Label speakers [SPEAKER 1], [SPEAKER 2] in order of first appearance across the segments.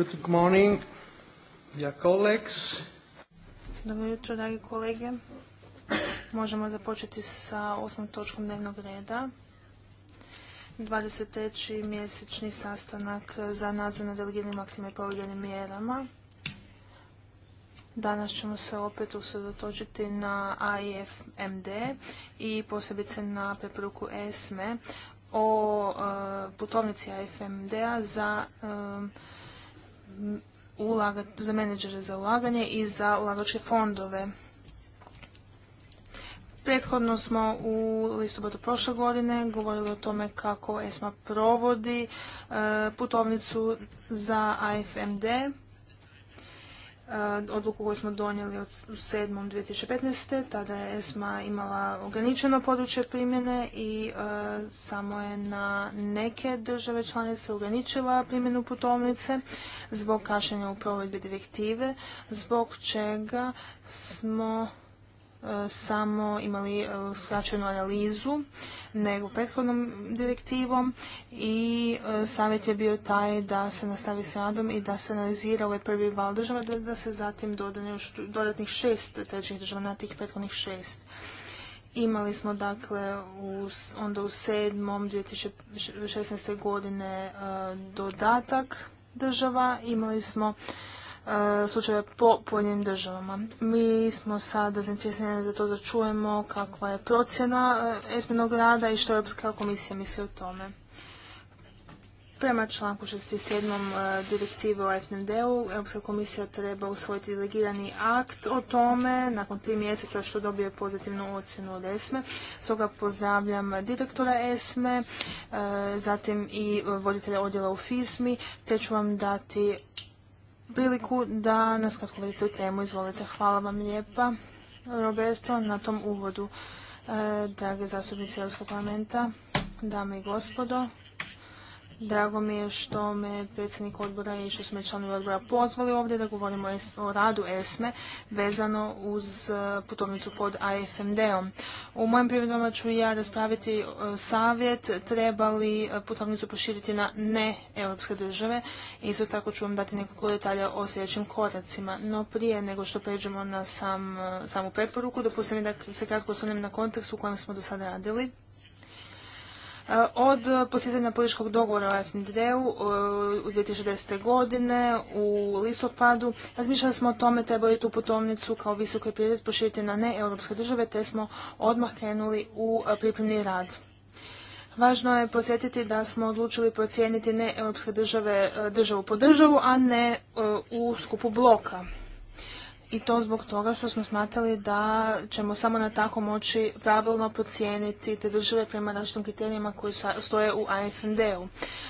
[SPEAKER 1] Good morning, dear
[SPEAKER 2] Dobro jutro, dragi kolege. Možemo započeti sa osmom točkom dnevnog reda. 23. mjesečni sastanak za nadzor na delegiranim aktima i povedanim mjerama. Danas ćemo se opet usredotočiti na AIFMD i posebice na preporuku ESME e o e, putovnici AFMD-a za e, za menedžere za ulaganje i za ulagačke fondove. Prethodno smo u listopadu prošle godine govorili o tome kako ESMA provodi e, putovnicu za AFMD E, odluku koju smo donijeli od 7.2015. Tada je ESMA imala ograničeno područje primjene i e, samo je na neke države članice ograničila primjenu putovnice zbog kašenja u provedbi direktive, zbog čega smo samo imali e, skraćenu analizu nego prethodnom direktivom i e, savjet je bio taj da se nastavi s radom i da se analizira ovaj prvi val država, da, se zatim dodane još dodatnih šest trećih država na tih prethodnih šest. Imali smo dakle onda u sedmom 2016. godine e, dodatak država, imali smo E, slučajeve po pojedinim državama. Mi smo sada zainteresirani za to da čujemo kakva je procjena Esminog rada i što Europska komisija misli o tome. Prema članku 67. E, direktive o FND-u, Europska komisija treba usvojiti delegirani akt o tome nakon tri mjeseca što dobije pozitivnu ocjenu od ESME. E. Stoga pozdravljam direktora ESME, zatim i voditelja odjela u FISMI, te ću vam dati priliku da nas kad u temu. Izvolite, hvala vam lijepa Roberto na tom uvodu. E, drage zastupnice Europskog parlamenta, dame i gospodo, Drago mi je što me predsjednik odbora i što smo me članovi odbora pozvali ovdje da govorimo o radu ESME vezano uz e, putovnicu pod AFMD-om. U mojem prividama ću ja raspraviti e, savjet treba li e, putovnicu proširiti na ne europske države. Isto tako ću vam dati nekoliko detalja o sljedećim koracima. No prije nego što pređemo na sam, samu preporuku, dopustim mi da se kratko osvrnem na kontekst u kojem smo do sada radili. Eh, od posljedanja političkog dogovora o FND-u eh, u 2010. godine u listopadu razmišljali smo o tome treba li tu putovnicu kao visoki prioritet proširiti na neeuropske države te smo odmah krenuli u eh, pripremni rad. Važno je podsjetiti da smo odlučili procijeniti ne europske države državu po državu, a ne u skupu bloka i to zbog toga što smo smatrali da ćemo samo na tako moći pravilno procijeniti te države prema našim kriterijima koji stoje u AFND-u.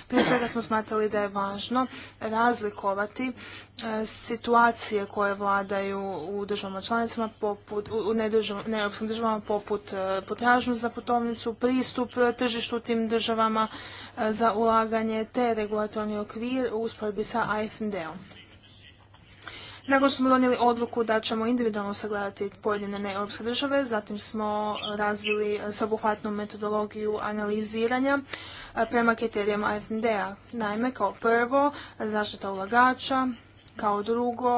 [SPEAKER 2] Prije svega smo smatrali da je važno razlikovati e, situacije koje vladaju u državama članicama poput, u neeuropskim državama poput e, potražnost za putovnicu, pristup e, tržištu tim državama za ulaganje te regulatorni okvir u usporedbi sa AFND-om nego smo donijeli odluku da ćemo individualno sagledati pojedine neeuropske države, zatim smo razvili sveobuhvatnu metodologiju analiziranja prema kriterijama AFND-a. Naime, kao prvo, zaštita ulagača, kao drugo,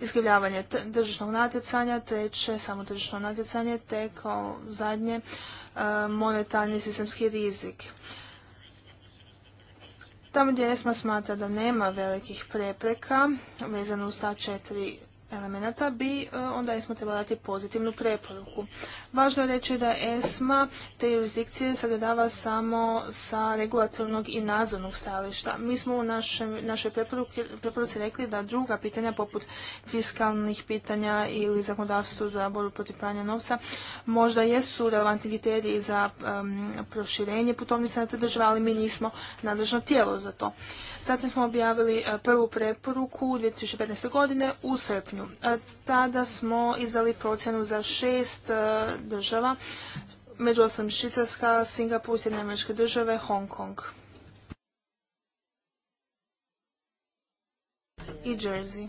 [SPEAKER 2] iskrivljavanje tržišnog natjecanja, treće, samo natjecanje, te kao zadnje, monetarni sistemski rizik. Tamo gdje ESMA smatra da nema velikih prepreka vezano uz ta četiri elemenata bi e, onda ESMA trebali dati pozitivnu preporuku. Važno je reći da ESMA te jurisdikcije sagledava samo sa regulatornog i nadzornog stajališta. Mi smo u našoj preporuci rekli da druga pitanja poput fiskalnih pitanja ili zakonodavstvo za borbu protiv pranja novca možda jesu relevantni kriteriji za proširenje putovnice na te države, ali mi nismo nadležno tijelo za to. Zatim smo objavili e, prvu preporuku 2015. godine u srpnju tada smo izdali procjenu za šest e, država, među osnovim Švicarska, Singapur, Sjedinjene američke države, Hong Kong i Jersey.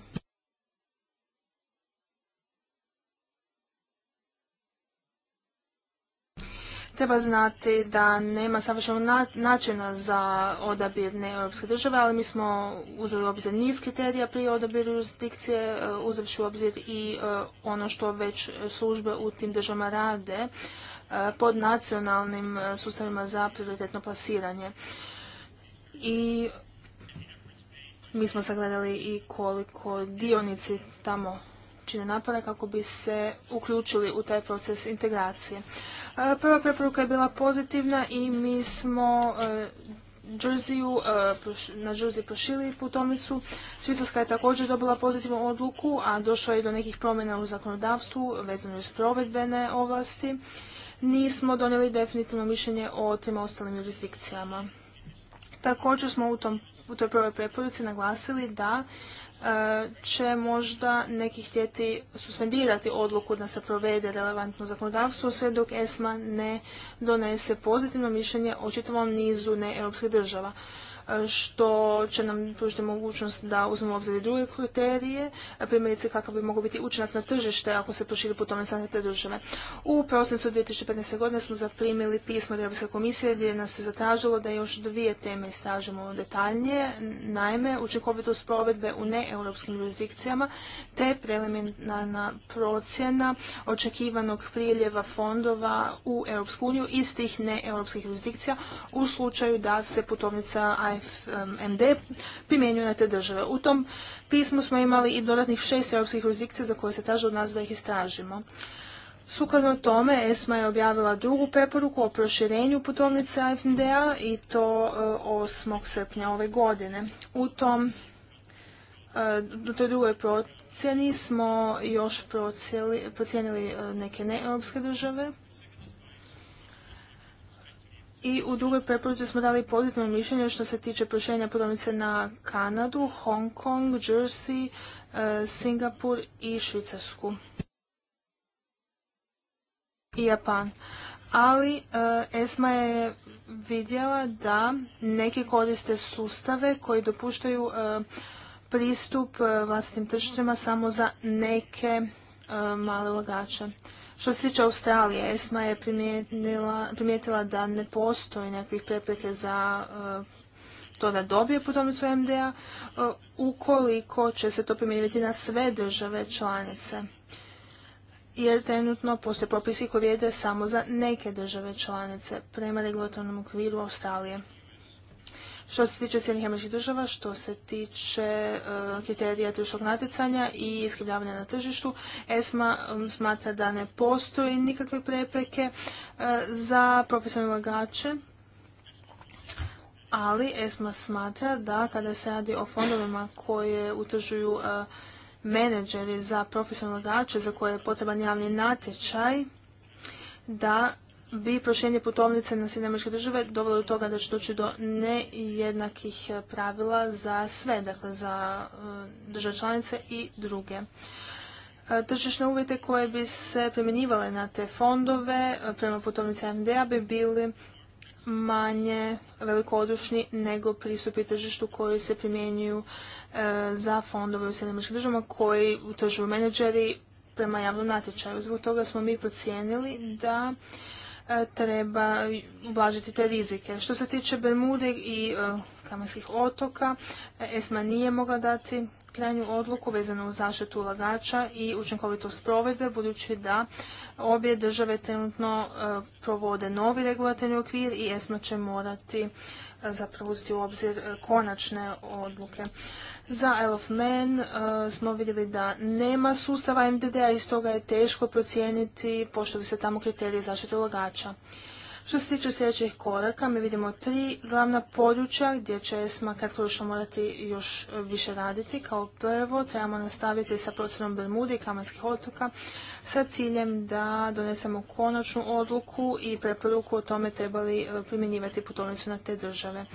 [SPEAKER 2] Treba znati da nema savršenog načina za odabir neeuropske države, ali mi smo uzeli u obzir niz kriterija pri odabiru jurisdikcije, e, uzevši u obzir i e, ono što već službe u tim državama rade e, pod nacionalnim sustavima za prioritetno plasiranje. I mi smo sagledali i koliko dionici tamo čine napore kako bi se uključili u taj proces integracije. Prva preporuka je bila pozitivna i mi smo e, Jerseyu, e, na Jersey prošili putovnicu. Švicarska je također dobila pozitivnu odluku, a došlo je do nekih promjena u zakonodavstvu vezano uz provedbene ovlasti. Nismo donijeli definitivno mišljenje o tim ostalim jurisdikcijama. Također smo u, tom, u toj prvoj preporuci naglasili da će možda neki htjeti suspendirati odluku da se provede relevantno zakonodavstvo sve dok ESMA ne donese pozitivno mišljenje o čitavom nizu neeuropskih država što će nam pružiti mogućnost da uzmemo obzir i druge kriterije, primjerice kakav bi mogao biti učinak na tržište ako se proširi putovne na te države. U prosincu 2015. godine smo zaprimili pismo Europske komisije gdje nas se zatražilo da još dvije teme istražimo detaljnije, naime učinkovitost provedbe u neeuropskim jurisdikcijama te preliminarna procjena očekivanog priljeva fondova u Europsku uniju iz tih neeuropskih jurisdikcija u slučaju da se putovnica MD primjenjuju na te države. U tom pismu smo imali i dodatnih šest europskih jurisdikcija za koje se traži od nas da ih istražimo. Sukladno tome, ESMA je objavila drugu preporuku o proširenju putovnice AFND-a i to 8. E, srpnja ove godine. U tom e, u toj drugoj procjeni smo još procijenili e, neke neeuropske države i u drugoj preporuci smo dali pozitivno mišljenje što se tiče proširenja prodavnice na Kanadu, Hong Kong, Jersey, e, Singapur i Švicarsku. I Japan. Ali e, ESMA je vidjela da neki koriste sustave koji dopuštaju e, pristup vlastitim tržištima samo za neke male ulagače. Što se tiče Australije, ESMA je primijetila da ne postoji nekakvih prepreke za e, to da dobije putovnicu MDA e, ukoliko će se to primijeniti na sve države članice. Jer trenutno postoje propisi koji samo za neke države članice prema regulatornom okviru Australije. Što se tiče Sjednih američkih država, što se tiče eh, kriterija tržišnog natjecanja i iskrivljavanja na tržištu, ESMA mm, smatra da ne postoji nikakve prepreke eh, za profesionalne ulagače, ali ESMA smatra da kada se radi o fondovima koje utržuju eh, menedžeri za profesionalne ulagače za koje je potreban javni natječaj, da bi prošenje putovnice na američke države dovelo do toga da će doći do nejednakih e, pravila za sve, dakle za e, države članice i druge. E, tržišne uvjete koje bi se primjenjivale na te fondove prema putovnici MDA bi bili manje velikodušni nego pristupi tržištu koji se primjenjuju za fondove u američke državama koji utržuju menadžeri prema javnom natječaju. Zbog toga smo mi procijenili da E, treba ublažiti te rizike. Što se tiče Bermude i e, Kamenskih otoka, ESMA nije mogla dati krajnju odluku vezanu uz zaštitu ulagača i učinkovitost provedbe, budući da obje države trenutno e, provode novi regulatorni okvir i ESMA će morati zapravo uzeti u obzir konačne odluke. Za Isle of Man uh, smo vidjeli da nema sustava MDD-a i stoga je teško procijeniti bi se tamo kriteriji zaštite ulagača. Što se tiče sljedećih koraka, mi vidimo tri glavna područja gdje će ESMA kratkoročno morati još više raditi. Kao prvo, trebamo nastaviti sa procenom Bermude i Kamanskih otoka sa ciljem da donesemo konačnu odluku i preporuku o tome trebali e, primjenjivati putovnicu na te države.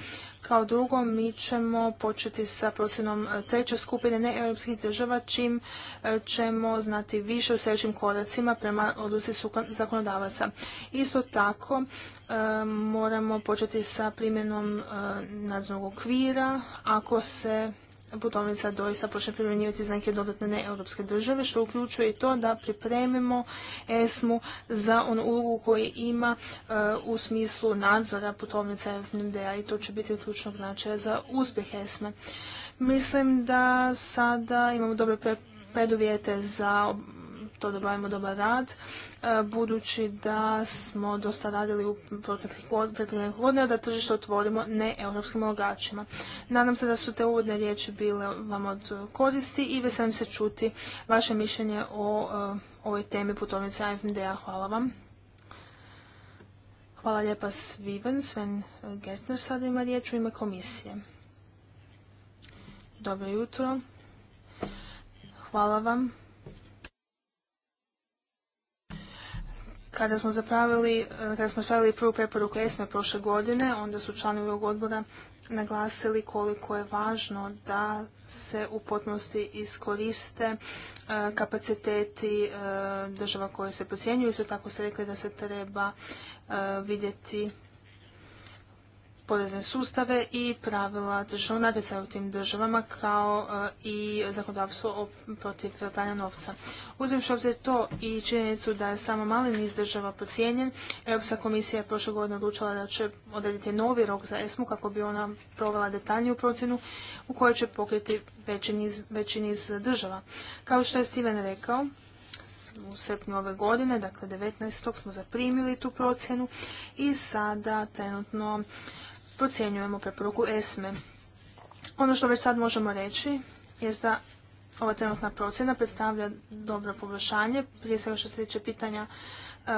[SPEAKER 2] Kao drugo, mi ćemo početi sa procjenom e, treće skupine neeuropskih država, čim e, ćemo znati više o sljedećim koracima prema odluci zakonodavaca. Isto tako, e, moramo početi sa primjenom nadzornog okvira, ako se putovnica doista počne primjenjivati za neke dodatne europske države, što uključuje i to da pripremimo ESMU za onu ulogu koju ima uh, u smislu nadzora putovnica FND-a i to će biti od ključnog za uspjeh ESME. Mislim da sada imamo dobre preduvjete za to da bavimo dobar rad E, budući da smo dosta radili u proteklih godina da tržište otvorimo ne europskim ulagačima. Nadam se da su te uvodne riječi bile vam od koristi i veselim se čuti vaše mišljenje o e, ovoj temi putovnice AFMD-a. Hvala vam. Hvala lijepa Sviven. Sven Gertner sada ima riječ u ime komisije. Dobro jutro. Hvala vam Kada smo zapravili, e, kada smo zapravili prvu preporuku ESME prošle godine, onda su članovi ovog odbora naglasili koliko je važno da se u potpunosti iskoriste e, kapaciteti e, država koje se procjenjuju. Isto tako ste rekli da se treba vidjeti porezne sustave i pravila tržišnog natjecanja u tim državama kao e, i zakonodavstvo protiv pranja novca. Uzimši obzir to i činjenicu da je samo mali niz država procijenjen, Europska komisija je prošle godine odlučila da će odrediti novi rok za ESMU kako bi ona provela detaljniju procjenu u kojoj će pokriti veći niz, država. Kao što je Steven rekao, u srpnju ove godine, dakle 19. smo zaprimili tu procjenu i sada trenutno procjenjujemo preporuku ESME. Ono što već sad možemo reći je da ova trenutna procjena predstavlja dobro poboljšanje, prije svega što se tiče pitanja e,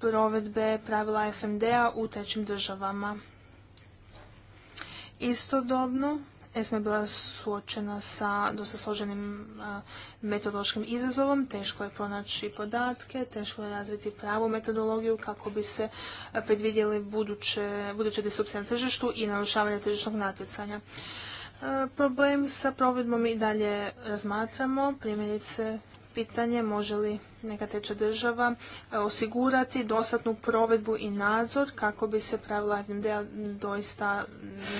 [SPEAKER 2] provedbe pravila FMD-a u trećim državama. Istodobno ESMA je bila suočena sa dosta složenim metodološkim izazovom, teško je pronaći podatke, teško je razviti pravu metodologiju kako bi se predvidjeli buduće, buduće disrupcije na tržištu i narušavanje tržišnog natjecanja. Problem sa provedbom i dalje razmatramo, primjerice pitanje može li neka treća država e, osigurati dostatnu provedbu i nadzor kako bi se pravila HND-a doista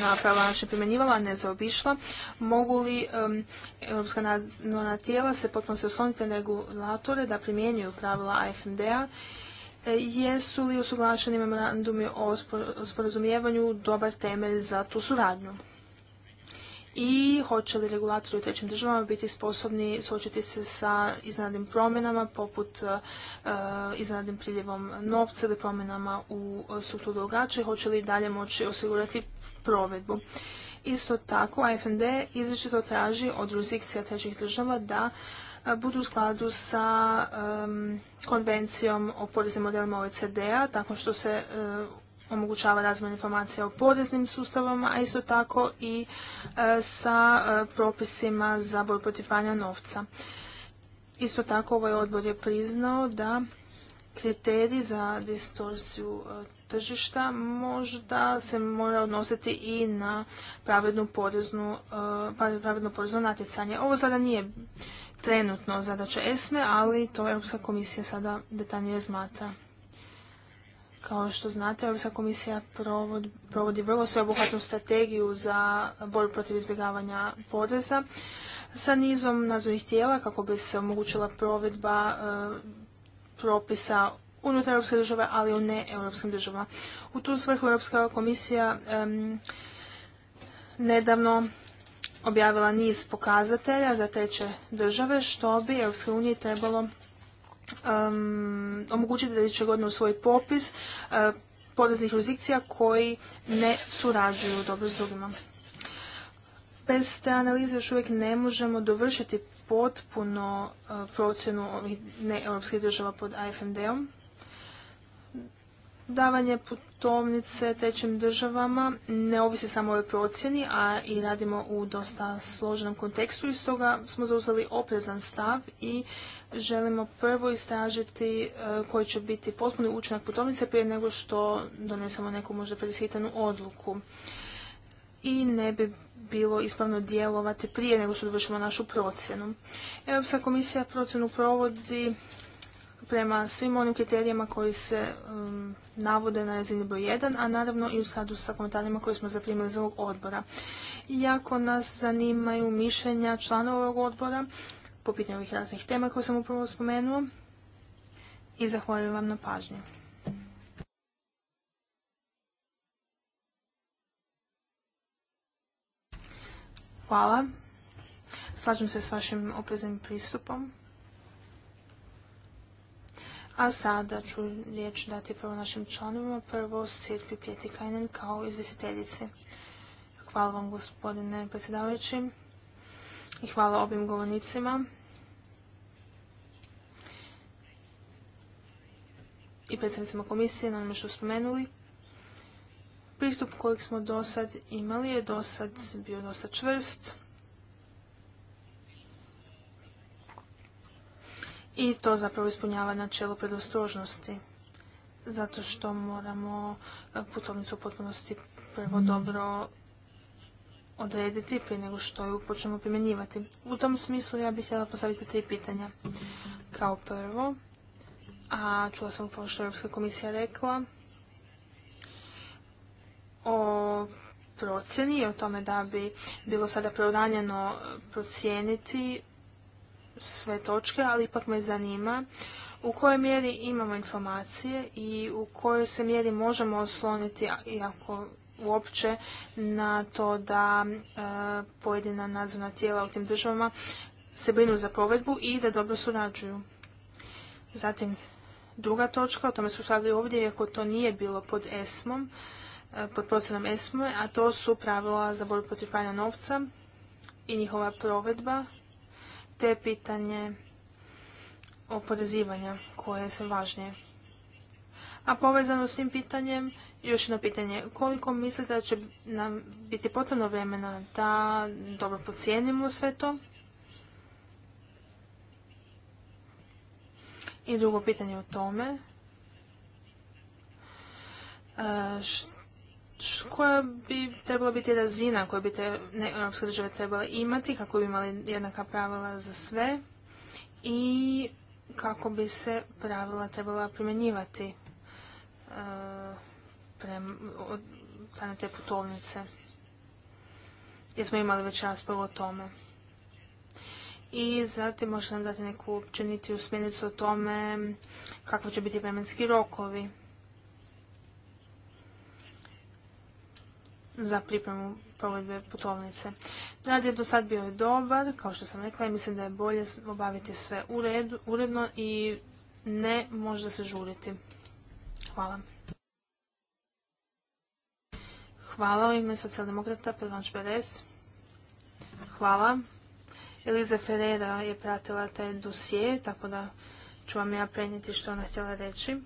[SPEAKER 2] na pravila način primjenjivala, a ne zaobišla. Mogu li europska nadzorna tijela se potpuno se osloniti na regulatore da primjenjuju pravila afda a e, jesu li usuglašeni memorandumi o sporazumijevanju dobar temelj za tu suradnju? i hoće li regulatori u trećim državama biti sposobni suočiti se sa iznadnim promjenama poput e, iznadnim priljevom novca ili promjenama u strukturu i hoće li dalje moći osigurati provedbu. Isto tako, AFND izričito traži od jurisdikcija trećih država da e, budu u skladu sa e, konvencijom o poreznim modelima OECD-a, tako što se omogućava razmjenu informacija o poreznim sustavama, a isto tako i e, sa e, propisima za borbu protiv pranja novca. Isto tako ovaj odbor je priznao da kriteriji za distorziju e, tržišta možda se mora odnositi i na pa, pravedno porezno natjecanje. Ovo sada nije trenutno zadaća ESME, ali to Europska komisija sada detaljnije razmatra. Kao što znate, Europska komisija provodi vrlo sveobuhvatnu strategiju za borbu protiv izbjegavanja poreza sa nizom nadzornih tijela kako bi se omogućila provedba e, propisa unutar europske države, ali u ne europskim državama. U tu svrhu Europska komisija nedavno objavila niz pokazatelja za treće države što bi Europske unije trebalo Um, omogućiti da li će u svoj popis uh, poreznih koji ne surađuju dobro s drugima. Bez te analize još uvijek ne možemo dovršiti potpuno uh, procjenu ovih neeuropskih država pod AFMD-om. Davanje putovnice trećim državama ne ovisi samo o ovoj procjeni, a i radimo u dosta složenom kontekstu i stoga smo zauzeli oprezan stav i želimo prvo istražiti e, koji će biti potpuni učinak putovnice prije nego što donesemo neku možda preshitanu odluku. I ne bi bilo ispravno djelovati prije nego što dovršimo našu procjenu. Europska komisija procjenu provodi prema svim onim kriterijama koji se um, navode na razini broj 1, a naravno i u skladu sa komentarima koje smo zaprimili iz ovog odbora. Iako nas zanimaju mišljenja članova ovog odbora, po pitanju ovih raznih tema koje sam upravo spomenuo i zahvaljujem vam na pažnji. Hvala. Slažem se s vašim opreznim pristupom. A sada ću riječ dati prvo našim članovima, prvo Sirpi Pjetikajnen kao izvisiteljici. Hvala vam gospodine predsjedavajući i hvala obim govornicima. i predstavnicima komisije na onome što spomenuli. Pristup kojeg smo do sad imali je do sad bio dosta čvrst. I to zapravo ispunjava načelo predostrožnosti, zato što moramo putovnicu u potpunosti prvo dobro odrediti prije nego što ju počnemo primjenjivati. U tom smislu ja bih htjela postaviti tri pitanja. Kao prvo, a čula sam upravo što je Europska komisija rekla, o procjeni i o tome da bi bilo sada preuranjeno procijeniti sve točke, ali ipak me zanima u kojoj mjeri imamo informacije i u kojoj se mjeri možemo osloniti, iako uopće na to da e, pojedina nadzorna tijela u tim državama se brinu za provedbu i da dobro surađuju. Zatim, druga točka, o tome smo stavili ovdje, iako to nije bilo pod ESM-om, e, pod procenom ESMO, a to su pravila za borbu protiv novca i njihova provedba, te pitanje oporezivanja koje je sve važnije. A povezano s tim pitanjem, još jedno pitanje, koliko mislite da će nam biti potrebno vremena da dobro pocijenimo sve to? I drugo pitanje o tome, e, koja bi trebala biti razina koju bi te, europske države imati kako bi imali jednaka pravila za sve i kako bi se pravila trebala primjenjivati od te putovnice. Jer smo imali već raspravu o tome. I zatim možete nam dati neku općenitiju smjernicu o tome kakvi će biti vremenski rokovi za pripremu provedbe putovnice. Rad je do sad bio dobar, kao što sam rekla, i mislim da je bolje obaviti sve uredno i ne možda se žuriti. Hvala. Hvala u ime socijaldemokrata Prvanč Beres. Hvala. Eliza Ferreira je pratila taj dosije, tako da ću vam ja prenijeti što ona htjela reći.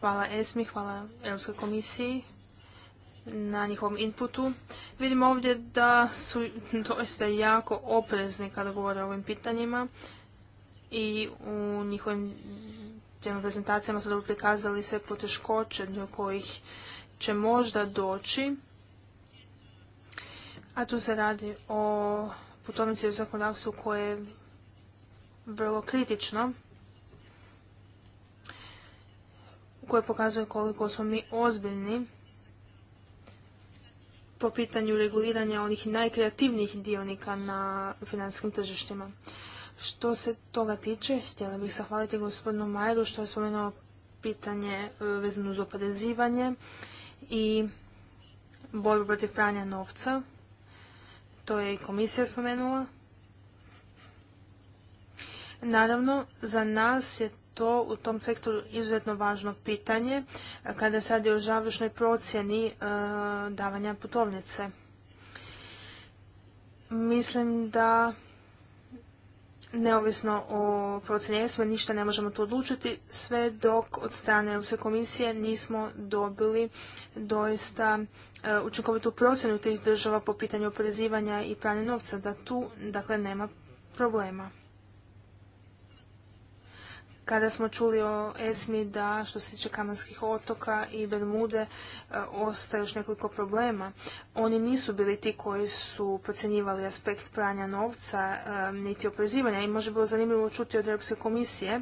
[SPEAKER 2] Hvala ESMI, hvala Europskoj komisiji na njihovom inputu. Vidimo ovdje da su doista jako oprezni kada govore o ovim pitanjima i u njihovim prezentacijama su dobro prikazali sve poteškoće do kojih će možda doći. A tu se radi o putovnici u zakonodavstvu koje je vrlo kritično, koje pokazuje koliko smo mi ozbiljni po pitanju reguliranja onih najkreativnijih dionika na finanskim tržištima. Što se toga tiče, htjela bih zahvaliti gospodinu Majeru što je spomenuo pitanje e, vezano uz oporezivanje i borbu protiv pranja novca. To je i komisija spomenula. Naravno, za nas je to u tom sektoru izuzetno važno pitanje kada sad radi o završnoj procjeni e, davanja putovnice. Mislim da neovisno o procjeni sve ništa ne možemo tu odlučiti sve dok od strane Europske komisije nismo dobili doista e, učinkovitu procjenu tih država po pitanju oporezivanja i pranja novca, da tu dakle nema problema kada smo čuli o ESMI da što se tiče Kamanskih otoka i Bermude e, ostaje još nekoliko problema. Oni nisu bili ti koji su procjenjivali aspekt pranja novca e, niti oprezivanja i može bilo zanimljivo čuti od Europske komisije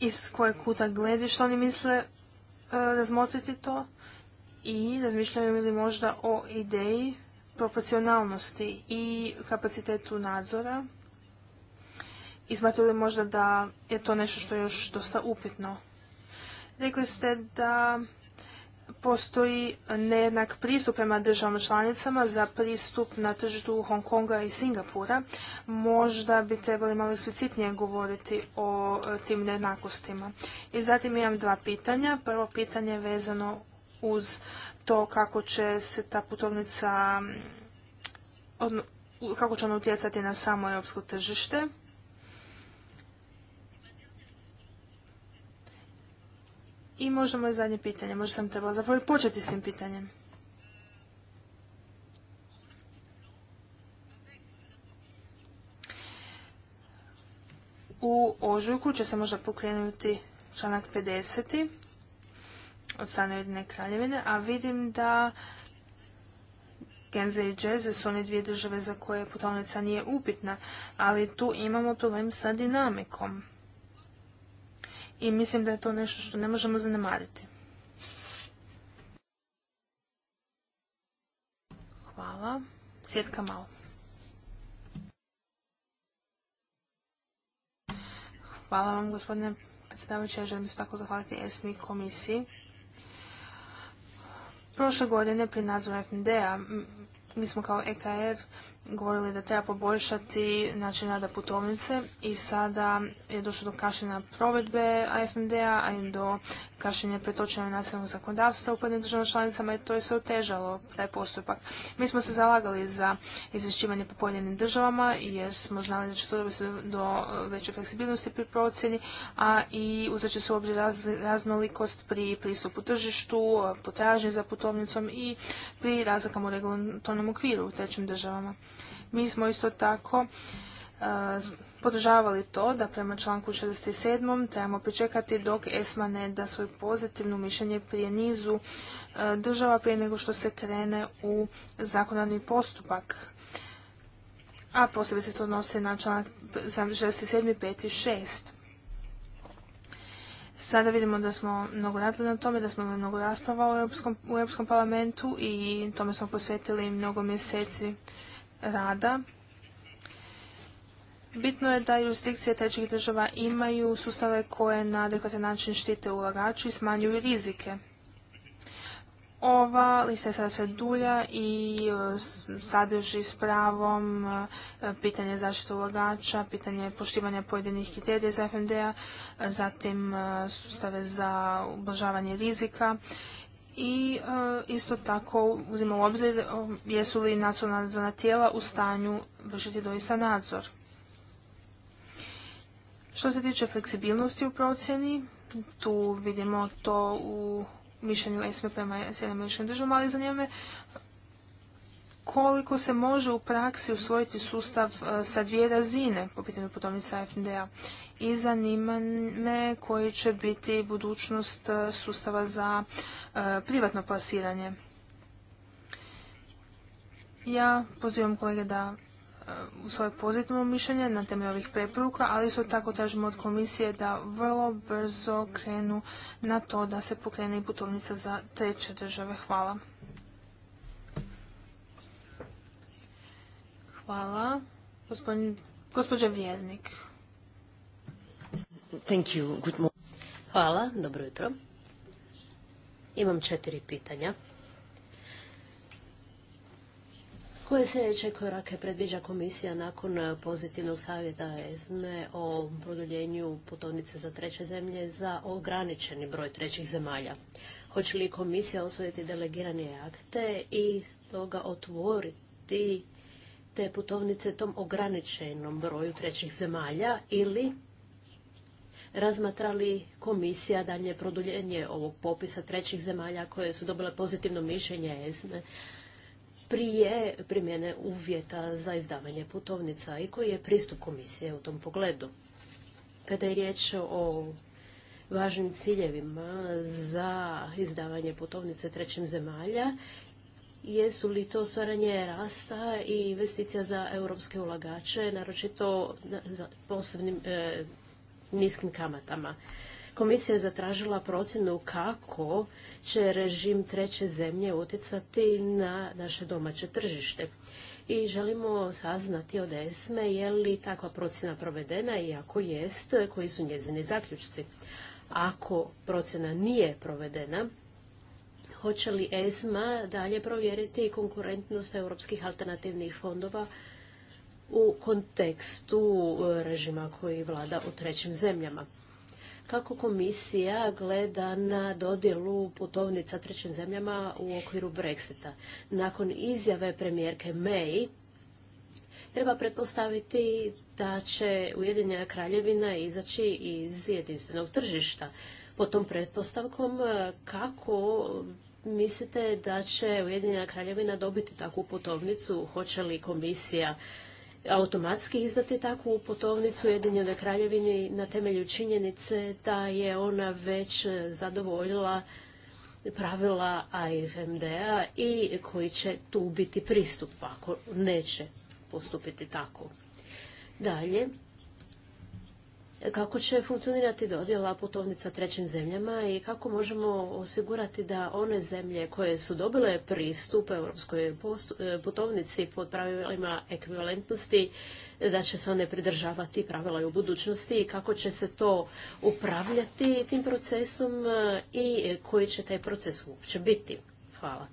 [SPEAKER 2] iz koje kuta što oni misle e, razmotriti to i razmišljaju li možda o ideji proporcionalnosti i kapacitetu nadzora i li možda da je to nešto što je još dosta upitno? Rekli ste da postoji nejednak pristup prema državama članicama za pristup na tržištu Hong Konga i Singapura. Možda bi trebali malo eksplicitnije govoriti o e, tim nejednakostima. I zatim imam dva pitanja. Prvo pitanje je vezano uz to kako će se ta putovnica kako će ona utjecati na samo europsko tržište. I možda moje zadnje pitanje, možda sam trebala zapravo početi s tim pitanjem. U ožujku će se možda pokrenuti članak 50. od strane Jedine kraljevine, a vidim da Genze i Džeze su one dvije države za koje putovnica nije upitna, ali tu imamo problem sa dinamikom i mislim da je to nešto što ne možemo zanemariti. Hvala. Sjetka malo. Hvala vam, gospodine predsjedavajući. Ja želim se tako zahvaliti ESMI komisiji. Prošle godine pri nadzoru FND-a mi smo kao EKR govorili da treba poboljšati način rada putovnice i sada je došlo do kašnjenja provedbe AFMD-a, a i do kašnjenja pretočenja nacionalnog zakonodavstva u pojedinim državama članicama i to je sve otežalo taj postupak. Mi smo se zalagali za izvješćivanje po pojedinim državama jer smo znali da će to dovesti do veće fleksibilnosti pri procjeni, a i uzreće se u obzir raznolikost pri pristupu tržištu, potražnje za putovnicom i pri razlikama u regulatornom okviru u trećim državama. Mi smo isto tako podržavali to da prema članku 67. trebamo pričekati dok ESMA ne da svoje pozitivno mišljenje prije nizu država prije nego što se krene u zakonodavni postupak. A posebno se to odnose na članak 67. 5. i 6. Sada vidimo da smo mnogo radili na tome, da smo imali mnogo rasprava u Europskom, u Europskom parlamentu i tome smo posvetili mnogo mjeseci rada Bitno je da jurisdikcije trećih država imaju sustave koje na adekvatan način štite ulagači i smanjuju rizike. Ova lista je sada sve dulja i e, sadrži s pravom e, pitanje zaštite ulagača, pitanje poštivanja pojedinih kriterija za FMD-a, zatim e, sustave za ublažavanje rizika i e, isto tako uzima u obzir e, jesu li nacionalna tijela u stanju vršiti doista nadzor. Što se tiče fleksibilnosti u procjeni, tu vidimo to u mišljenju smp prema SMP ali zanima koliko se može u praksi usvojiti sustav e, sa dvije razine po pitanju putovnica FND-a i zanima me koji će biti budućnost e, sustava za e, privatno plasiranje. Ja pozivam kolege da u svoje pozitivno mišljenje na temelju ovih preporuka, ali isto tako tražimo od komisije da vrlo brzo krenu na to da se pokrene i putovnica za treće države. Hvala. Hvala. gospođa Vjernik.
[SPEAKER 3] Hvala, dobro jutro. Imam četiri pitanja. Koje sljedeće korake predviđa komisija nakon pozitivnog savjeta ESME o produljenju putovnice za treće zemlje za ograničeni broj trećih zemalja? Hoće li komisija osvojiti delegirane akte i stoga otvoriti te putovnice tom ograničenom broju trećih zemalja ili razmatrali komisija dalje produljenje ovog popisa trećih zemalja koje su dobile pozitivno mišljenje ESME prije primjene uvjeta za izdavanje putovnica i koji je pristup komisije u tom pogledu. Kada je riječ o važnim ciljevima za izdavanje putovnice trećim zemalja jesu li to stvaranje rasta i investicija za europske ulagače, naročito za posebnim e, niskim kamatama. Komisija je zatražila procjenu kako će režim treće zemlje utjecati na naše domaće tržište. I želimo saznati od ESME je li takva procjena provedena i ako jest, koji su njezini zaključci. Ako procjena nije provedena, hoće li ESMA dalje provjeriti konkurentnost europskih alternativnih fondova u kontekstu e, režima koji vlada u trećim zemljama. Kako komisija gleda na dodjelu putovnica trećim zemljama u okviru Brexita? Nakon izjave premijerke May, treba pretpostaviti da će Ujedinjena kraljevina izaći iz jedinstvenog tržišta. Pod tom pretpostavkom e, kako mislite da će Ujedinjena kraljevina dobiti takvu putovnicu? Hoće li komisija automatski izdati takvu putovnicu Ujedinjenoj kraljevini na temelju činjenice da je ona već zadovoljila pravila AFMD-a i koji će tu biti pristup ako neće postupiti tako. Dalje, kako će funkcionirati dodjela putovnica trećim zemljama i kako možemo osigurati da one zemlje koje su dobile pristup europskoj e, putovnici pod pravilima ekvivalentnosti, da će se one pridržavati pravila i u budućnosti i kako će se to upravljati tim procesom e, i koji će taj proces uopće biti. Hvala.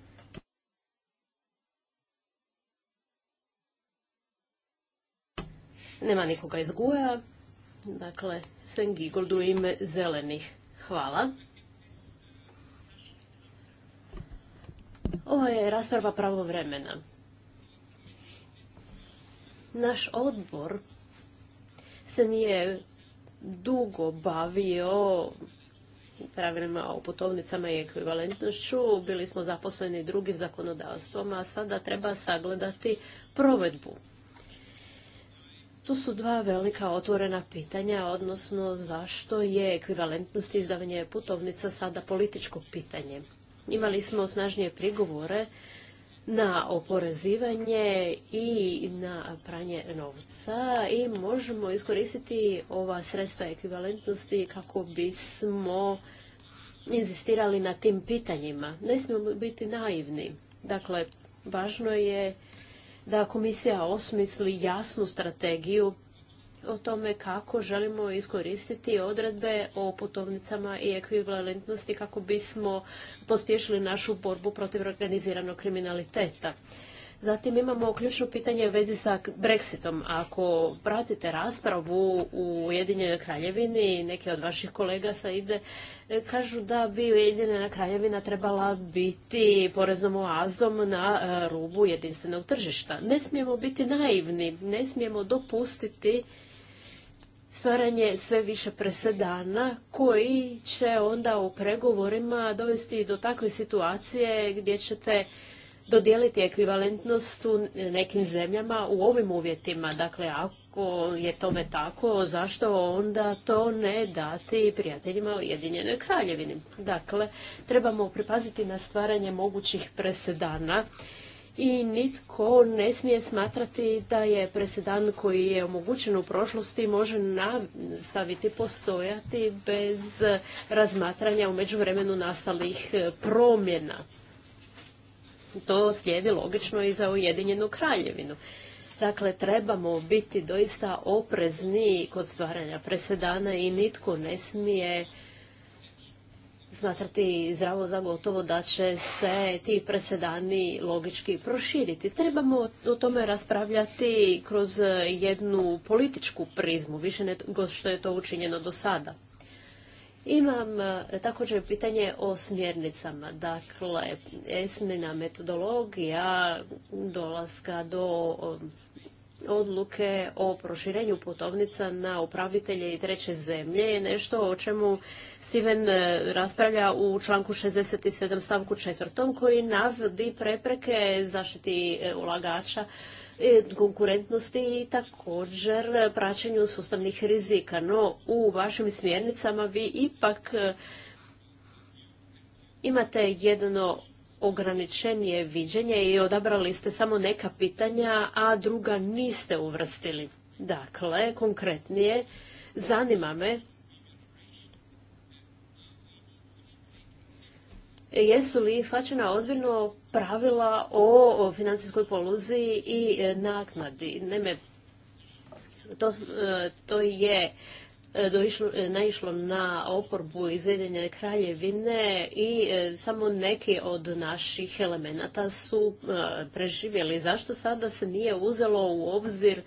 [SPEAKER 3] Nema nikoga iz Guja. Dakle, Sven Gigold u ime zelenih. Hvala. Ovo je rasprava pravovremena. Naš odbor se nije dugo bavio pravilima o putovnicama i ekvivalentnošću. Bili smo zaposleni drugim zakonodavstvom, a sada treba sagledati provedbu. Tu su dva velika otvorena pitanja, odnosno zašto je ekvivalentnost izdavanje putovnica sada političko pitanje. Imali smo snažnije prigovore na oporezivanje i na pranje novca i možemo iskoristiti ova sredstva ekvivalentnosti kako bismo inzistirali na tim pitanjima. Ne smijemo biti naivni. Dakle, važno je da komisija osmisli jasnu strategiju o tome kako želimo iskoristiti odredbe o putovnicama i ekvivalentnosti kako bismo pospješili našu borbu protiv organiziranog kriminaliteta. Zatim imamo ključno pitanje u vezi sa Brexitom. Ako pratite raspravu u Ujedinjenoj kraljevini, neke od vaših kolega sa ide, e, kažu da bi Ujedinjena kraljevina trebala biti poreznom oazom na e, rubu jedinstvenog tržišta. Ne smijemo biti naivni, ne smijemo dopustiti stvaranje sve više presedana koji će onda u pregovorima dovesti do takve situacije gdje ćete dodijeliti ekvivalentnost u nekim zemljama u ovim uvjetima. Dakle, ako je tome tako, zašto onda to ne dati prijateljima Ujedinjenoj kraljevini? Dakle, trebamo pripaziti na stvaranje mogućih presedana i nitko ne smije smatrati da je presedan koji je omogućen u prošlosti može nastaviti postojati bez razmatranja u međuvremenu nastalih promjena to slijedi logično i za Ujedinjenu kraljevinu. Dakle, trebamo biti doista oprezni kod stvaranja presedana i nitko ne smije smatrati zdravo za gotovo da će se ti presedani logički proširiti. Trebamo o tome raspravljati kroz jednu političku prizmu, više nego što je to učinjeno do sada. Imam e, također pitanje o smjernicama. Dakle, esmina metodologija dolaska do odluke o proširenju putovnica na upravitelje i treće zemlje je nešto o čemu Steven e, raspravlja u članku 67 stavku četvrtom koji navodi prepreke zaštiti e, ulagača E, konkurentnosti i također praćenju sustavnih rizika. No, u vašim smjernicama vi ipak e, imate jedno ograničenije viđenje i odabrali ste samo neka pitanja, a druga niste uvrstili. Dakle, konkretnije, zanima me jesu li shvaćena ozbiljno pravila o financijskoj poluzi i e, naknadi. Naime, to, e, je e, naišlo na oporbu iz kraljevine i samo neki od naših elemenata su preživjeli. Zašto sada se nije uzelo u obzir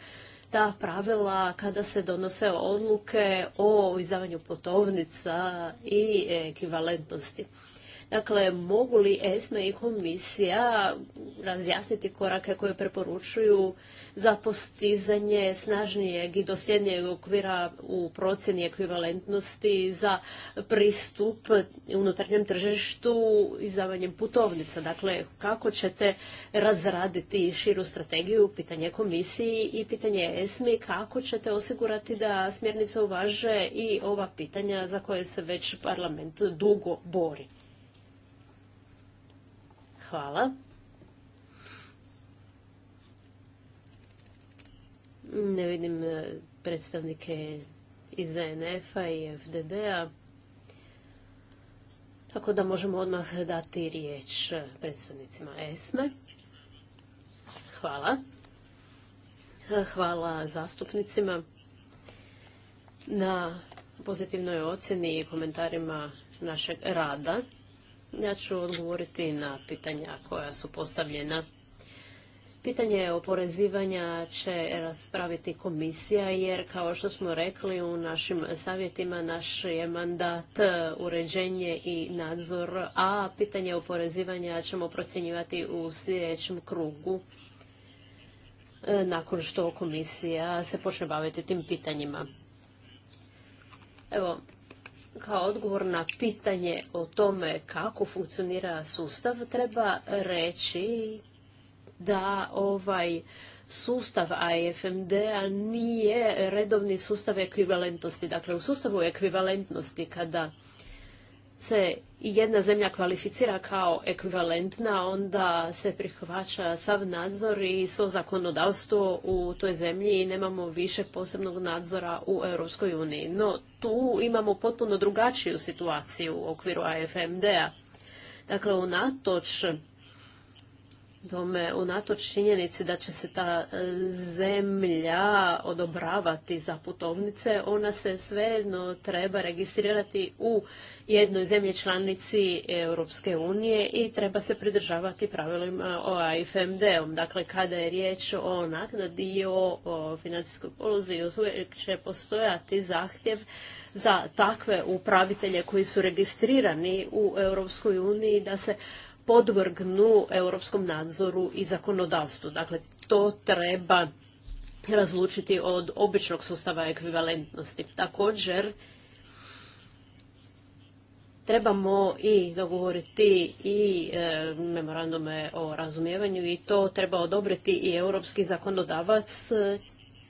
[SPEAKER 3] ta pravila kada se donose odluke o izdavanju putovnica i ekvivalentnosti? Dakle, mogu li ESME i komisija razjasniti korake koje preporučuju za postizanje snažnijeg i dosljednijeg okvira u procjeni ekvivalentnosti za pristup unutarnjem tržištu izdavanjem putovnica? Dakle, kako ćete razraditi širu strategiju, pitanje komisiji i pitanje ESMI, kako ćete osigurati da smjernice uvaže i ova pitanja za koje se već parlament dugo bori? Hvala. Ne vidim e, predstavnike iz ANF-a i FDD-a. Tako da možemo odmah dati riječ predstavnicima ESME. Hvala. Hvala zastupnicima na pozitivnoj ocjeni i komentarima našeg rada. Ja ću odgovoriti na pitanja koja su postavljena. Pitanje oporezivanja će raspraviti komisija jer kao što smo rekli u našim savjetima naš je mandat e, uređenje i nadzor, a pitanje oporezivanja ćemo procjenjivati u sljedećem krugu e, nakon što komisija se počne baviti tim pitanjima. Evo, kao odgovor na pitanje o tome kako funkcionira sustav, treba reći da ovaj sustav AFMD-a nije redovni sustav ekvivalentnosti. Dakle, u sustavu ekvivalentnosti kada se jedna zemlja kvalificira kao ekvivalentna, onda se prihvaća sav nadzor i svo zakonodavstvo u toj zemlji i nemamo više posebnog nadzora u Europskoj uniji. No tu imamo potpuno drugačiju situaciju u okviru AFMD-a. Dakle, unatoč tome, unatoč činjenici da će se ta e, zemlja odobravati za putovnice, ona se svejedno treba registrirati u jednoj zemlji članici Europske unije i treba se pridržavati pravilima o afmd om Dakle, kada je riječ o naknadi i o, financijskoj polozi, uvijek će postojati zahtjev za takve upravitelje koji su registrirani u Europskoj uniji da se podvrgnu europskom nadzoru i zakonodavstvu. Dakle, to treba razlučiti od običnog sustava ekvivalentnosti. Također, trebamo i dogovoriti i e, memorandume o razumijevanju i to treba odobriti i europski zakonodavac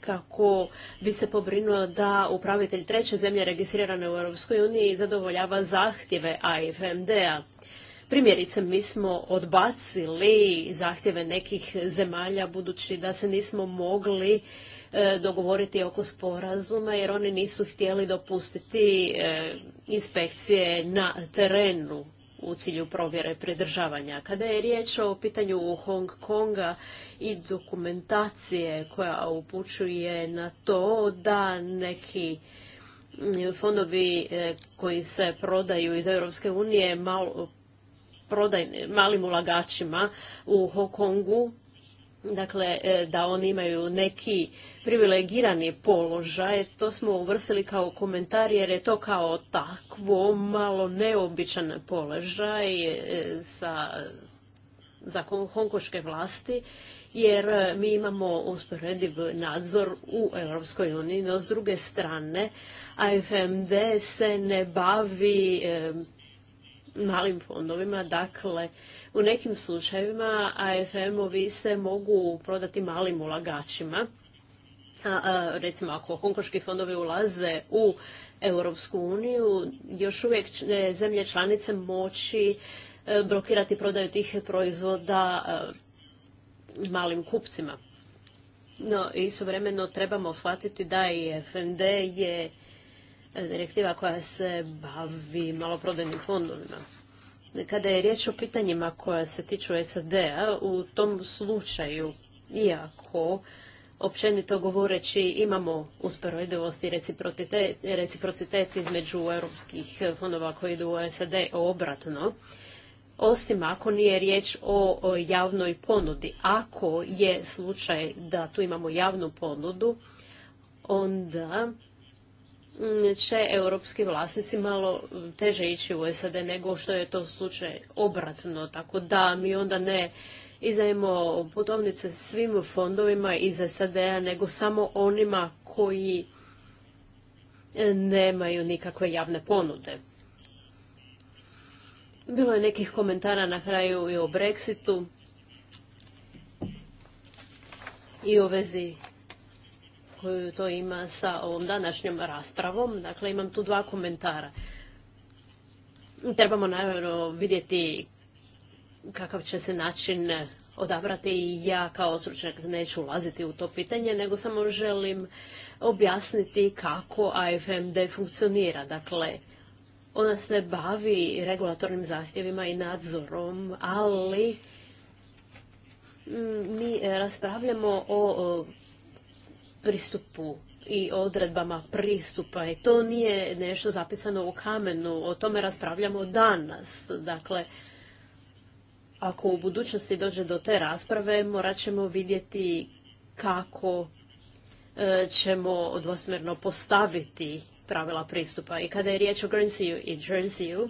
[SPEAKER 3] kako bi se pobrinuo da upravitelj treće zemlje registrirane u Europskoj uniji zadovoljava zahtjeve AFMD-a. Primjerice, mi smo odbacili zahtjeve nekih zemalja budući da se nismo mogli e, dogovoriti oko sporazuma jer oni nisu htjeli dopustiti e, inspekcije na terenu u cilju provjere pridržavanja. Kada je riječ o pitanju Hong Konga i dokumentacije koja upućuje na to da neki fondovi e, koji se prodaju iz Europske unije malo prodaj, malim ulagačima u Hongkongu dakle e, da oni imaju neki privilegirani položaj, to smo uvrsili kao komentar jer je to kao takvo malo neobičan položaj e, sa za hongkoške vlasti, jer e, mi imamo usporediv nadzor u Europskoj uniji, no s druge strane AFMD se ne bavi malim fondovima. Dakle, u nekim slučajevima AFM-ovi se mogu prodati malim ulagačima. recimo, ako hongkoški fondovi ulaze u Europsku uniju, još uvijek zemlje članice moći e, blokirati prodaju tih proizvoda e, malim kupcima. No, istovremeno trebamo shvatiti da i FMD je direktiva koja se bavi maloprodajnim fondovima. Kada je riječ o pitanjima koja se tiču SAD-a, u tom slučaju, iako općenito govoreći imamo usporedivost i reciprocitet, između europskih fondova koji idu u SAD obratno, osim ako nije riječ o javnoj ponudi. Ako je slučaj da tu imamo javnu ponudu, onda Mm, će europski vlasnici malo mm, teže ići u SAD nego što je to slučaj obratno. Tako da mi onda ne izajemo putovnice svim fondovima iz SAD-a nego samo onima koji e, nemaju nikakve javne ponude. Bilo je nekih komentara na kraju i o Brexitu i o vezi koju to ima sa ovom današnjom raspravom. Dakle, imam tu dva komentara. Trebamo naravno vidjeti kakav će se način odabrati i ja kao stručnjak neću ulaziti u to pitanje, nego samo želim objasniti kako AFMD funkcionira. Dakle, ona se bavi regulatornim zahtjevima i nadzorom, ali mm, mi raspravljamo o pristupu i odredbama pristupa i to nije nešto zapisano u kamenu, o tome raspravljamo danas. Dakle, ako u budućnosti dođe do te rasprave, morat ćemo vidjeti kako e, ćemo dvosmjerno postaviti pravila pristupa. I kada je riječ o Guernseyu i Jerseyu,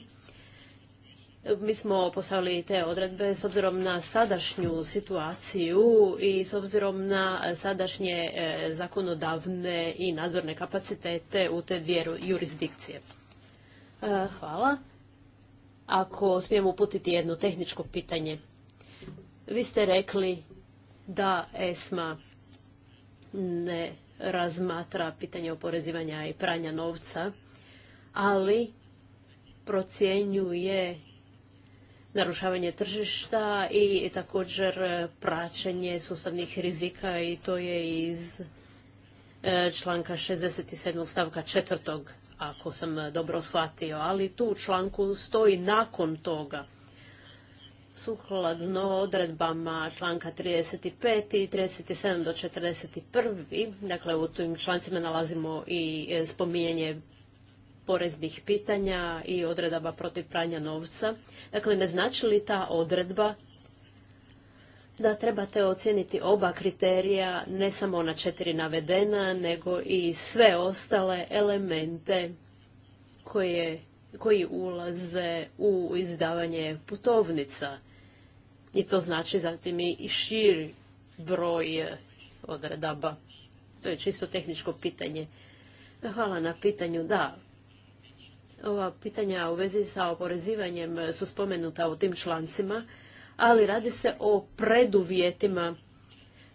[SPEAKER 3] mi smo postavili te odredbe s obzirom na sadašnju situaciju i s obzirom na sadašnje e, zakonodavne i nadzorne kapacitete u te dvije jurisdikcije. E, hvala. Ako smijem uputiti jedno tehničko pitanje. Vi ste rekli da ESMA ne razmatra pitanje oporezivanja i pranja novca, ali procjenjuje narušavanje tržišta i također e, praćenje sustavnih rizika i to je iz e, članka 67. stavka 4. ako sam e, dobro shvatio, ali tu u članku stoji nakon toga sukladno odredbama članka 35. i 37. do 41. Dakle, u tim člancima nalazimo i spominjanje poreznih pitanja i odredaba protiv pranja novca. Dakle, ne znači li ta odredba da trebate ocijeniti oba kriterija, ne samo na četiri navedena, nego i sve ostale elemente koji ulaze u izdavanje putovnica. I to znači zatim i širi broj odredaba. To je čisto tehničko pitanje. Hvala na pitanju. Da, ova pitanja u vezi sa oporezivanjem su spomenuta u tim člancima, ali radi se o preduvjetima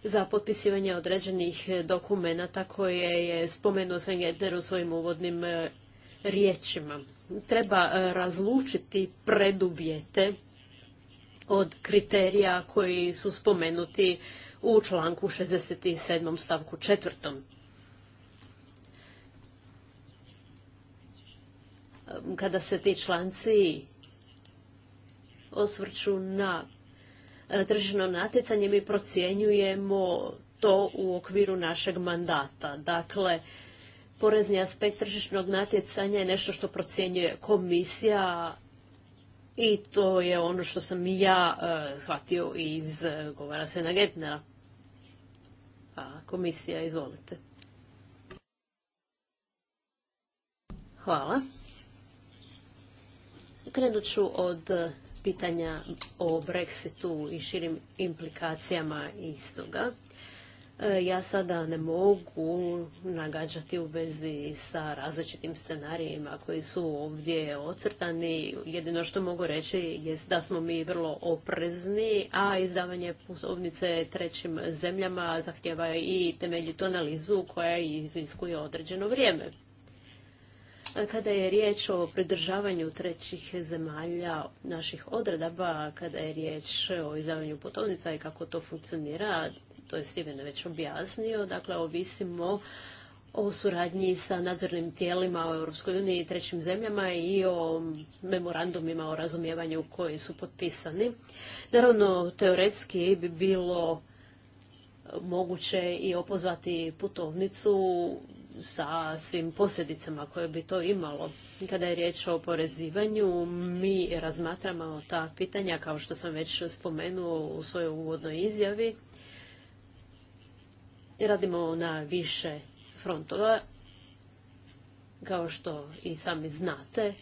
[SPEAKER 3] za potpisivanje određenih dokumenata koje je spomenuo Sengeter u svojim uvodnim e, riječima. Treba e, razlučiti preduvjete od kriterija koji su spomenuti u članku 67. stavku 4. kada se ti članci osvrću na e, tržišno natjecanje, mi procjenjujemo to u okviru našeg mandata. Dakle, porezni aspekt tržišnog natjecanja je nešto što procjenjuje komisija i to je ono što sam i ja e, shvatio iz e, govora Sena Getnera. A pa, komisija, izvolite. Hvala. Krenut ću od eh, pitanja o Brexitu i širim implikacijama istoga. Eh, ja sada ne mogu nagađati u vezi sa različitim scenarijima koji su ovdje ocrtani. Jedino što mogu reći je da smo mi vrlo oprezni, a izdavanje poslovnice trećim zemljama zahtjeva i temeljitu analizu koja iziskuje određeno vrijeme. Kada je riječ o pridržavanju trećih zemalja naših odredaba, kada je riječ o izdavanju putovnica i kako to funkcionira, to je Steven već objasnio, dakle ovisimo o suradnji sa nadzornim tijelima u EU i trećim zemljama i o memorandumima o razumijevanju koji su potpisani. Naravno, teoretski bi bilo moguće i opozvati putovnicu sa svim posljedicama koje bi to imalo. Kada je riječ o porezivanju, mi razmatramo ta pitanja, kao što sam već spomenuo u svojoj uvodnoj izjavi. Radimo na više frontova, kao što i sami znate.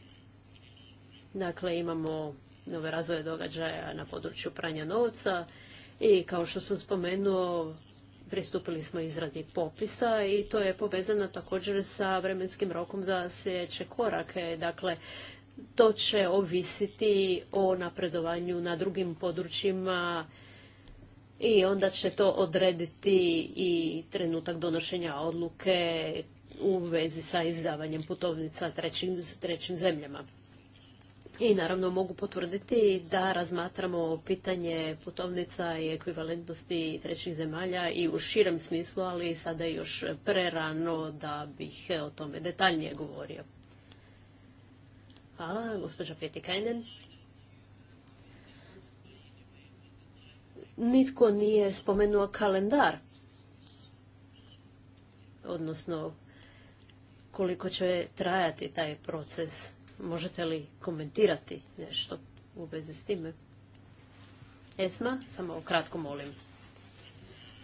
[SPEAKER 3] Dakle, imamo nove razvoje događaja na području pranja novca i kao što sam spomenuo, pristupili smo izradi popisa i to je povezano također sa vremenskim rokom za sljedeće korake. Dakle, to će ovisiti o napredovanju na drugim područjima i onda će to odrediti i trenutak donošenja odluke u vezi sa izdavanjem putovnica trećim, trećim zemljama. I naravno mogu potvrditi da razmatramo pitanje putovnica i ekvivalentnosti trećih zemalja i u širem smislu, ali sada je još prerano da bih e, o tome detaljnije govorio. Hvala, gospođa Kajnen. Nitko nije spomenuo kalendar, odnosno koliko će trajati taj proces Možete li komentirati nešto u vezi s time? Esma, samo kratko molim.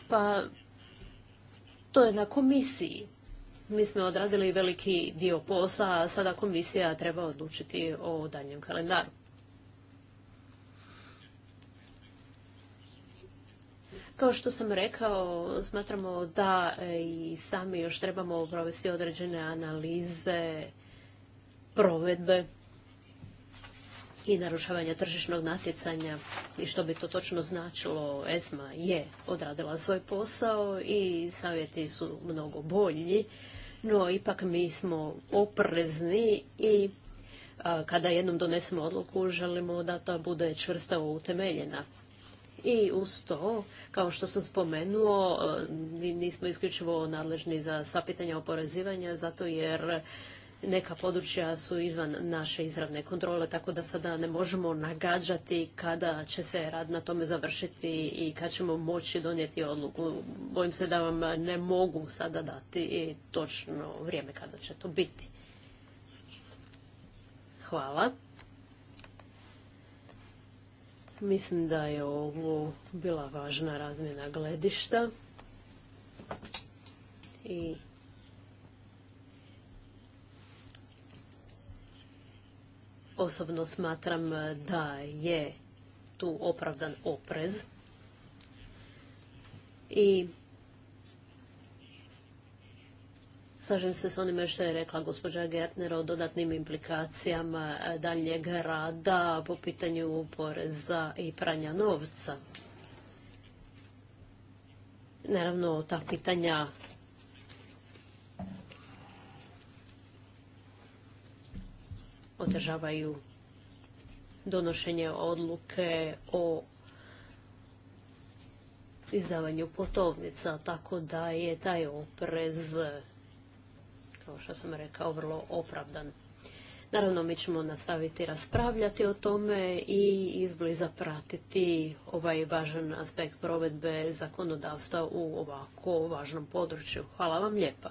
[SPEAKER 3] Pa, to je na komisiji. Mi smo odradili veliki dio posla, a sada komisija treba odlučiti o daljem kalendaru. Kao što sam rekao, smatramo da i sami još trebamo provesti određene analize provedbe i narušavanja tržišnog natjecanja i što bi to točno značilo, ESMA je odradila svoj posao i savjeti su mnogo bolji, no ipak mi smo oprezni i kada jednom donesemo odluku želimo da ta bude čvrsta utemeljena. I uz to, kao što sam spomenuo, nismo isključivo nadležni za sva pitanja oporezivanja, zato jer neka područja su izvan naše izravne kontrole, tako da sada ne možemo nagađati kada će se rad na tome završiti i kad ćemo moći donijeti odluku. Bojim se da vam ne mogu sada dati točno vrijeme kada će to biti. Hvala. Mislim da je ovo bila važna razmjena gledišta i Osobno smatram e, da je tu opravdan oprez i Slažem se s onime što je rekla gospođa Gertner o dodatnim implikacijama e, daljnjeg rada po pitanju poreza i pranja novca. Naravno, ta pitanja otežavaju donošenje odluke o izdavanju putovnica, tako da je taj oprez, kao što sam rekao, vrlo opravdan. Naravno, mi ćemo nastaviti raspravljati o tome i izbliza pratiti ovaj važan aspekt provedbe zakonodavstva u ovako važnom području. Hvala vam lijepa.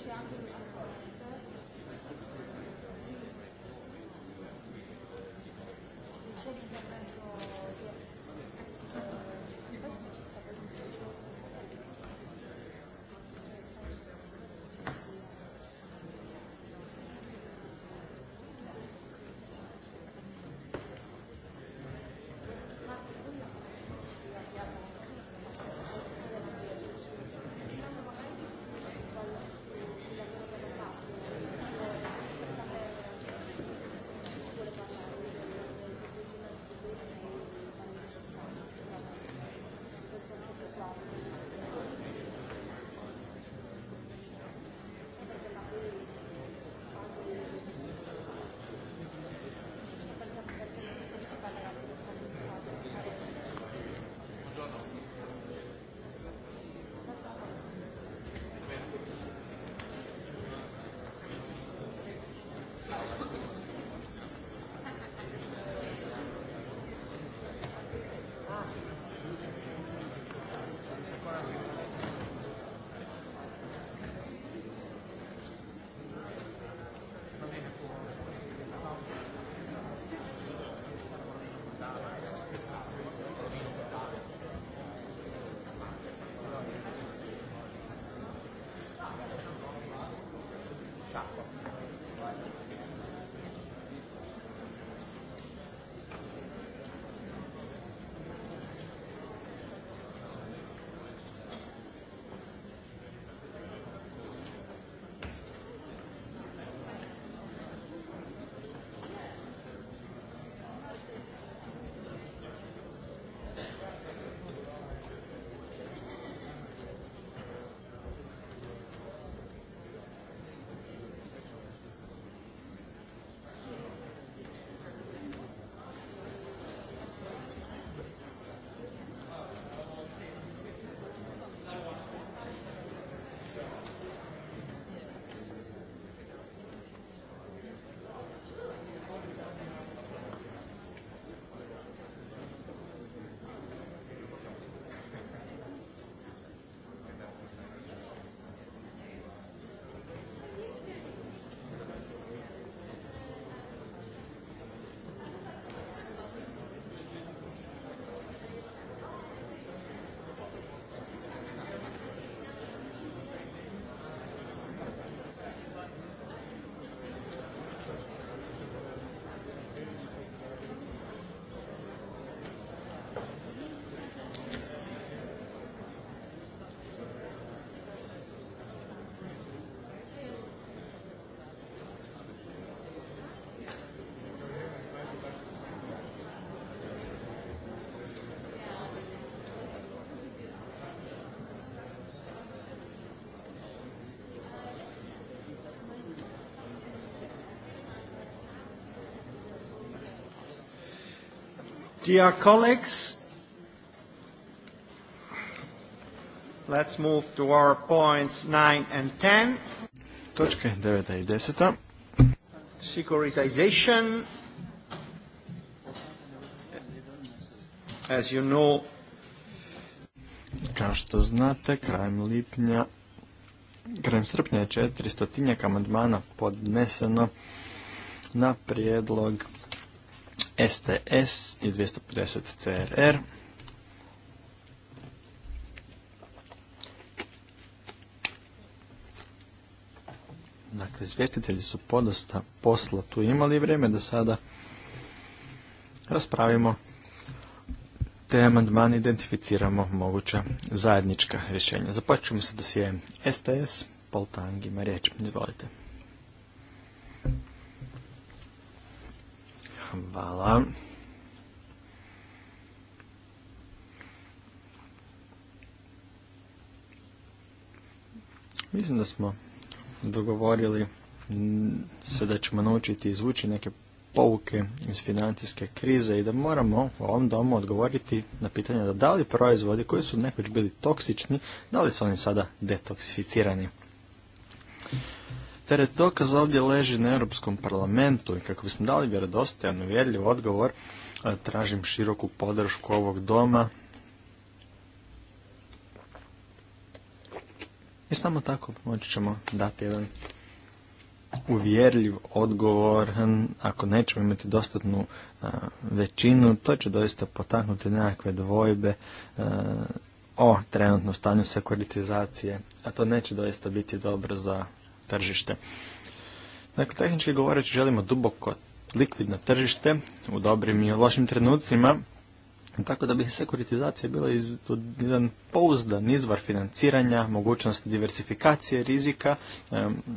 [SPEAKER 2] Hvala
[SPEAKER 1] Dear colleagues, let's move to our points 9 and 10. Točke 9 i 10. Securitization. As you know, kao što znate, krajem lipnja, krajem srpnja je 400 amandmana podneseno na prijedlog STS i 250 CRR. Dakle, izvjestitelji su podosta posla tu imali vrijeme da sada raspravimo te amandmane identificiramo moguća zajednička rješenja. Započnemo sa dosijem STS, poltangima riječ. Izvolite. Hvala. Mislim da smo dogovorili se da ćemo naučiti izvući neke pouke iz financijske krize i da moramo u ovom domu odgovoriti na pitanje da da li proizvodi koji su nekoć bili toksični, da li su oni sada detoksificirani. Teret dokaza ovdje leži na Europskom parlamentu i kako bismo dali vjerodostojan, uvjerljiv odgovor, e, tražim široku podršku ovog doma. I samo tako moći ćemo dati jedan uvjerljiv odgovor, ako nećemo imati dostatnu e, većinu, to će doista potaknuti nekakve dvojbe e, o trenutnom stanju sekuritizacije, a to neće doista biti dobro za tržište. Dakle, tehnički govoreći želimo duboko likvidno tržište u dobrim i lošim trenucima, tako da bi sekuritizacija bila iz, jedan pouzdan izvor financiranja, mogućnost diversifikacije rizika,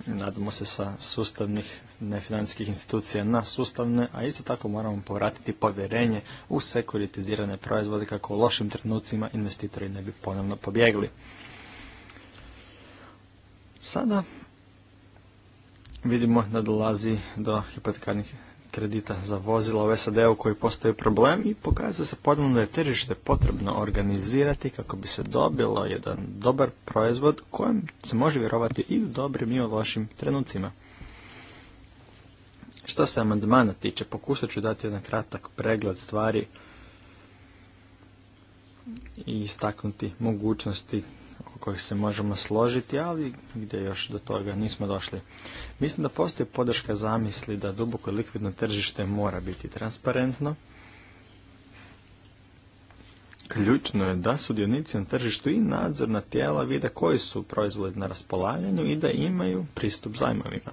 [SPEAKER 1] nadamo se sa sustavnih nefinancijskih institucija na sustavne, a isto tako moramo povratiti povjerenje u sekuritizirane proizvode kako u lošim trenucima investitori ne bi ponovno pobjegli. Sada vidimo da dolazi do hipotekarnih kredita za vozila u SAD-u koji postoji problem i pokazuje se ponovno da je tržište potrebno organizirati kako bi se dobilo jedan dobar proizvod kojem se može vjerovati i u dobrim i u lošim trenucima. Što se amandmana tiče, pokusat ću dati jedan kratak pregled stvari i istaknuti mogućnosti kojih se možemo složiti, ali gdje još do toga nismo došli. Mislim da postoji podrška zamisli da duboko likvidno tržište mora biti transparentno. Ključno je da sudionici na tržištu i nadzorna tijela vide koji su proizvodi na raspolaganju i da imaju pristup zajmovima.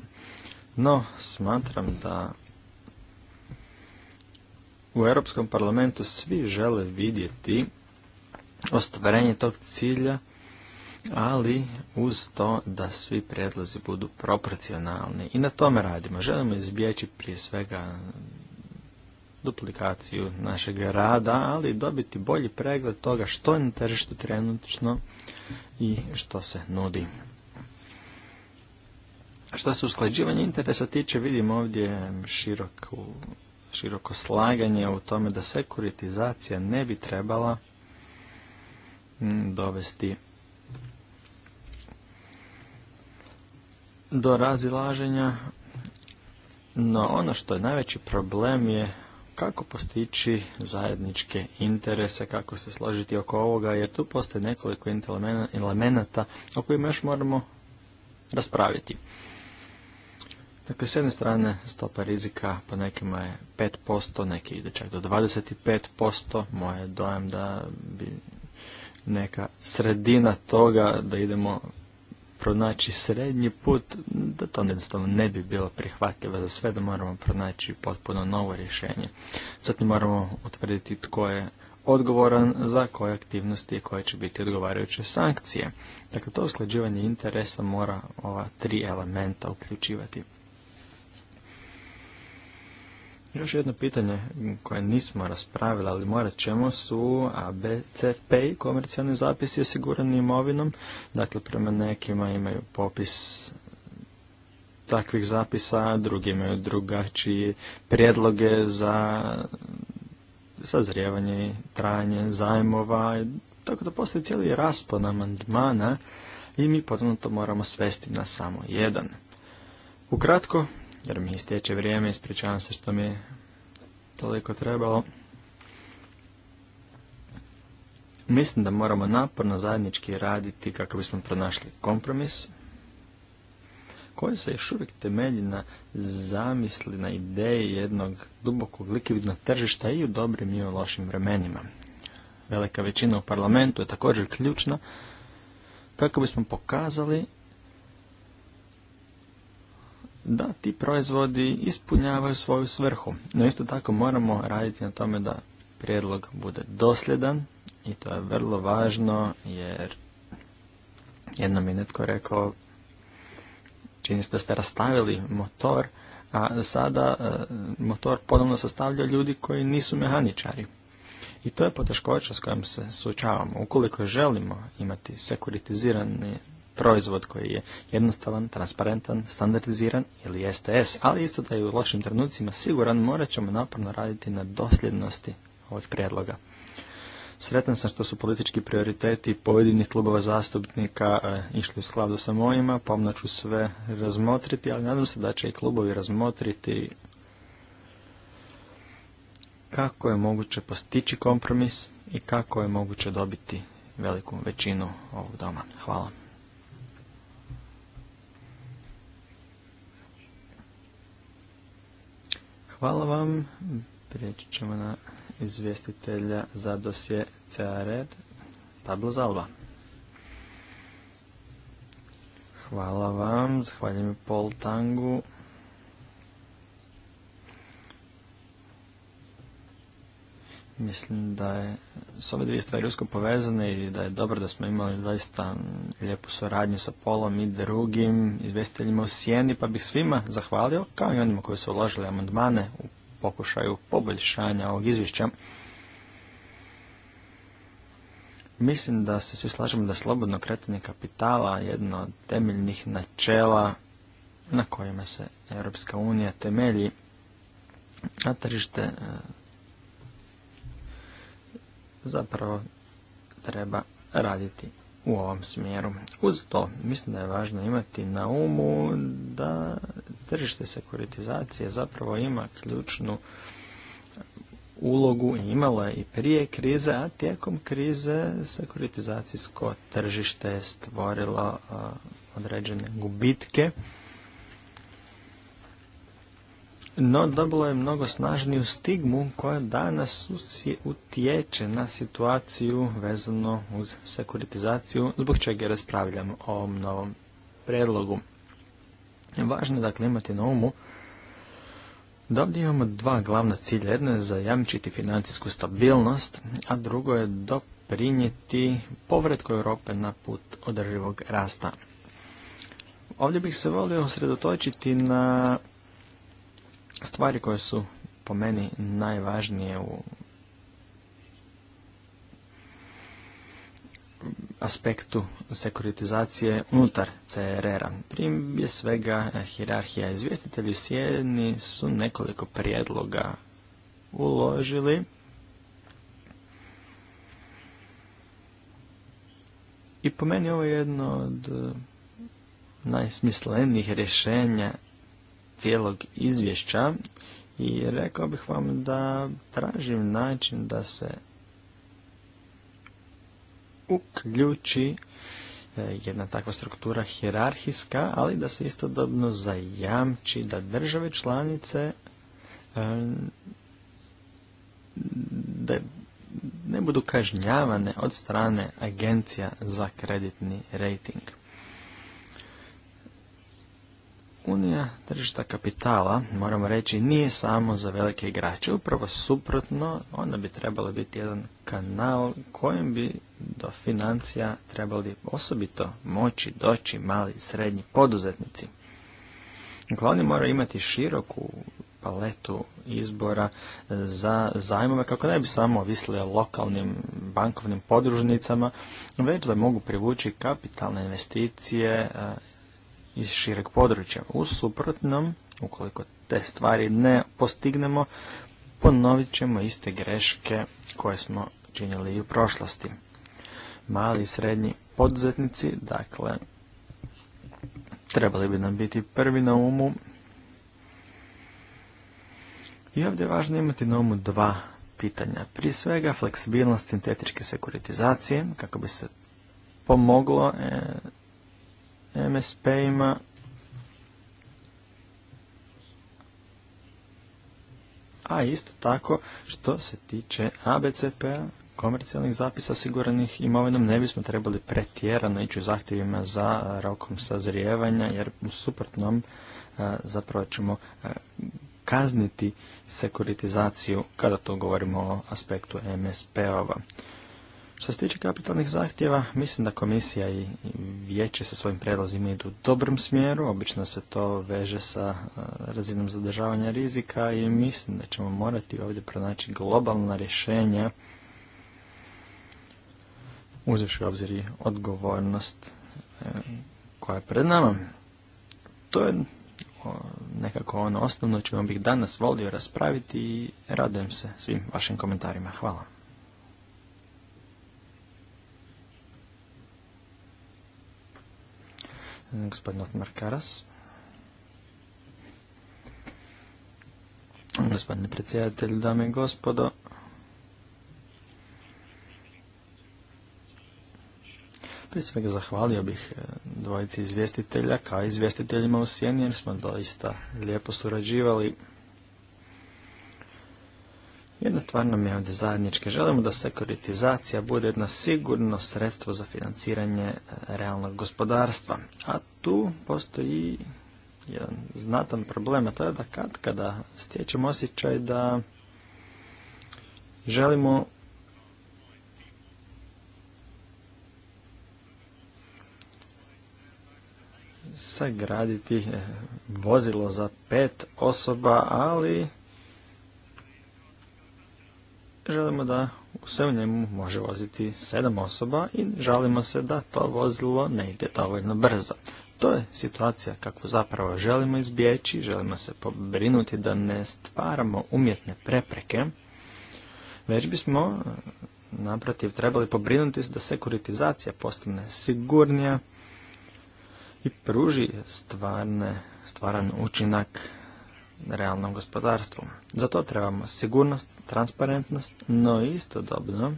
[SPEAKER 1] No, smatram da u Europskom parlamentu svi žele vidjeti ostvarenje tog cilja ali uz to da svi prijedlozi budu proporcionalni i na tome radimo. Želimo izbjeći prije svega duplikaciju našeg rada, ali dobiti bolji pregled toga što je na tržištu trenutno i što se nudi. Što se usklađivanje interesa tiče, vidimo ovdje široko slaganje u tome da sekuritizacija ne bi trebala mm, dovesti do razilaženja, no ono što je najveći problem je kako postići zajedničke interese, kako se složiti oko ovoga, jer tu postoje nekoliko elemenata o kojima još moramo raspraviti. Dakle, s jedne strane stopa rizika po nekima je 5%, neki ide čak do 25%. Moje dojam da bi neka sredina toga da idemo pronaći srednji put, da to jednostavno ne bi bilo prihvatljivo za sve, da moramo pronaći potpuno novo rješenje. Zatim moramo utvrditi tko je odgovoran za koje aktivnosti i koje će biti odgovarajuće sankcije. Dakle, to usklađivanje interesa mora ova tri elementa uključivati. Još jedno pitanje koje nismo raspravili, ali morat ćemo su ABCP komercijalni zapisi osigurani imovinom. Dakle, prema nekima imaju popis takvih zapisa, drugi imaju drugačije prijedloge za sazrijevanje i trajanje zajmova. Tako da postoji cijeli raspon amandmana i mi potom to moramo svesti na samo jedan. Ukratko, jer mi istječe vrijeme, ispričavam se što mi je toliko trebalo. Mislim da moramo naporno zajednički raditi kako bismo pronašli kompromis koji se još uvijek temelji na zamisli, na ideji jednog dubokog likvidnog tržišta i u dobrim i u lošim vremenima. Velika većina u parlamentu je također ključna kako bismo pokazali da ti proizvodi ispunjavaju svoju svrhu. No isto tako moramo raditi na tome da prijedlog bude dosljedan i to je vrlo važno jer jednom je netko rekao čini se da ste rastavili motor, a sada e, motor ponovno sastavlja ljudi koji nisu mehaničari. I to je poteškoća s kojom se suočavamo. Ukoliko želimo imati sekuritizirani proizvod koji je jednostavan, transparentan, standardiziran ili STS, ali isto da je u lošim trenucima siguran, morat ćemo naporno raditi na dosljednosti ovog prijedloga. Sretan sam što su politički prioriteti pojedinih klubova zastupnika e, išli u skladu sa mojima, pomno ću sve razmotriti, ali nadam se da će i klubovi razmotriti kako je moguće postići kompromis i kako je moguće dobiti veliku većinu ovog doma. Hvala. Hvala vam. Prijeći ćemo na izvjestitelja za dosje CRR, e, Pablo Zalba. Hvala vam, zahvaljujem Pol Tangu Mislim da je s ove dvije stvari usko povezane i da je dobro da smo imali zaista lijepu suradnju sa Polom i drugim izvestiteljima u Sijeni, pa bih svima zahvalio, kao i onima koji su uložili amandmane u pokušaju poboljšanja ovog izvješća. Mislim da se svi slažemo da slobodno kretanje kapitala jedno od temeljnih načela na kojima se Europska unija temelji, a tržište zapravo treba raditi u ovom smjeru. Uz to, mislim da je važno imati na umu da tržište sekuritizacije zapravo ima ključnu ulogu i imalo je i prije krize, a tijekom krize sekuritizacijsko tržište je stvorilo određene gubitke no dobilo je mnogo snažniju stigmu koja danas utječe na situaciju vezano uz sekuritizaciju, zbog čega raspravljam o ovom novom predlogu. Važno je dakle imati na umu da ovdje imamo dva glavna cilja. Jedno je zajamčiti financijsku stabilnost, a drugo je doprinijeti povratku Europe na put održivog rasta. Ovdje bih se volio osredotočiti na Stvari koje su po meni najvažnije u aspektu sekuritizacije unutar CRR-a. Prije svega hirarhija izvjestitelji Sjedini su nekoliko prijedloga uložili i po meni ovo je jedno od najsmislenijih rješenja cijelog izvješća i rekao bih vam da tražim način da se uključi e, jedna takva struktura hjerarhijska, ali da se istodobno zajamči da države članice e, da ne budu kažnjavane od strane agencija za kreditni rating. Unija tržišta kapitala, moramo reći, nije samo za velike igrače, upravo suprotno, ona bi trebala biti jedan kanal kojim bi do financija trebali osobito moći doći mali i srednji poduzetnici. Dakle, oni moraju imati široku paletu izbora za zajmove kako ne bi samo ovisili o lokalnim bankovnim podružnicama, već da mogu privući kapitalne investicije iz šireg područja. U suprotnom, ukoliko te stvari ne postignemo, ponovit ćemo iste greške koje smo činili i u prošlosti. Mali i srednji poduzetnici, dakle, trebali bi nam biti prvi na umu. I ovdje je važno imati na umu dva pitanja. Prije svega, fleksibilnost sintetičke sekuritizacije, kako bi se pomoglo e, MSP-ima, a isto tako što se tiče ABCP-a, komercijalnih zapisa siguranih imovinom ne bismo trebali pretjerano ići u zahtjevima za rokom sazrijevanja, jer u suprotnom zapravo ćemo kazniti sekuritizaciju kada to govorimo o aspektu MSP-ova. Što se tiče kapitalnih zahtjeva, mislim da komisija i vijeće sa svojim predlazima idu u dobrom smjeru. Obično se to veže sa e, razinom zadržavanja rizika i mislim da ćemo morati ovdje pronaći globalna rješenja uzevši obzir i odgovornost e, koja je pred nama. To je nekako ono osnovno čemu bih danas volio raspraviti i radujem se svim vašim komentarima. Hvala. Mm, gospodin Otmar Karas. Gospodine predsjedatelj, dame i gospodo. Prije svega zahvalio bih e, dvojici izvjestitelja kao izvjestiteljima u Sjeni jer smo doista lijepo surađivali. Jedna stvar nam je ovdje zajednička. Želimo da sekuritizacija bude jedno sigurno sredstvo za financiranje e, realnog gospodarstva. A tu postoji jedan znatan problem, a to je da kad kada stječemo osjećaj da želimo sagraditi e, vozilo za pet osoba, ali želimo da se u njemu može voziti sedam osoba i žalimo se da to vozilo ne ide dovoljno brzo. To je situacija kakvu zapravo želimo izbjeći, želimo se pobrinuti da ne stvaramo umjetne prepreke, već bismo naprotiv trebali pobrinuti se da sekuritizacija postane sigurnija i pruži stvaran učinak realnom gospodarstvu. Za to trebamo sigurnost, transparentnost, no istodobno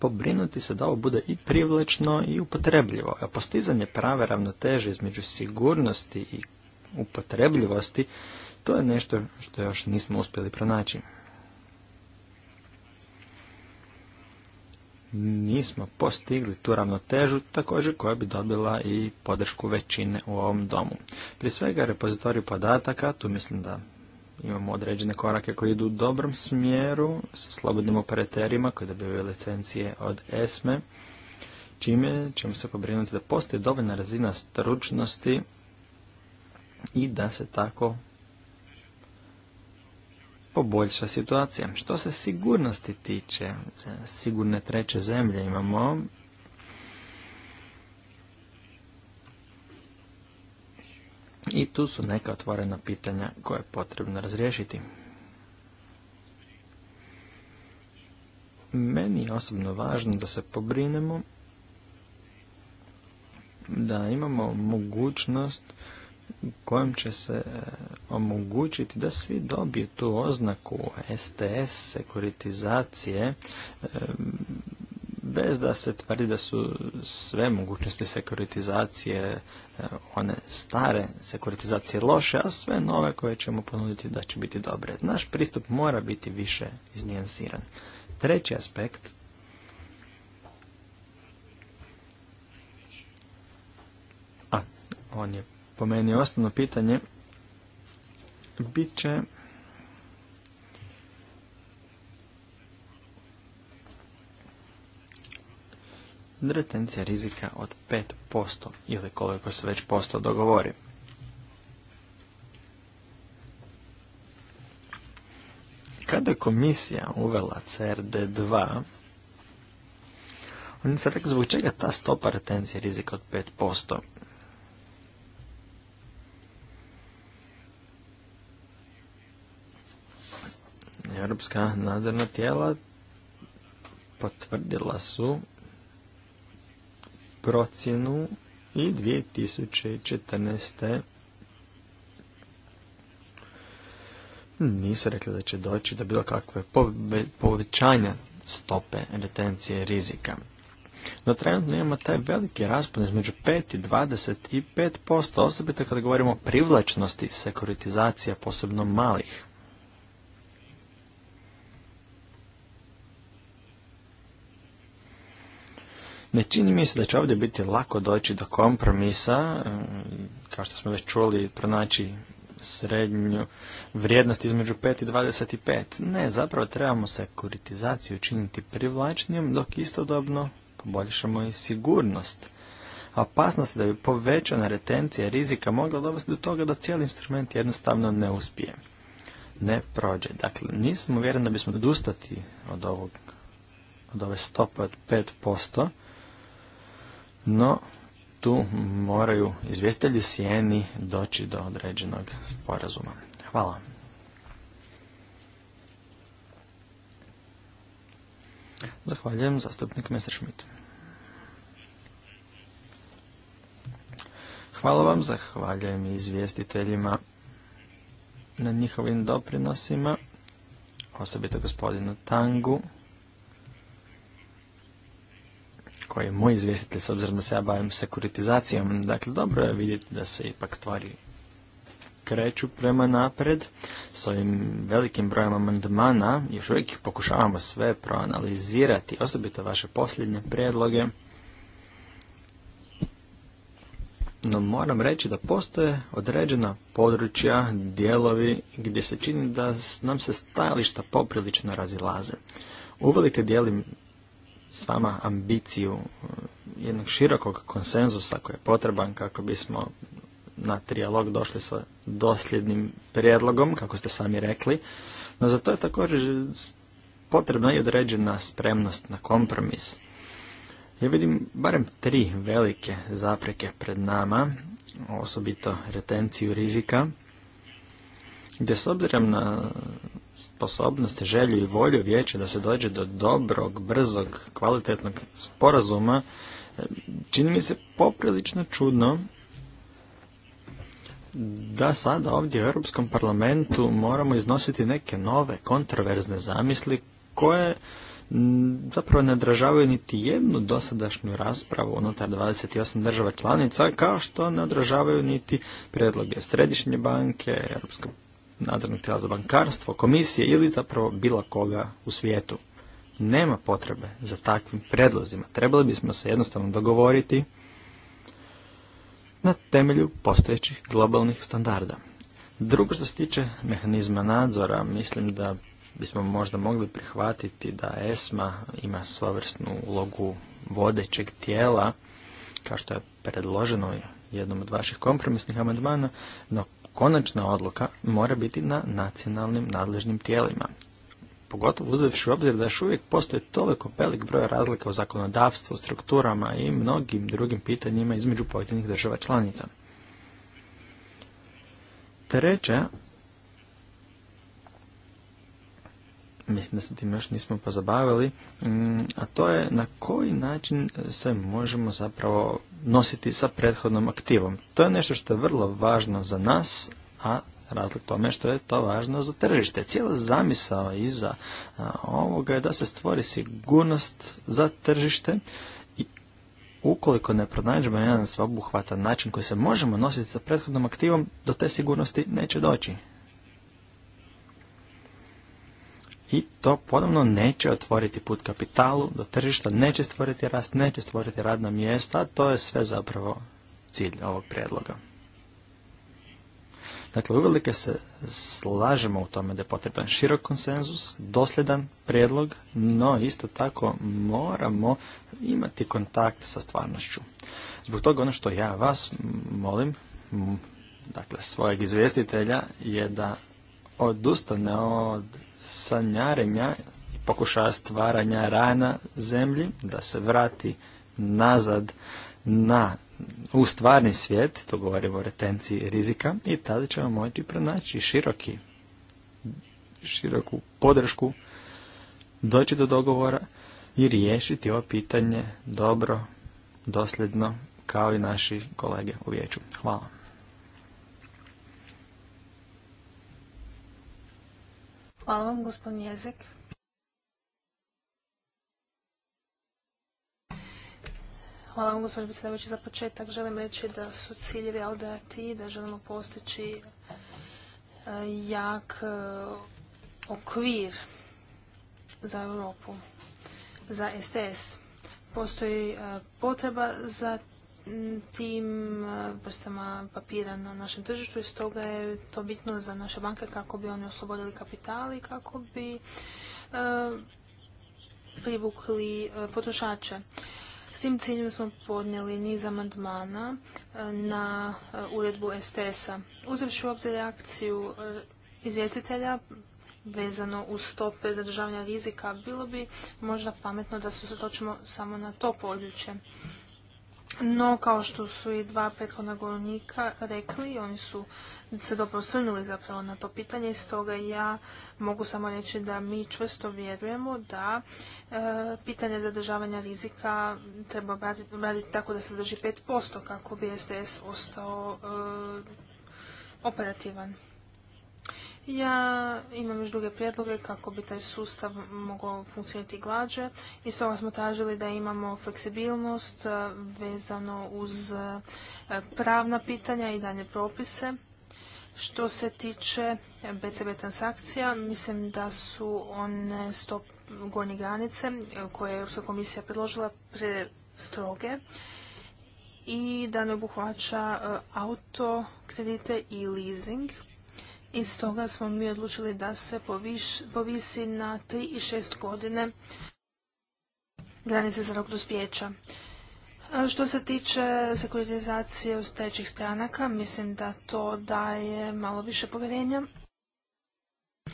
[SPEAKER 1] pobrinuti se da ovo bude i privlečno i upotrebljivo. A postizanje prave ravnoteže između sigurnosti i upotrebljivosti, to je nešto što još nismo uspjeli pronaći. nismo postigli tu ravnotežu, također koja bi dobila i podršku većine u ovom domu. Prije svega repozitoriju podataka, tu mislim da imamo određene korake koji idu u dobrom smjeru sa slobodnim operaterima koji dobivaju licencije od ESME, čime ćemo se pobrinuti da postoji dovoljna razina stručnosti i da se tako poboljša situacija. Što se sigurnosti tiče, e, sigurne treće zemlje imamo i tu su neka otvorena pitanja koje je potrebno razriješiti. Meni je osobno važno da se pobrinemo da imamo mogućnost kojom će se e, omogućiti da svi dobiju tu oznaku STS sekuritizacije e, bez da se tvrdi da su sve mogućnosti sekuritizacije e, one stare sekuritizacije loše, a sve nove koje ćemo ponuditi da će biti dobre. Naš pristup mora biti više iznijansiran. Treći aspekt on je po meni osnovno pitanje bit će retencija rizika od 5% ili koliko se već posto dogovori. Kada je komisija uvela CRD2, oni se rekli zbog čega ta stopa retencije rizika od 5%. Europska nadzorna tijela potvrdila su procjenu i 2014. nisu rekli da će doći da bilo kakve povećanja stope retencije rizika. No trenutno imamo taj veliki raspon između 5 i 25%, osobito kada govorimo o privlačnosti sekuritizacija, posebno malih. Ne čini mi se da će ovdje biti lako doći do kompromisa, e, kao što smo već čuli, pronaći srednju vrijednost između 5 i 25. Ne, zapravo trebamo sekuritizaciju učiniti privlačnijom, dok istodobno poboljšamo i sigurnost. A opasnost da bi povećana retencija rizika mogla dovesti do toga da cijeli instrument jednostavno ne uspije. Ne prođe. Dakle, nismo uvjeren da bismo odustati od, ovog, od ove stope od 5%, no, tu moraju izvjestitelji sjeni doći do određenog sporazuma. Hvala. Zahvaljujem zastupnik Schmidt. Hvala vam, zahvaljujem i izvjestiteljima na njihovim doprinosima, osobito gospodinu Tangu, koji je moj izvjestitelj s obzirom da se ja bavim sekuritizacijom. Dakle, dobro je vidjeti da se ipak stvari kreću prema napred. S ovim velikim brojem amandmana još uvijek pokušavamo sve proanalizirati, osobito vaše posljednje prijedloge. No moram reći da postoje određena područja, dijelovi gdje se čini da nam se stajališta poprilično razilaze. Uvelike dijelim s vama ambiciju uh, jednog širokog konsenzusa koji je potreban kako bismo na trijalog došli sa dosljednim prijedlogom, kako ste sami rekli, no za to je također potrebna i određena spremnost na kompromis. Ja vidim barem tri velike zapreke pred nama, osobito retenciju rizika, gdje s obzirom na sposobnosti, želju i volju vijeća da se dođe do dobrog, brzog, kvalitetnog sporazuma, e, čini mi se poprilično čudno da sada ovdje u Europskom parlamentu moramo iznositi neke nove kontroverzne zamisli koje zapravo ne odražavaju niti jednu dosadašnju raspravu unutar 28 država članica, kao što ne odražavaju niti predloge Središnje banke, Europskog nadzornog tijela za bankarstvo, komisije ili zapravo bila koga u svijetu. Nema potrebe za takvim predlozima. Trebali bismo se jednostavno dogovoriti na temelju postojećih globalnih standarda. Drugo što se tiče mehanizma nadzora, mislim da bismo možda mogli prihvatiti da ESMA ima svovrsnu ulogu vodećeg tijela, kao što je predloženo jednom od vaših kompromisnih amandmana, no konačna odluka mora biti na nacionalnim nadležnim tijelima. Pogotovo uzevši u obzir da još uvijek postoji toliko velik broj razlika u zakonodavstvu, strukturama i mnogim drugim pitanjima između pojedinih država članica. Treća, mislim da se tim još nismo pozabavili, mm, a to je na koji način se možemo zapravo nositi sa prethodnom aktivom. To je nešto što je vrlo važno za nas, a razlik tome što je to važno za tržište. Cijela zamisao iza ovoga je da se stvori sigurnost za tržište i ukoliko ne pronađemo jedan sveobuhvatan način koji se možemo nositi sa prethodnom aktivom, do te sigurnosti neće doći. i to ponovno neće otvoriti put kapitalu do tržišta, neće stvoriti rast, neće stvoriti radna mjesta, to je sve zapravo cilj ovog prijedloga. Dakle, uvelike se slažemo u tome da je potreban širok konsenzus, dosljedan prijedlog, no isto tako moramo imati kontakt sa stvarnošću. Zbog toga ono što ja vas molim, dakle svojeg izvjestitelja, je da odustane od sanjarenja i pokušaja stvaranja rana zemlji, da se vrati nazad na u stvarni svijet, to govorimo o retenciji rizika, i tada ćemo moći pronaći široki, široku podršku, doći do dogovora i riješiti ovo pitanje dobro, dosljedno, kao i naši kolege u vijeću. Hvala.
[SPEAKER 2] Hvala vam, gospodin Jezik. Hvala vam, gospodin predsjedavajući. Za početak želim reći da su ciljevi Alda da želimo postići e, jak e, okvir za Europu, za STS. Postoji e, potreba za tim e, vrstama papira na našem tržištu i stoga je to bitno za naše banke kako bi oni oslobodili kapital i kako bi e, privukli e, potrošače. S tim ciljem smo podnijeli niz amandmana na uredbu STS-a. Uzevši u obzir reakciju izvjestitelja vezano uz stope zadržavanja rizika, bilo bi možda pametno da se usredočimo samo na to područje. No, kao što su i dva prethodna govornika rekli, oni su se dobro osvrnuli zapravo na to pitanje, stoga ja mogu samo reći da mi čvrsto vjerujemo da e, pitanje zadržavanja rizika treba raditi tako da se drži 5% kako bi SDS ostao e, operativan. Ja imam još druge prijedloge kako bi taj sustav mogao funkcionirati glađe i stoga smo tražili da imamo fleksibilnost e, vezano uz e, pravna pitanja i dalje propise. Što se tiče BCB transakcija, mislim da su one stop gornje granice e, koje je Europska komisija predložila pre stroge i da ne obuhvaća auto kredite i leasing i stoga smo mi odlučili da se povisi na 3 i 6 godine granice za rok dospjeća. Što se tiče sekuritizacije trećih stranaka, mislim da to daje malo više povjerenja e,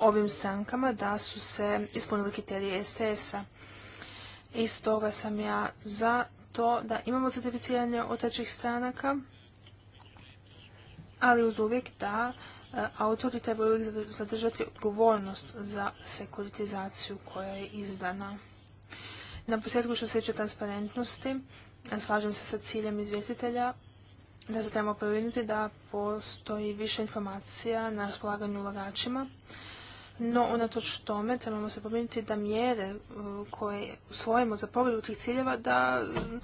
[SPEAKER 2] ovim strankama da su se ispunili kriterije STS-a. I stoga sam ja za to da imamo certificiranje trećih stranaka ali uz uvijek da e, autori trebaju zadržati odgovornost za sekuritizaciju koja je izdana. Na posljedku što se tiče transparentnosti, e, slažem se sa ciljem izvjestitelja da se trebamo da postoji više informacija na raspolaganju ulagačima, no, unatoč tome trebamo se pomijeniti da mjere uh, koje usvojimo za povredu tih ciljeva da mm,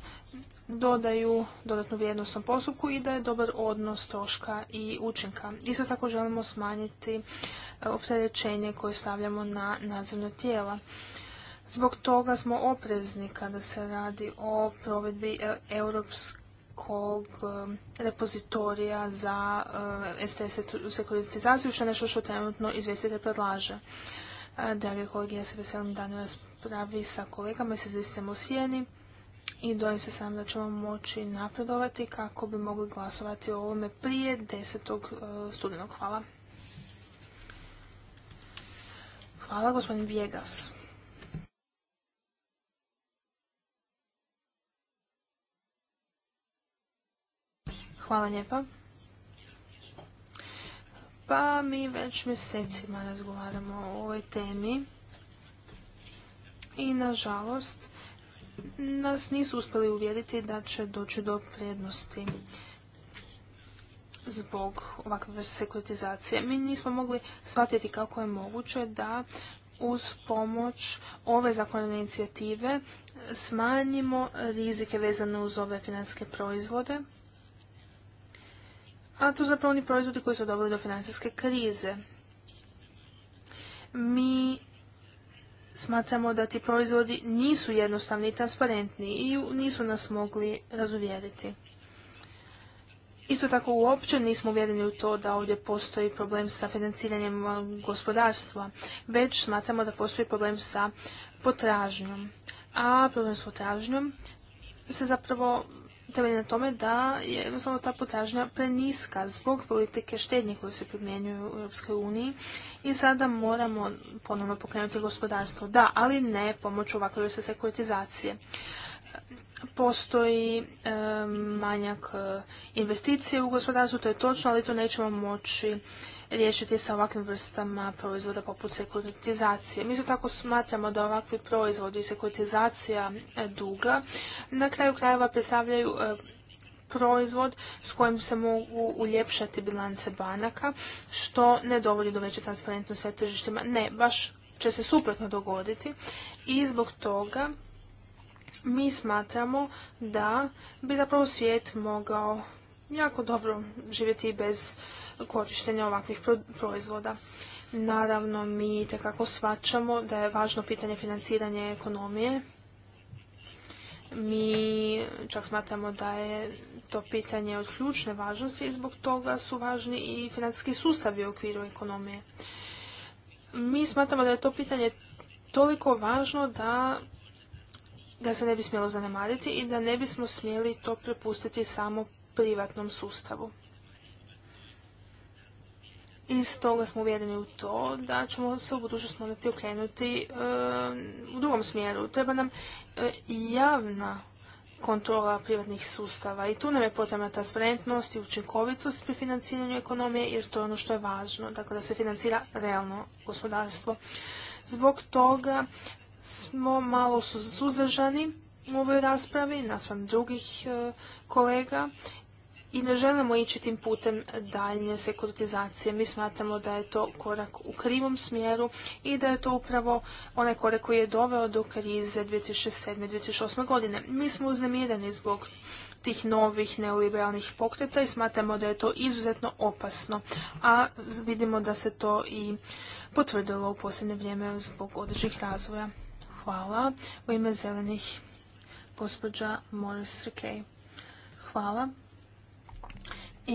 [SPEAKER 2] dodaju dodatnu vrijednost na postupku i da je dobar odnos troška i učinka. Isto tako želimo smanjiti uh, opterećenje koje stavljamo na nadzorna tijela. Zbog toga smo oprezni kada se radi o provedbi e, europske nekog um, repozitorija za STS uh, sekuritizaciju, što je nešto što trenutno izvjestitelj predlaže. Drage kolege, ja se veselim danu raspravi sa kolegama i se u sjeni i dojem se sam da ćemo moći napredovati kako bi mogli glasovati o ovome prije 10. Uh, studenog. Hvala. Hvala, gospodin Vjegas. Hvala lijepa. Pa mi već mjesecima razgovaramo o ovoj temi i nažalost nas nisu uspjeli uvjeriti da će doći do prednosti zbog ovakve sekuritizacije. Mi nismo mogli shvatiti kako je moguće da uz pomoć ove zakonske inicijative smanjimo rizike vezane uz ove financijske proizvode a to zapravo oni proizvodi koji su doveli do financijske krize. Mi smatramo da ti proizvodi nisu jednostavni i transparentni i nisu nas mogli razuvjeriti. Isto tako uopće nismo uvjereni u to da ovdje postoji problem sa financiranjem gospodarstva, već smatramo da postoji problem sa potražnjom. A problem s potražnjom se zapravo temelji na tome da je jednostavno ta potražnja preniska zbog politike štednje koje se primjenjuju u Europskoj uniji i sada moramo ponovno pokrenuti gospodarstvo. Da, ali ne pomoću ovakve vrste sekuritizacije. Postoji e, manjak e, investicije u gospodarstvu, to je točno, ali to nećemo moći riješiti sa ovakvim vrstama proizvoda poput sekuritizacije. Mi isto tako smatramo da ovakvi proizvodi i sekuritizacija e, duga na kraju krajeva predstavljaju e, proizvod s kojim se mogu uljepšati bilance banaka, što ne dovodi do veće transparentnosti na tržištima. Ne, baš će se suprotno dogoditi i zbog toga mi smatramo da bi zapravo svijet mogao jako dobro živjeti bez korištenja ovakvih proizvoda. Naravno, mi tekako svačamo da je važno pitanje financiranja ekonomije. Mi čak smatramo da je to pitanje od ključne važnosti i zbog toga su važni i financijski sustavi u okviru ekonomije. Mi smatramo da je to pitanje toliko važno da ga se ne bi smjelo zanemariti i da ne bismo smjeli to prepustiti samo privatnom sustavu i stoga smo uvjereni u to da ćemo se u budućnosti morati okrenuti u drugom smjeru. Treba nam e, javna kontrola privatnih sustava i tu nam je potrebna transparentnost i učinkovitost pri financiranju ekonomije jer to je ono što je važno, dakle da se financira realno gospodarstvo. Zbog toga smo malo suzdržani u ovoj raspravi naspram drugih e, kolega i ne želimo ići tim putem daljnje sekuritizacije. Mi smatramo da je to korak u krivom smjeru i da je to upravo onaj korak koji je doveo do krize 2007. 2008. godine. Mi smo uznemireni zbog tih novih neoliberalnih pokreta i smatramo da je to izuzetno opasno, a vidimo da se to i potvrdilo u posljednje vrijeme zbog određenih razvoja. Hvala. U ime zelenih gospođa Morris Rikej. Hvala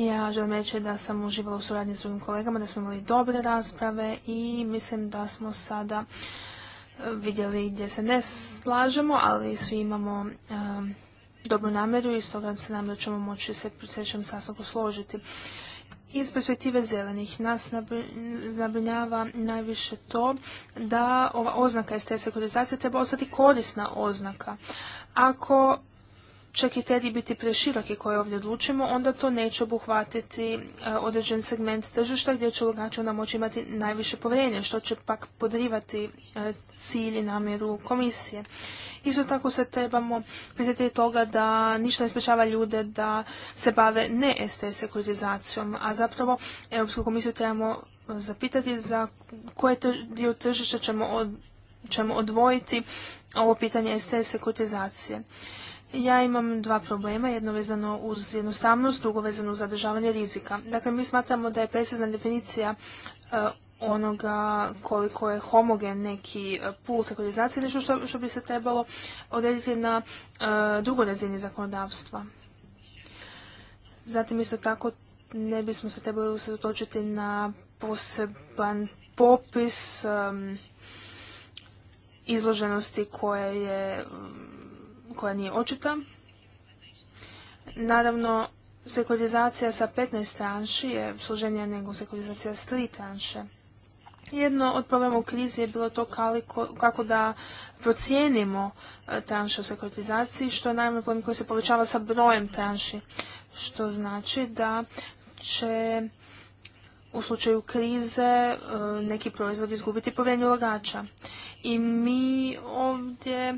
[SPEAKER 2] ja želim reći da sam uživala u suradnji s drugim kolegama, da smo imali dobre rasprave i mislim da smo sada e, vidjeli gdje se ne slažemo, ali svi imamo e, dobru namjeru i stoga se nam da ćemo moći se u sljedećem sastavku složiti. Iz perspektive zelenih nas zabrinjava najviše to da ova oznaka STS sekurizacije treba ostati korisna oznaka. Ako će kriteriji biti preširoki koje ovdje odlučimo, onda to neće obuhvatiti e, određen segment tržišta gdje će ulagači onda moći imati najviše povjerenja, što će pak podrivati e, cilj i namjeru komisije. Isto tako se trebamo prisjetiti toga da ništa ne sprečava ljude da se bave ne STS sekuritizacijom, a zapravo Europsku komisiju trebamo zapitati za koje dio tržišta ćemo, odvojiti ovo pitanje STS sekuritizacije. Ja imam dva problema, jedno vezano uz jednostavnost, drugo vezano uz zadržavanje rizika. Dakle, mi smatramo da je precizna definicija eh, onoga koliko je homogen neki eh, pul sekularizacije nešto što, što bi se trebalo odrediti na eh, drugoj razini zakonodavstva. Zatim isto tako ne bismo se trebali usredotočiti na poseban popis izloženosti koje je koja nije očita. Naravno, sekuritizacija sa 15 tranši je složenija nego sekularizacija s 3 tranše. Jedno od problema u krizi je bilo to kako da procijenimo e, tranše u sekuritizaciji, što je naravno problem koji se povećava sa brojem tranši, što znači da će u slučaju krize e, neki proizvod izgubiti povjerenje ulagača. I mi ovdje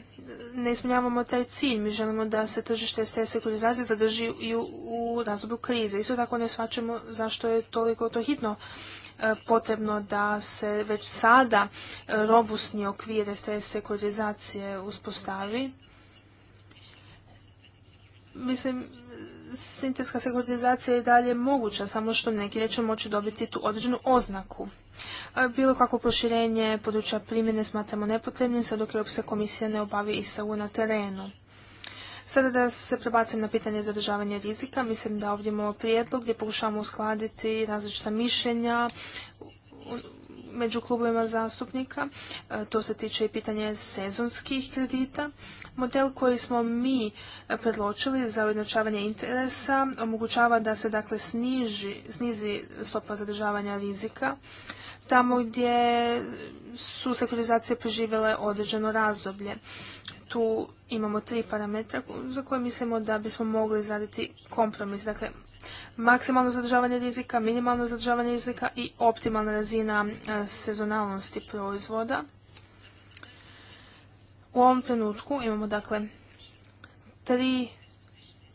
[SPEAKER 2] ne ispunjavamo taj cilj. Mi želimo da se tržište ste sekurizacije zadrži i u razdoblju krize. Isto tako ne shvaćamo zašto je toliko to hitno e, potrebno da se već sada robustni okvir ste sekurizacije uspostavi. Mislim sintetska sekuritizacija je dalje moguća, samo što neki neće moći dobiti tu određenu oznaku. Bilo kako proširenje područja primjene smatramo nepotrebnim, sve dok Europska komisija ne obavi istavu na terenu. Sada da se prebacim na pitanje zadržavanja rizika, mislim da ovdje imamo prijedlog gdje pokušavamo uskladiti različita mišljenja među klubovima zastupnika. E, to se tiče i pitanje sezonskih kredita. Model koji smo mi e, predločili za ujednačavanje interesa omogućava da se dakle sniži, snizi stopa zadržavanja rizika tamo gdje su sekurizacije preživjele određeno razdoblje. Tu imamo tri parametra za koje mislimo da bismo mogli izraditi kompromis. Dakle, maksimalno zadržavanje rizika, minimalno zadržavanje rizika i optimalna razina e, sezonalnosti proizvoda u ovom trenutku imamo dakle tri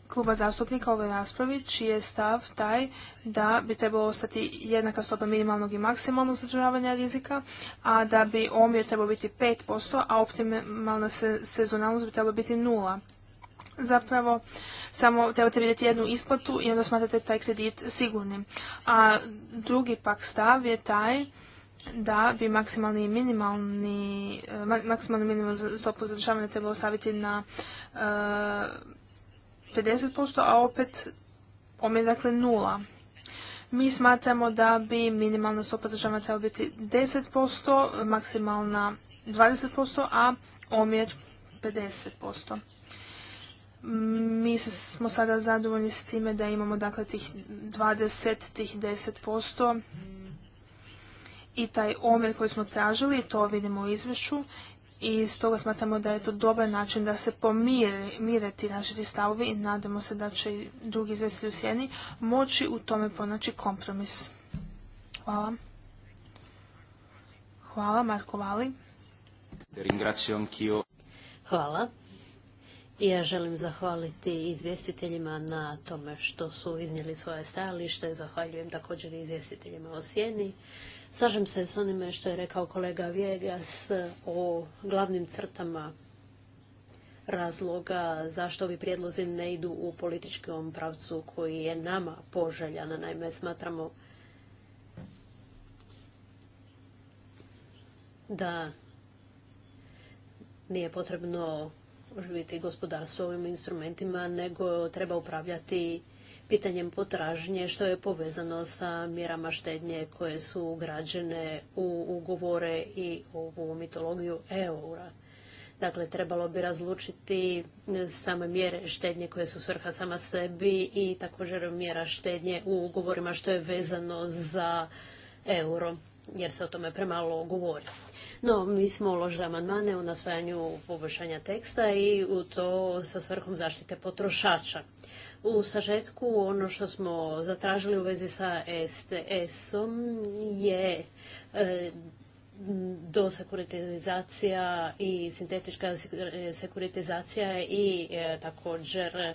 [SPEAKER 2] kluba zastupnika u ovoj raspravi, čiji je stav taj da bi trebalo ostati jednaka stopa minimalnog i maksimalnog zadržavanja rizika, a da bi omjer trebao biti 5%, a optimalna sezonalnost bi trebala biti nula. Zapravo, samo trebate vidjeti jednu isplatu i onda smatrate taj kredit sigurnim. A drugi pak stav je taj da bi maksimalni i minimalni, e, maksimalnu minimalnu stopu zadržavanja trebalo staviti na 50%, e, a opet omjer dakle nula. Mi smatramo da bi minimalna stopa zadržavanja trebala biti 10%, maksimalna 20%, a omjer 50%. Mi smo sada zadovoljni s time da imamo dakle tih 20, tih 10%, i taj omjer koji smo tražili, to vidimo u izvješću i toga smatramo da je to dobar način da se pomire ti naši stavovi i nadamo se da će i drugi izvjestitelji u sjeni moći u tome pronaći kompromis. Hvala. Hvala, Marko Vali.
[SPEAKER 3] Hvala. ja želim zahvaliti izvjestiteljima na tome što su iznijeli svoje stajalište. Zahvaljujem također i izvjestiteljima o sjeni. Slažem se s onime što je rekao kolega Vjegas o glavnim crtama razloga zašto ovi prijedlozi ne idu u političkom pravcu koji je nama poželjan. Naime, smatramo da nije potrebno živjeti gospodarstvo ovim instrumentima, nego treba upravljati pitanjem potražnje što je povezano sa mjerama štednje koje su ugrađene u ugovore i ovu mitologiju eura. Dakle, trebalo bi razlučiti same mjere štednje koje su svrha sama sebi i također mjera štednje u ugovorima što je vezano za euro, jer se o tome premalo govori. No, mi smo uložili amandmane u nasvajanju poboljšanja teksta i u to sa svrhom zaštite potrošača. U sažetku ono što smo zatražili u vezi sa STS-om je e, do sekuritizacija i sintetička sekuritizacija i e, također e,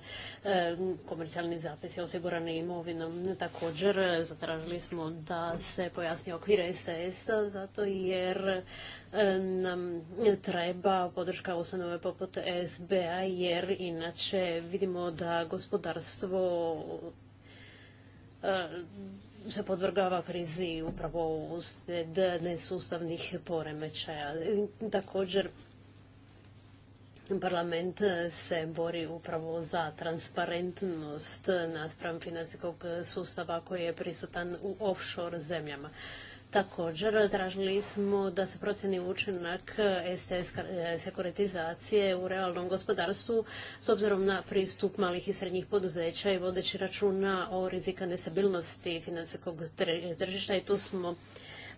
[SPEAKER 3] komercijalni zapis je osigurani imovinom. Također e, zatražili smo da se pojasni okvir ses a zato jer nam treba podrška ustanove poput SBA jer inače vidimo da gospodarstvo se podvrgava krizi upravo uslijed nesustavnih poremećaja. Također, Parlament se bori upravo za transparentnost naspram financijskog sustava koji je prisutan u offshore zemljama. Također, tražili smo da se procjeni učinak STS e, sekuritizacije u realnom gospodarstvu s obzirom na pristup malih i srednjih poduzeća i vodeći računa o rizika nesabilnosti financijskog tržišta i tu smo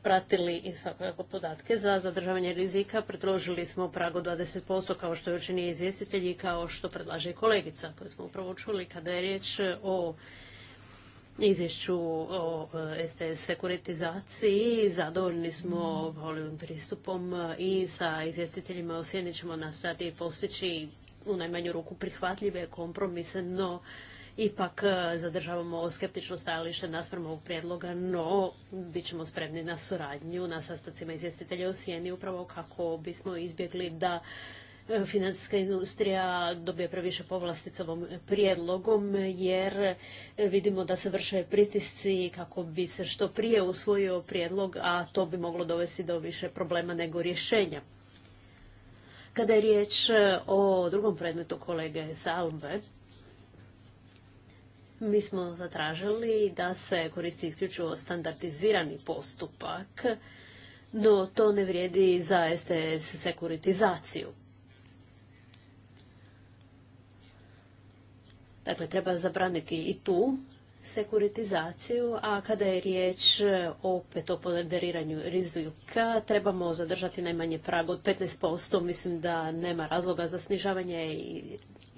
[SPEAKER 3] pratili i svakako podatke za zadržavanje rizika. Predložili smo pragu 20% kao što je učinio izvjestitelj i kao što predlaže i kolegica koju smo upravo čuli kada je riječ o izvješću o STS e, sekuritizaciji. Zadovoljni smo ovim pristupom e, i sa izvjestiteljima u Sjeni ćemo nastojati postići u najmanju ruku prihvatljive kompromise, no ipak e, zadržavamo skeptično stajalište naspram ovog prijedloga, no bit ćemo spremni na suradnju na sastacima izvjestitelja u upravo kako bismo izbjegli da financijska industrija dobije previše povlastica ovom prijedlogom jer vidimo da se vrše pritisci kako bi se što prije usvojio prijedlog, a to bi moglo dovesti do više problema nego rješenja. Kada je riječ o drugom predmetu kolege Salbe, mi smo zatražili da se koristi isključivo standardizirani postupak, no to ne vrijedi za STS sekuritizaciju. Dakle, treba zabraniti i tu sekuritizaciju, a kada je riječ e, opet o poderiranju rizika, trebamo zadržati najmanje prag od 15%. Mislim da nema razloga za snižavanje i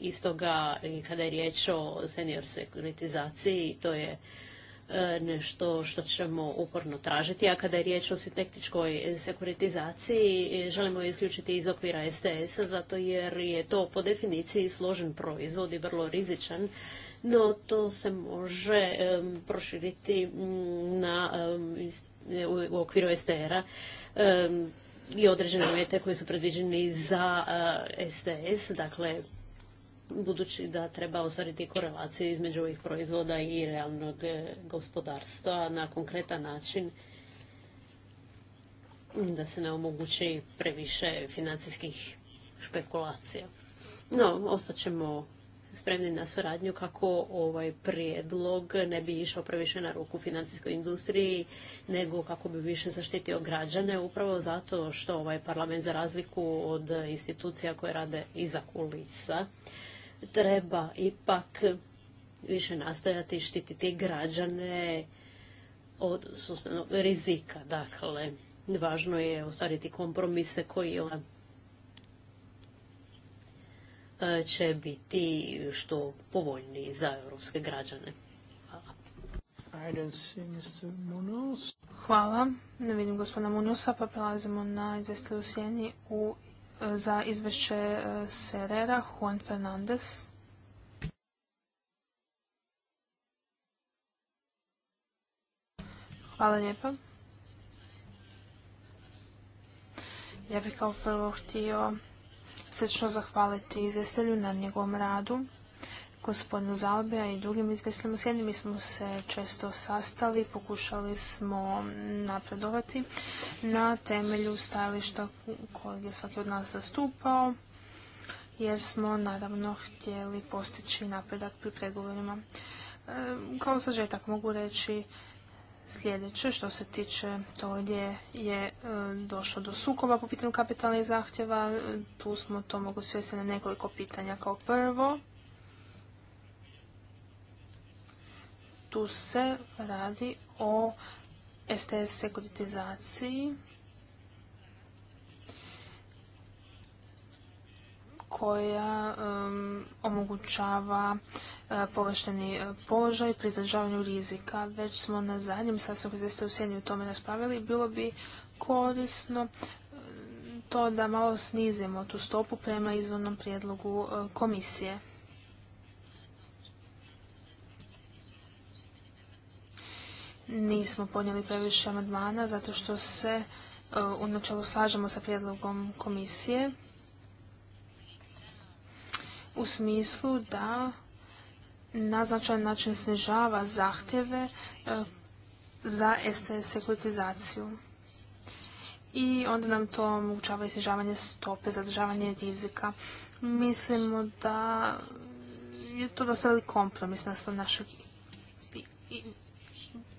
[SPEAKER 3] istoga i kada je riječ o senior sekuritizaciji, to je E, nešto što ćemo uporno tražiti, a kada je riječ o sintektičkoj sekuritizaciji, e, želimo isključiti iz okvira STS-a, zato jer je to po definiciji složen proizvod i vrlo rizičan, no to se može e, proširiti mm, na, u okviru STR-a i određene uvjete koji su predviđeni za STS, dakle budući da treba ostvariti korelacije između ovih proizvoda i realnog e, gospodarstva na konkretan način da se ne omogući previše financijskih špekulacija. No, ćemo spremni na suradnju kako ovaj prijedlog ne bi išao previše na ruku financijskoj industriji, nego kako bi više zaštitio građane, upravo zato što ovaj parlament za razliku od institucija koje rade iza kulisa, treba ipak više nastojati štititi građane od sustavnog rizika. Dakle, važno je ostvariti kompromise koji e, će biti što povoljniji za europske građane.
[SPEAKER 2] Hvala. I Hvala. Ne vidim gospodina Munosa, pa prelazimo na 200 sjeni u za izvješće e, Serera Juan Fernandez. Hvala lijepa. Ja bih kao prvo htio srčno zahvaliti izvjestelju na njegovom radu gospodinu zalbija i drugim izvjestljama s smo se često sastali, pokušali smo napredovati na temelju stajališta kojeg je svaki od nas zastupao, jer smo naravno htjeli postići napredak pri pregovorima. E, kao sažetak mogu reći sljedeće što se tiče to gdje je e, došlo do sukoba po pitanju kapitalnih zahtjeva. E, tu smo to mogu svesti na nekoliko pitanja. Kao prvo, tu se radi o STS sekuritizaciji koja um, omogućava uh, povešteni uh, položaj pri zadržavanju rizika. Već smo na zadnjem koji ste u sjednju u tome raspravili. Bilo bi korisno uh, to da malo snizimo tu stopu prema izvornom prijedlogu komisije. nismo podnijeli previše amandmana zato što se e, u načelu slažemo sa prijedlogom komisije u smislu da na značajan način snižava zahtjeve e, za STS sekuritizaciju. I onda nam to omogućava i snižavanje stope, zadržavanje rizika. Mislimo da je to dosta velik kompromis naspram našeg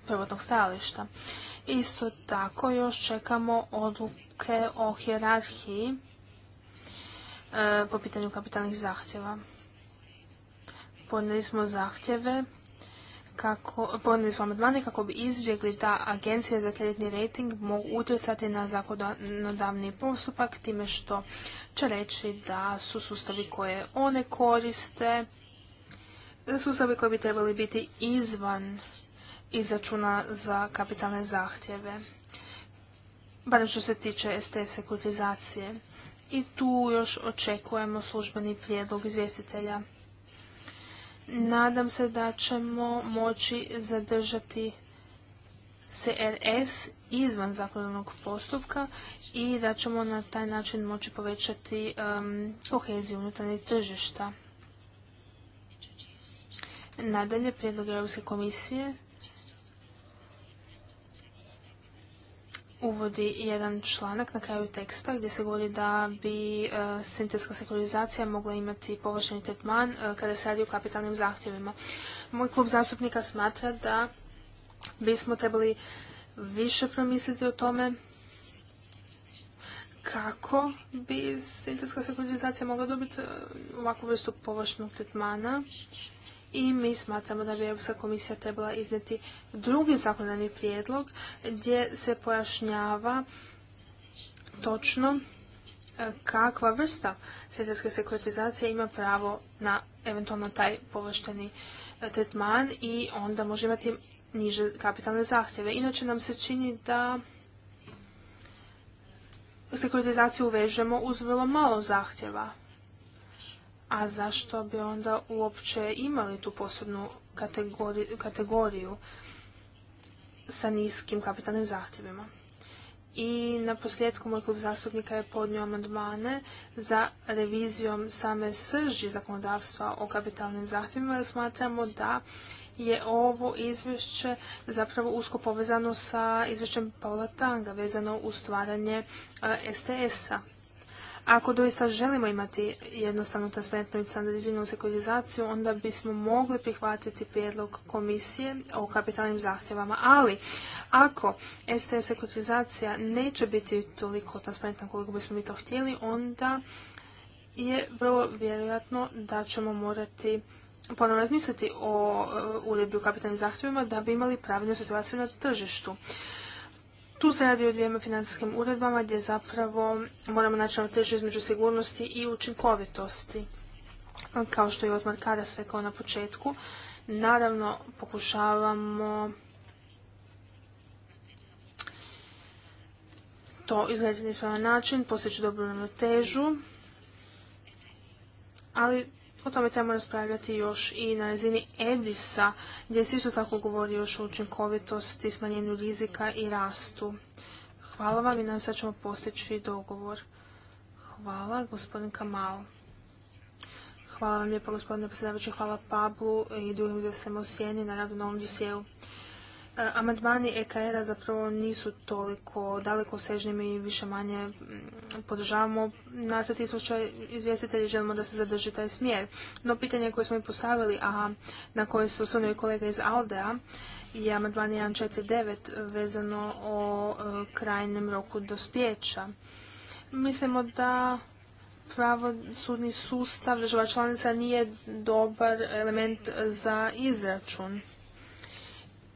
[SPEAKER 2] prvotnog stajališta. Isto tako još čekamo odluke o hjerarhiji e, po pitanju kapitalnih zahtjeva. Podnijeli smo zahtjeve podnijeli smo amandmane kako bi izbjegli da agencije za kreditni rating mogu utjecati na zakonodavni postupak time što će reći da su sustavi koje one koriste, sustavi koji bi trebali biti izvan izračuna za kapitalne zahtjeve, barem što se tiče ST sekuritizacije. I tu još očekujemo službeni prijedlog izvjestitelja. Nadam se da ćemo moći zadržati CRS izvan zakonodavnog postupka i da ćemo na taj način moći povećati um, koheziju unutarnjih tržišta. Nadalje, prijedlog Europske komisije uvodi jedan članak na kraju teksta gdje se govori da bi e, sintetska sekurizacija mogla imati površeni tretman e, kada se radi o kapitalnim zahtjevima. Moj klub zastupnika smatra da bismo trebali više promisliti o tome kako bi sintetska sekularizacija mogla dobiti e, ovakvu vrstu površnog tretmana i mi smatramo da bi Europska komisija trebala izneti drugi zakonodavni prijedlog gdje se pojašnjava točno e, kakva vrsta sektorske sekuritizacije ima pravo na eventualno taj površteni e, tretman i onda može imati niže kapitalne zahtjeve. Inače nam se čini da sekuritizaciju uvežemo uz vrlo malo zahtjeva. A zašto bi onda uopće imali tu posebnu kategoriju, sa niskim kapitalnim zahtjevima? I na posljedku moj klub zastupnika je podnio amandmane za revizijom same srži zakonodavstva o kapitalnim zahtjevima. smatramo da je ovo izvješće zapravo usko povezano sa izvješćem Paula Tanga vezano u stvaranje e, STS-a ako doista želimo imati jednostavnu transparentnu i standardiziranu sekuritizaciju, onda bismo mogli prihvatiti prijedlog komisije o kapitalnim zahtjevama. Ali, ako STS sekuritizacija neće biti toliko transparentna koliko bismo mi to htjeli, onda je vrlo vjerojatno da ćemo morati ponovno razmisliti o e, uredbi o kapitalnim zahtjevima da bi imali pravilnu situaciju na tržištu. Tu se radi o dvijema financijskim uredbama gdje zapravo moramo naći ravnotežu između sigurnosti i učinkovitosti. Kao što je Otmar Karas rekao na početku, naravno pokušavamo to izgledati na ispravan način, postići dobru ravnotežu, ali o tome trebamo raspravljati još i na razini Edisa, gdje se isto tako govori još o učinkovitosti, smanjenju rizika i rastu. Hvala vam i nam sad ćemo postići dogovor. Hvala, gospodin Kamal. Hvala vam lijepo, gospodine predsjedavajući. Hvala Pablu i drugim gdje u Sjeni na radu na ovom E, amandmani EKR-a zapravo nisu toliko daleko sežni, mi više manje mm, podržavamo nacrt izvješća izvjestitelji, želimo da se zadrži taj smjer. No pitanje koje smo i postavili, a na koje se osvrnuo i kolega iz Aldea, je amandman 1.4.9 vezano o e, krajnjem krajnem roku dospjeća. Mislimo da pravosudni sustav država članica nije dobar element za izračun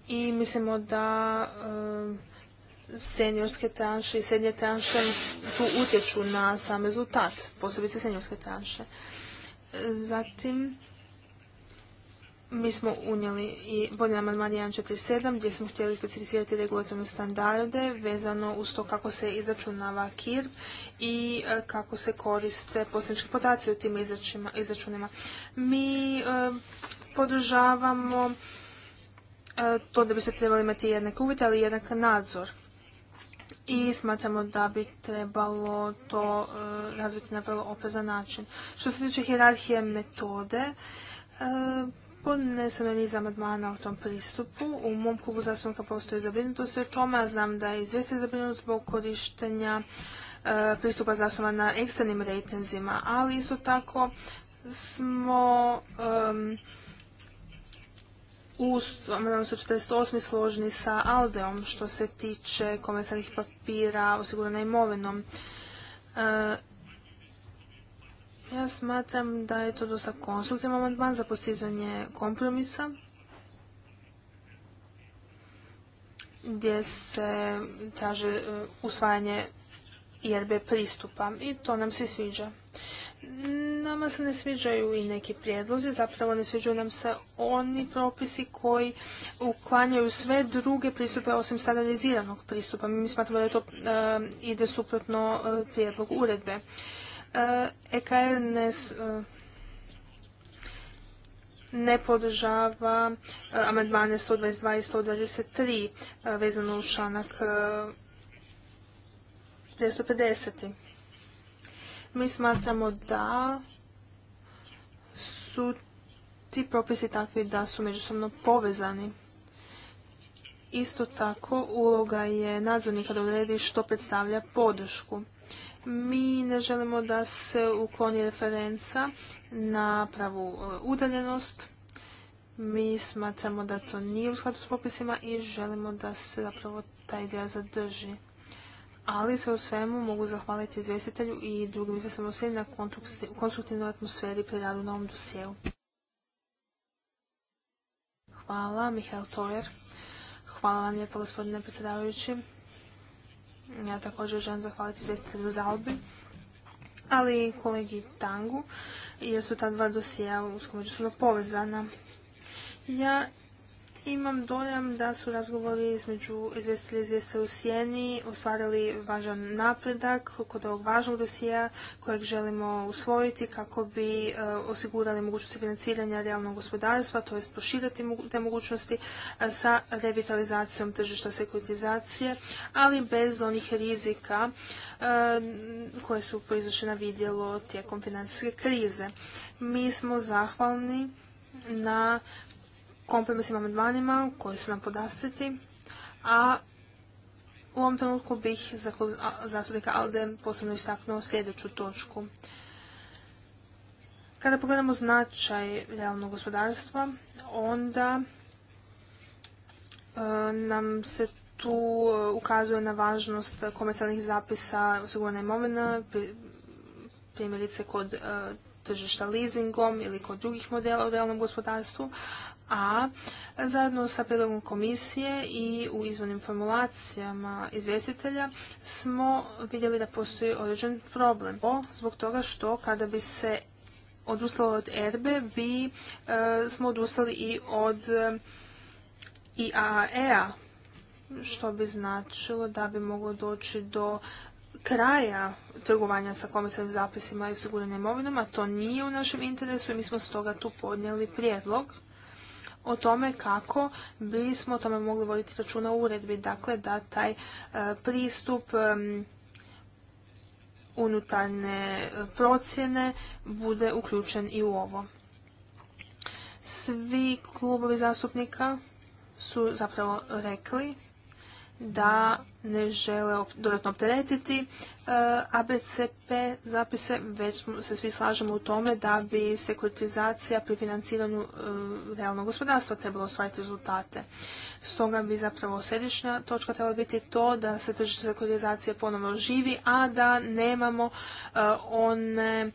[SPEAKER 2] i mislimo da e, seniorske tranše i srednje tranše tu utječu na sam rezultat, posebice seniorske tranše. Zatim, mi smo unijeli i bolje amandman 1.4.7 gdje smo htjeli specificirati regulatorne standarde vezano uz to kako se izračunava KIRB i e, kako se koriste posljednički podaci u tim izračunima. Mi e, podržavamo to e, da bi se trebali imati jednak uvjete, ali jednak nadzor. I smatramo da bi trebalo to e, razviti na vrlo oprezan način. Što se tiče hjerarhije metode, e, podneseno je niz amandmana o tom pristupu. U mom klubu zastupnika postoji zabrinutost o tome, a znam da je izvijesti zabrinut zbog korištenja pristupa zasnova na eksternim rejtenzima, ali isto tako smo u amandman 148. složni sa Aldeom što se tiče komercijalnih papira osigurana imovinom. E, ja smatram da je to dosta konstruktivan amandman za postizanje kompromisa gdje se traže e, usvajanje IRB pristupa i to nam se sviđa. Nama se ne sviđaju i neki prijedlozi, zapravo ne sviđaju nam se oni propisi koji uklanjaju sve druge pristupe osim standardiziranog pristupa. Mi smatramo da to ide suprotno e, prijedlog uredbe. EKR ne, podržava amandmane 122 i 123 vezano u članak 250. Mi smatramo da su ti propisi takvi da su međusobno povezani. Isto tako uloga je nadzornika da odredi što predstavlja podršku. Mi ne želimo da se ukloni referenca na pravu e, udaljenost. Mi smatramo da to nije u skladu s propisima i želimo da se zapravo ta ideja zadrži ali sve u svemu mogu zahvaliti izvjestitelju i drugim svim na konstruktivnoj atmosferi pri radu na ovom dosijelu. Hvala, Mihael Tojer. Hvala vam lijepo, gospodine predsjedavajući. Ja također želim zahvaliti izvjestitelju Zalbi, ali i kolegi Tangu, jer su ta dva dosija usko povezana. Ja imam dojam da su razgovori između izvjestitelja i u Sjeni ostvarili važan napredak kod ovog važnog dosija kojeg želimo usvojiti kako bi e, osigurali mogućnosti financiranja realnog gospodarstva, to je proširiti te mogućnosti e, sa revitalizacijom tržišta sekuritizacije, ali bez onih rizika e, koje su proizvršena vidjelo tijekom financijske krize. Mi smo zahvalni na kompromisnim amandmanima koji su nam podastiti, a u ovom trenutku bih za klub zastupnika ALDE posebno istaknuo sljedeću točku. Kada pogledamo značaj realnog gospodarstva, onda e, nam se tu e, ukazuje na važnost komercijalnih zapisa osigurane imovine, primjerice kod e, tržišta leasingom ili kod drugih modela u realnom gospodarstvu, a zajedno sa prijedlogom komisije i u izvornim formulacijama izvjestitelja smo vidjeli da postoji određen problem. zbog toga što kada bi se odustalo od ERBE bi e, smo odustali i od e, I IAE-a, što bi značilo da bi moglo doći do kraja trgovanja sa komisarnim zapisima i osiguranjem imovinom, a to nije u našem interesu i mi smo stoga tu podnijeli prijedlog o tome kako bismo o tome mogli voditi računa u uredbi, dakle da taj e, pristup e, unutarnje e, procjene bude uključen i u ovo. Svi klubovi zastupnika su zapravo rekli da ne žele dodatno opteretiti e, ABCP zapise, već se svi slažemo u tome da bi sekuritizacija pri financiranju e, realnog gospodarstva trebala ostvariti rezultate. Stoga bi zapravo središnja točka trebala biti to da se tržište sekuritizacije ponovno živi, a da nemamo e, one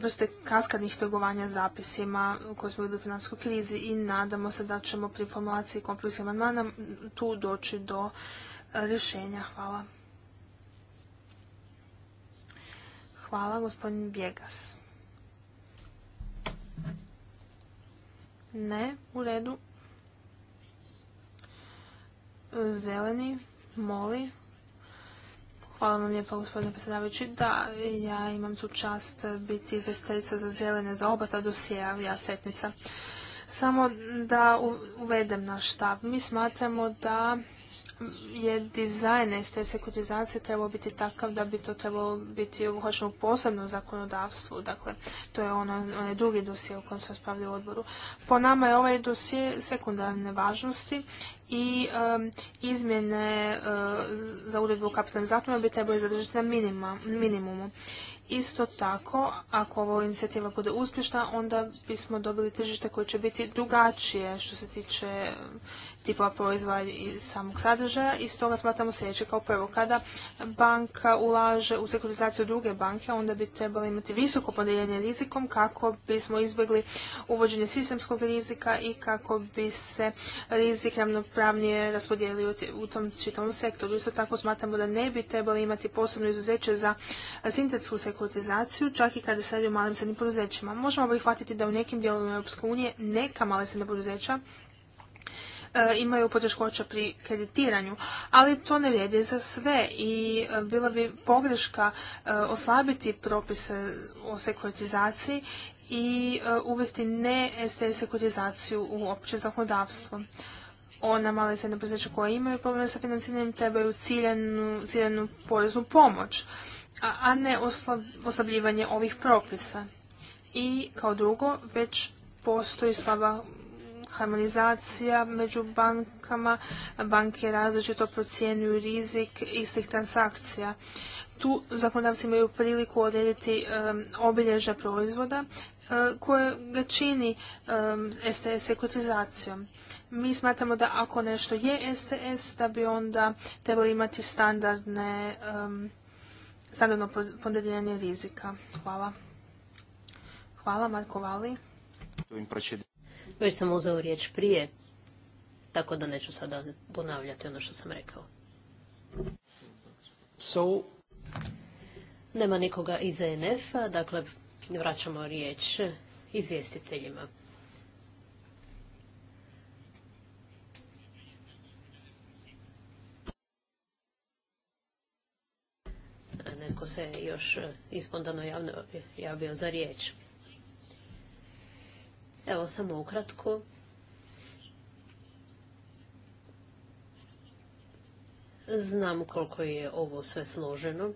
[SPEAKER 2] vrste kaskadnih trgovanja zapisima koje smo bili u financijskoj krizi i nadamo se da ćemo pri formulaciji kompromisnih amandmana tu doći do e, rješenja. Hvala. Hvala, gospodin Bjegas. Ne, u redu. Zeleni, moli. Hvala vam lijepa gospodine predsjedavajući. Da, ja imam tu čast biti izvjestiteljica za zelene za oba ta dosija, ja setnica. Samo da uvedem naš stav. Mi smatramo da je dizajn te sekuritizacije trebao biti takav da bi to trebalo biti obuhvaćeno posebno zakonodavstvu. Dakle, to je ono, onaj drugi dosije o kojem se raspravlja u odboru. Po nama je ovaj dosije sekundarne važnosti i izmjene e, za uredbu o kapitalnim zakonima bi trebali zadržati na minimumu. Isto tako, ako ova inicijativa bude uspješna, onda bismo dobili tržište koje će biti drugačije što se tiče tipova proizvoda i samog sadržaja i stoga smatramo sljedeće kao prvo. Kada banka ulaže u sekuritizaciju druge banke, onda bi trebalo imati visoko podijeljenje rizikom kako bismo izbjegli uvođenje sistemskog rizika i kako bi se rizik ravnopravnije raspodijelio u tom čitavom sektoru. Isto tako smatramo da ne bi trebali imati posebno izuzeće za sintetsku sekuritizaciju, čak i kada se radi o malim srednjim poduzećima. Možemo prihvatiti da u nekim dijelovima Europske unije neka male srednja poduzeća E, imaju poteškoća pri kreditiranju, ali to ne vrijedi za sve i e, bila bi pogreška e, oslabiti propise o sekuritizaciji i uvesti ne STS sekuritizaciju u opće zakonodavstvo. Ona male i srednja poduzeća koja imaju probleme sa financiranjem trebaju ciljenu, poreznu pomoć, a, ne oslabljivanje ovih propisa. I kao drugo, već postoji slaba harmonizacija među bankama, banke različito procjenjuju rizik istih transakcija. Tu zakonodavci imaju priliku odrediti obilježja proizvoda e, koje ga čini STS sekuritizacijom. Mi smatramo da ako nešto je STS, da bi onda trebali imati standardne, standardno ponderiranje rizika. Hvala. Hvala, Marko Vali. Već sam
[SPEAKER 3] uzeo riječ prije, tako da neću sada ponavljati ono što sam rekao. So... Nema nikoga iz ENF-a, dakle vraćamo riječ izvjestiteljima. Netko se još ispontano javio za riječ. Evo, samo ukratko. Znam koliko je ovo sve složeno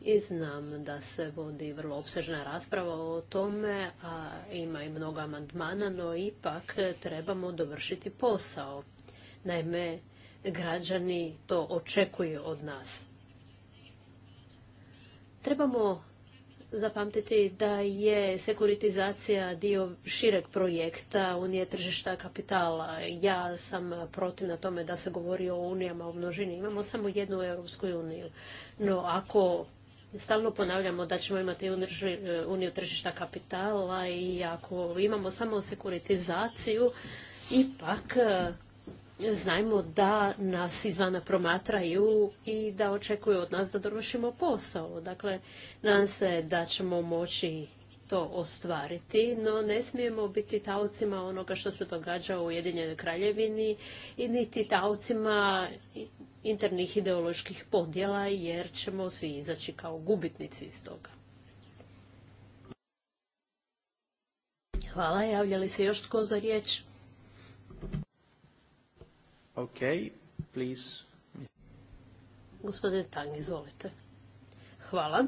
[SPEAKER 3] i znam da se vodi vrlo opsežna rasprava o tome, a ima i mnogo amandmana, no ipak trebamo dovršiti posao. Naime, građani to očekuju od nas. Trebamo zapamtiti da je sekuritizacija dio šireg projekta Unije tržišta kapitala. Ja sam protiv na tome da se govori o unijama u množini. Imamo samo jednu Europsku uniju. No, ako stalno ponavljamo da ćemo imati eh, uniju tržišta kapitala i ako imamo samo sekuritizaciju, ipak eh, znajmo da nas izvana promatraju i da očekuju od nas da dovršimo posao. Dakle, nadam se da ćemo moći to ostvariti, no ne smijemo biti taocima onoga što se događa u Ujedinjenoj kraljevini i niti taocima internih ideoloških podjela, jer ćemo svi izaći kao gubitnici iz toga. Hvala, javlja li se još tko za riječ?
[SPEAKER 1] Okay, please.
[SPEAKER 3] izvolite. Hvala.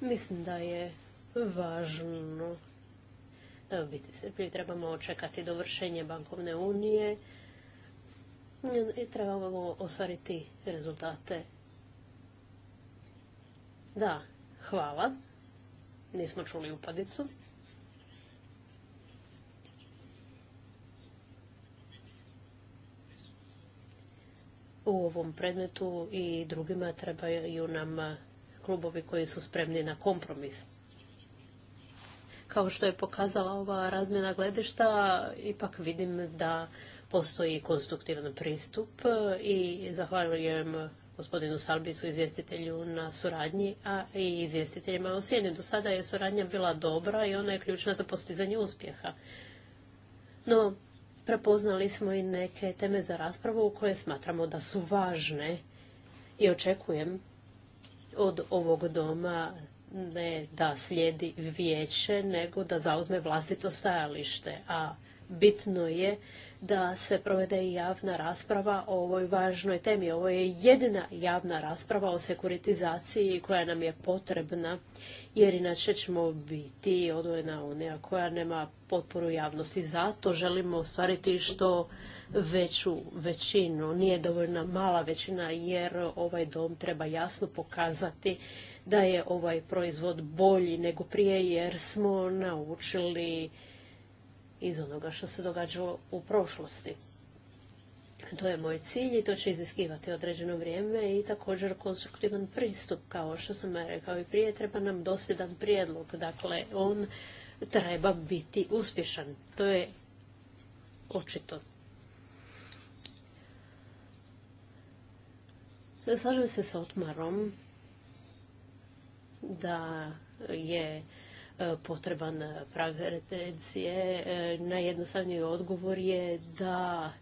[SPEAKER 3] Mislim da je važno biti prije Trebamo očekati dovršenje bankovne unije i trebamo ostvariti rezultate. Da, hvala. Nismo čuli upadicu. u ovom predmetu i drugima trebaju nam klubovi koji su spremni na kompromis. Kao što je pokazala ova razmjena gledišta, ipak vidim da postoji konstruktivan pristup i zahvaljujem gospodinu Salbisu, izvjestitelju na suradnji, a i izvjestiteljima u Sjeni. Do sada je suradnja bila dobra i ona je ključna za postizanje uspjeha. No, prepoznali smo i neke teme za raspravu koje smatramo da su važne i očekujem od ovog doma ne da slijedi vijeće, nego da zauzme vlastito stajalište. A bitno je da se provede i javna rasprava o ovoj važnoj temi. Ovo je jedina javna rasprava o sekuritizaciji koja nam je potrebna, jer inače ćemo biti odvojena unija koja nema potporu javnosti. Zato želimo ostvariti što veću većinu. Nije dovoljna mala većina jer ovaj dom treba jasno pokazati da je ovaj proizvod bolji nego prije jer smo naučili iz onoga što se događalo u prošlosti. To je moj cilj i to će iziskivati određeno vrijeme i također konstruktivan pristup, kao što sam rekao i prije, treba nam dosljedan prijedlog. Dakle, on treba biti uspješan. To je očito. Slažem se sa Otmarom da je E, potreban prag retencije. E, Na odgovor je da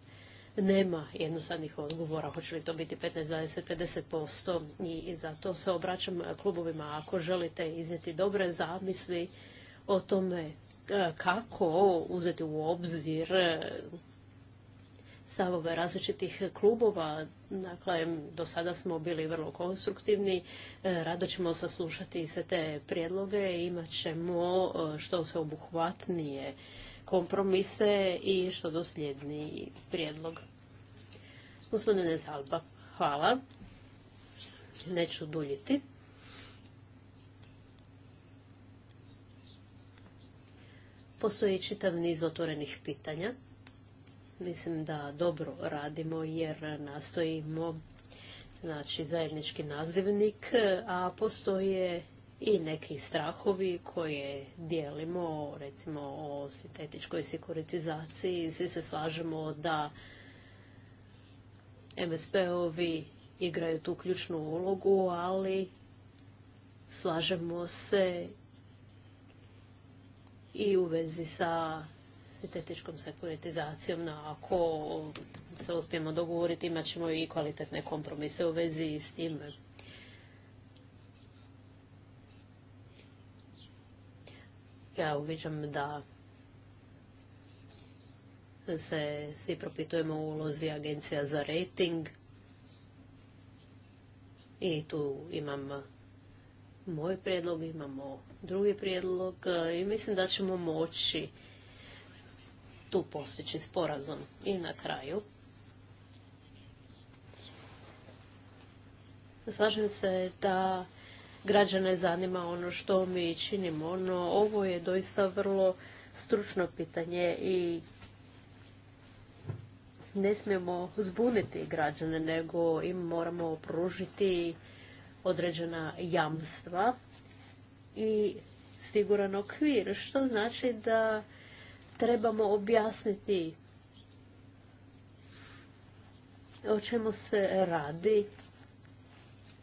[SPEAKER 3] nema jednostavnih odgovora, hoće li to biti 15, 20, 50% i zato se obraćam klubovima ako želite iznijeti dobre zamisli o tome e, kako uzeti u obzir stavove različitih klubova. Dakle, do sada smo bili vrlo konstruktivni, e, rado ćemo saslušati sve te prijedloge, imat ćemo e, što se obuhvatnije kompromise i što dosljedni prijedlog. Gospodine Zalba, hvala. Neću duljiti. Postoji čitav niz otvorenih pitanja mislim da dobro radimo jer nastojimo znači zajednički nazivnik, a postoje i neki strahovi koje dijelimo, recimo o sintetičkoj sekuritizaciji. Svi se slažemo da MSP-ovi igraju tu ključnu ulogu, ali slažemo se i u vezi sa tehničkom sekuritizacijom, no ako se uspijemo dogovoriti imat ćemo i kvalitetne kompromise u vezi s tim. Ja uviđam da se svi propitujemo u ulozi agencija za rating i tu imam moj prijedlog, imamo drugi prijedlog i mislim da ćemo moći tu postići sporazum. I na kraju, slažem se da građane zanima ono što mi činimo, no ovo je doista vrlo stručno pitanje i ne smijemo zbuniti građane, nego im moramo pružiti određena jamstva i siguran okvir, što znači da trebamo objasniti o čemu se radi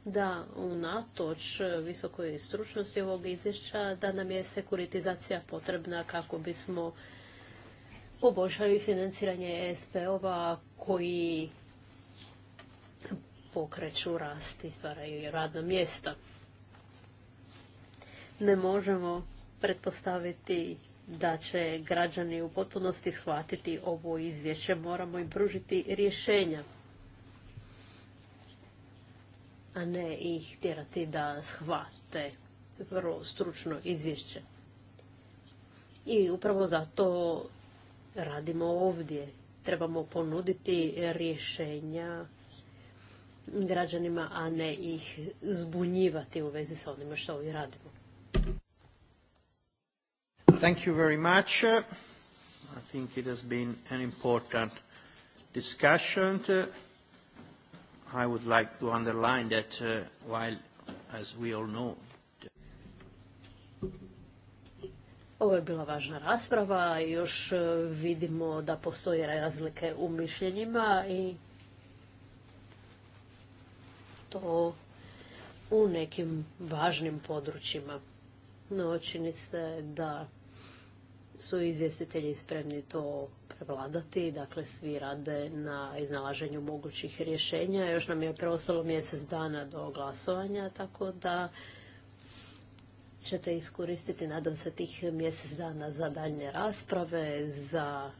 [SPEAKER 3] da unatoč visokoj stručnosti ovog izvješća da nam je sekuritizacija potrebna kako bismo poboljšali financiranje sp ova koji pokreću rast i stvaraju radna mjesta. Ne možemo pretpostaviti da će građani u potpunosti shvatiti ovo izvješće. Moramo im pružiti rješenja, a ne ih tjerati da shvate vrlo stručno izvješće. I upravo zato radimo ovdje. Trebamo ponuditi rješenja građanima, a ne ih zbunjivati u vezi sa onima što ovdje radimo.
[SPEAKER 1] Thank you very much. I think it has been an important discussion. I would like to underline that uh, while, as we all know,
[SPEAKER 3] Ovo je bila važna rasprava i još e, vidimo da postoje razlike u mišljenjima i to u nekim važnim područjima. No, čini se da su izvjestitelji spremni to prevladati, dakle svi rade na iznalaženju mogućih rješenja. Još nam je preostalo mjesec dana do glasovanja, tako da ćete iskoristiti, nadam se, tih mjesec dana za daljnje rasprave, za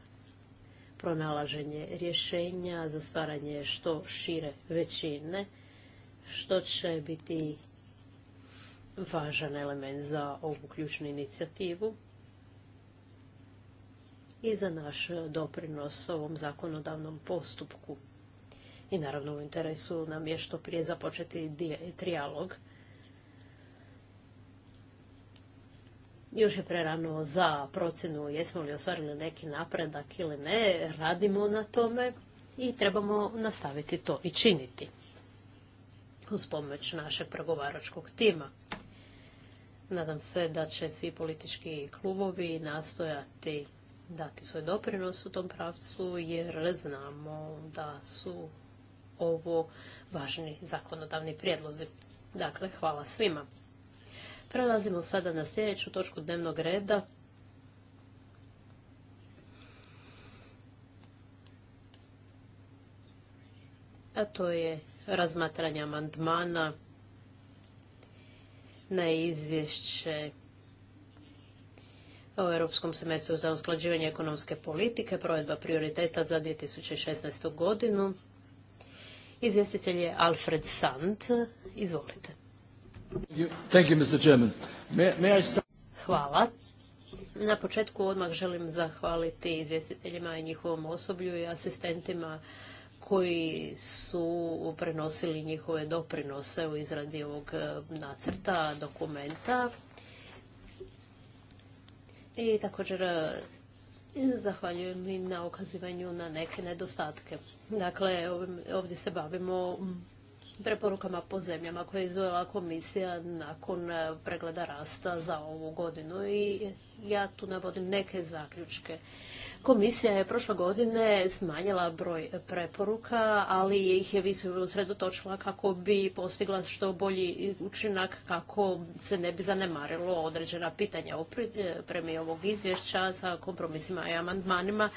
[SPEAKER 3] pronalaženje rješenja, za stvaranje što šire većine, što će biti važan element za ovu ključnu inicijativu i za naš doprinos ovom zakonodavnom postupku. I naravno u interesu nam je što prije započeti trijalog. Još je prerano za procjenu jesmo li ostvarili neki napredak ili ne, radimo na tome i trebamo nastaviti to i činiti uz pomoć našeg pregovaračkog tima. Nadam se da će svi politički klubovi nastojati dati svoj doprinos u tom pravcu jer znamo da su ovo važni zakonodavni prijedlozi. Dakle, hvala svima. Prelazimo sada na sljedeću točku dnevnog reda. A to je razmatranje amandmana na izvješće o Europskom semestru za usklađivanje ekonomske politike, provedba prioriteta za 2016. godinu. Izvjestitelj je Alfred Sand. Izvolite. Hvala. Na početku odmah želim zahvaliti izvjestiteljima i njihovom osoblju i asistentima koji su prenosili njihove doprinose u izradi ovog eh, nacrta dokumenta i također e, zahvaljujem i na ukazivanju na neke nedostatke. Dakle, ovdje se bavimo preporukama po zemljama koje je izvojila komisija nakon e, pregleda rasta za ovu godinu i ja tu navodim neke zaključke. Komisija je prošle godine smanjila broj preporuka, ali ih je više usredotočila kako bi postigla što bolji učinak, kako se ne bi zanemarilo određena pitanja u e, premi ovog izvješća sa kompromisima i amandmanima.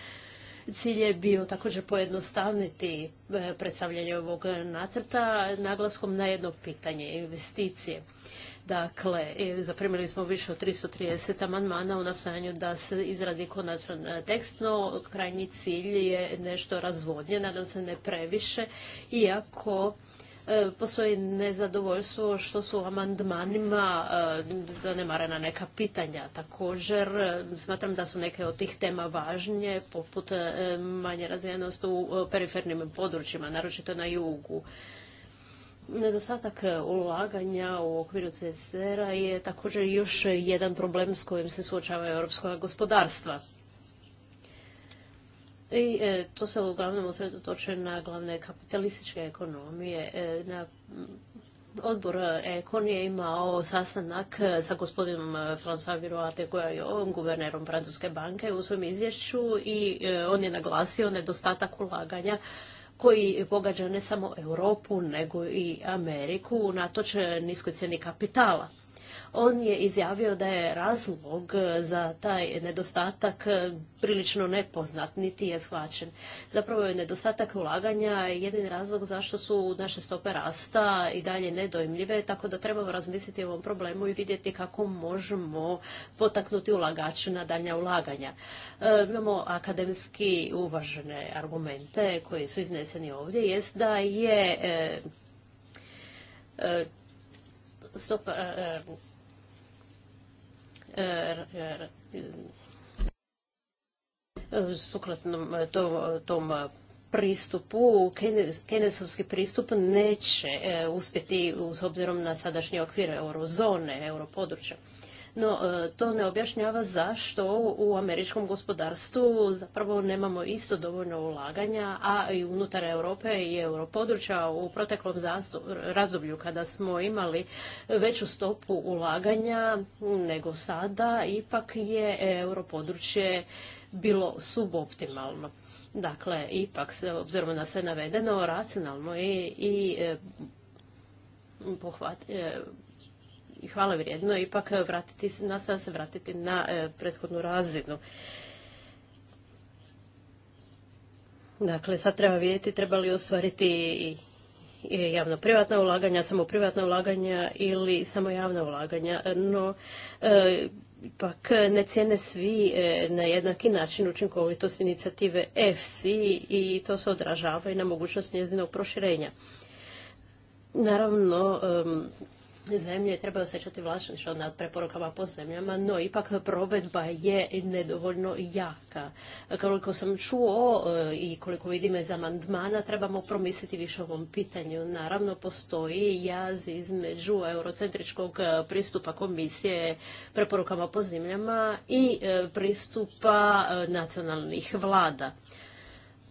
[SPEAKER 3] Cilj je bio također pojednostavniti e, predstavljanje ovog nacrta naglaskom na jedno pitanje investicije. Dakle, zaprimili smo više od 330 amandmana u nastojanju da se izradi konačan e, tekst, no krajnji cilj je nešto razvodnje, nadam se ne previše, iako e, postoji nezadovoljstvo što su amandmanima e, zanemarena neka pitanja. Također, smatram da su neke od tih tema važnije, poput manje razvijenost u perifernim područjima, naročito na jugu. Nedostatak e, ulaganja u okviru CSR-a je također još jedan problem s kojim se suočava europska gospodarstva. I e, to se uglavnom osredotoče na glavne kapitalističke ekonomije. E, na mm, odbor Ekon je imao sastanak sa gospodinom François Viroate koja je ovom guvernerom Francuske banke u svom izvješću i on je naglasio nedostatak ulaganja koji pogađa ne samo Europu nego i Ameriku unatoč niskoj cijeni kapitala on je izjavio da je razlog e, za taj nedostatak e, prilično nepoznat, niti je shvaćen. Zapravo je nedostatak ulaganja jedini razlog zašto su naše stope rasta i dalje nedojmljive, tako da trebamo razmisliti o ovom problemu i vidjeti kako možemo potaknuti ulagače na daljnja ulaganja. E, imamo akademski uvažene argumente koji su izneseni ovdje, jest da je stopa sukladnom e, tom, tom pristupu, kenesovski pristup neće e, uspjeti s obzirom na sadašnji okvire eurozone, europodručja. No, e, to ne objašnjava zašto u američkom gospodarstvu zapravo nemamo isto dovoljno ulaganja, a i unutar Europe i europodručja u proteklom razdoblju kada smo imali veću stopu ulaganja nego sada, ipak je europodručje bilo suboptimalno. Dakle, ipak se obzirom na sve navedeno racionalno i, i e, e, Hvala vrijedno ipak e, vratiti, nastoja se vratiti na e, prethodnu razinu. Dakle, sad treba vidjeti treba li ostvariti javno-privatna ulaganja, samo privatna ulaganja ili samo javna ulaganja. No, e, ipak ne cijene svi na jednaki način učinkovitost inicijative EFSI i to se odražava i na mogućnost njezinog proširenja. Naravno, zemlje treba osjećati vlasništvo nad preporukama po zemljama, no ipak provedba je nedovoljno jaka. Koliko sam čuo e, i koliko vidim iz amandmana, trebamo promisliti više o ovom pitanju. Naravno, postoji jaz između eurocentričkog pristupa komisije preporukama po zemljama i e, pristupa e, nacionalnih vlada.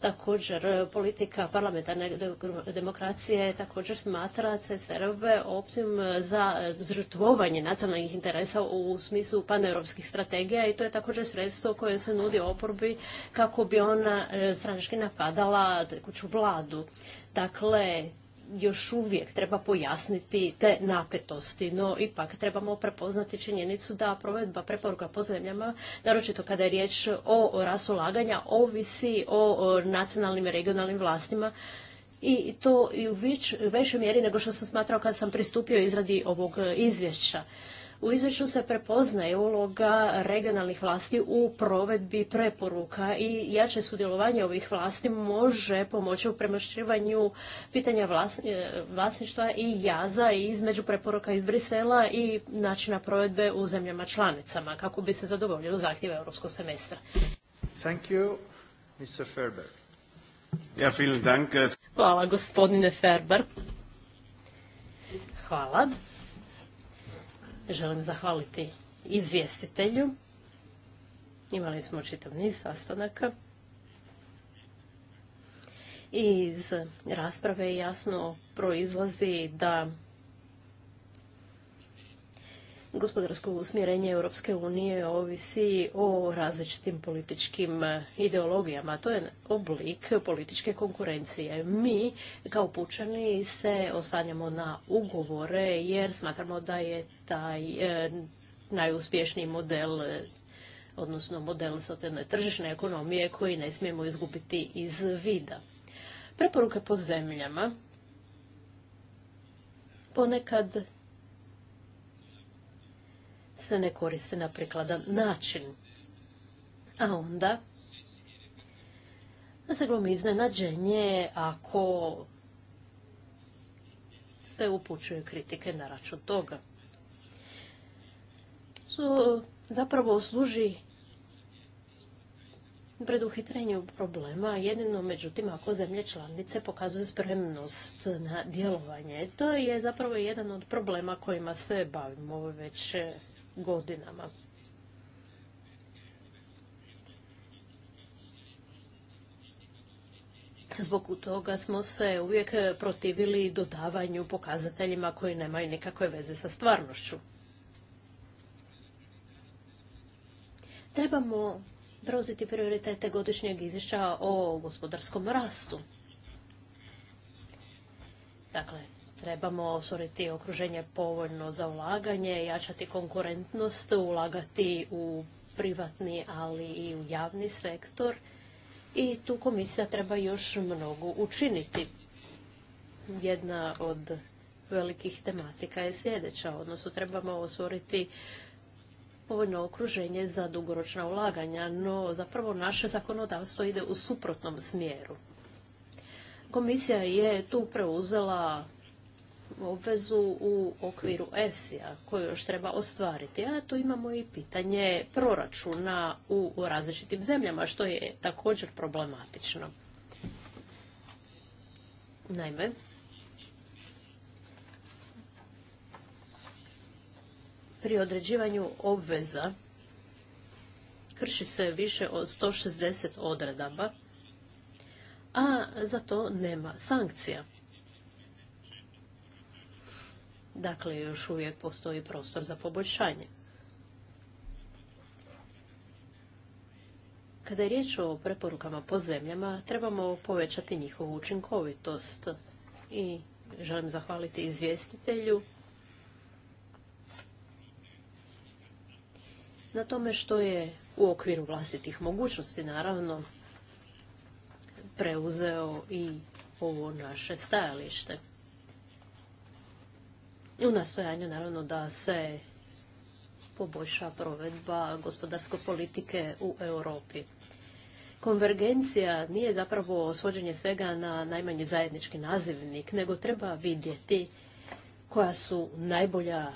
[SPEAKER 3] Također, politika parlamentarne demokracije također smatra CSRB opcijom za žrtvovanje nacionalnih interesa u smislu paneuropskih strategija i to je također sredstvo koje se nudi oporbi kako bi ona eh, stranički napadala tekuću vladu. Dakle, još uvijek treba pojasniti te napetosti, no ipak trebamo prepoznati činjenicu da provedba preporuka po zemljama, naročito kada je riječ o rasolaganja, ovisi o nacionalnim i regionalnim vlastima i to i u većoj mjeri nego što sam smatrao kad sam pristupio izradi ovog izvješća. U izvješću se prepoznaje uloga regionalnih vlasti u provedbi preporuka i jače sudjelovanje ovih vlasti može pomoći u premašivanju pitanja e, vlasništva i jaza između preporuka iz Brisela i načina provedbe u zemljama članicama kako bi se zadovoljilo zahtjeve europskog semestra. Thank you,
[SPEAKER 1] Mr. Ferber.
[SPEAKER 3] Ja, vielen Dank. Hvala gospodine Ferber. Hvala. Želim zahvaliti izvjestitelju. Imali smo čitav niz sastanaka. I iz rasprave jasno proizlazi da gospodarsko usmjerenje Europske unije ovisi o različitim političkim ideologijama. To je oblik političke konkurencije. Mi kao pučani se osanjamo na ugovore jer smatramo da je taj e, najuspješniji model odnosno model socijalne tržišne ekonomije koji ne smijemo izgubiti iz vida. Preporuke po zemljama ponekad se ne koriste na prikladan način. A onda se glumi iznenađenje ako se upućuju kritike na račun toga. zapravo služi preduhitrenju problema, jedino međutim ako zemlje članice pokazuju spremnost na djelovanje. To je zapravo jedan od problema kojima se bavimo već godinama. Zbog toga smo se uvijek protivili dodavanju pokazateljima koji nemaju nikakve veze sa stvarnošću. Trebamo preuzeti prioritete godišnjeg izvješća o gospodarskom rastu. Dakle, trebamo osvoriti okruženje povoljno za ulaganje, jačati konkurentnost, ulagati u privatni, ali i u javni sektor. I tu komisija treba još mnogo učiniti. Jedna od velikih tematika je sljedeća, odnosno trebamo osvoriti povoljno okruženje za dugoročna ulaganja, no zapravo naše zakonodavstvo ide u suprotnom smjeru. Komisija je tu preuzela obvezu u okviru EFSI-a koju još treba ostvariti. A tu imamo i pitanje proračuna u, različitim zemljama, što je također problematično. Naime, pri određivanju obveza krši se više od 160 odredaba, a za to nema sankcija. Dakle, još uvijek postoji prostor za poboljšanje. Kada je riječ o preporukama po zemljama, trebamo povećati njihovu učinkovitost. I želim zahvaliti izvjestitelju na tome što je u okviru vlastitih mogućnosti, naravno, preuzeo i ovo naše stajalište u nastojanju naravno da se poboljša provedba gospodarske politike u Europi. Konvergencija nije zapravo svođenje svega na najmanji zajednički nazivnik, nego treba vidjeti koja su najbolja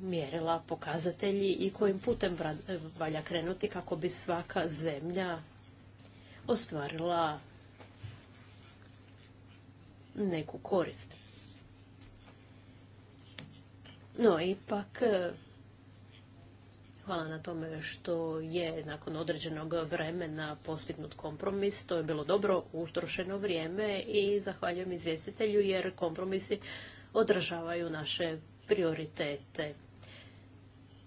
[SPEAKER 3] mjerila, pokazatelji i kojim putem valja krenuti kako bi svaka zemlja ostvarila neku korist. No, ipak, e, hvala na tome što je nakon određenog vremena postignut kompromis. To je bilo dobro utrošeno vrijeme i zahvaljujem izvjestitelju jer kompromisi održavaju naše prioritete.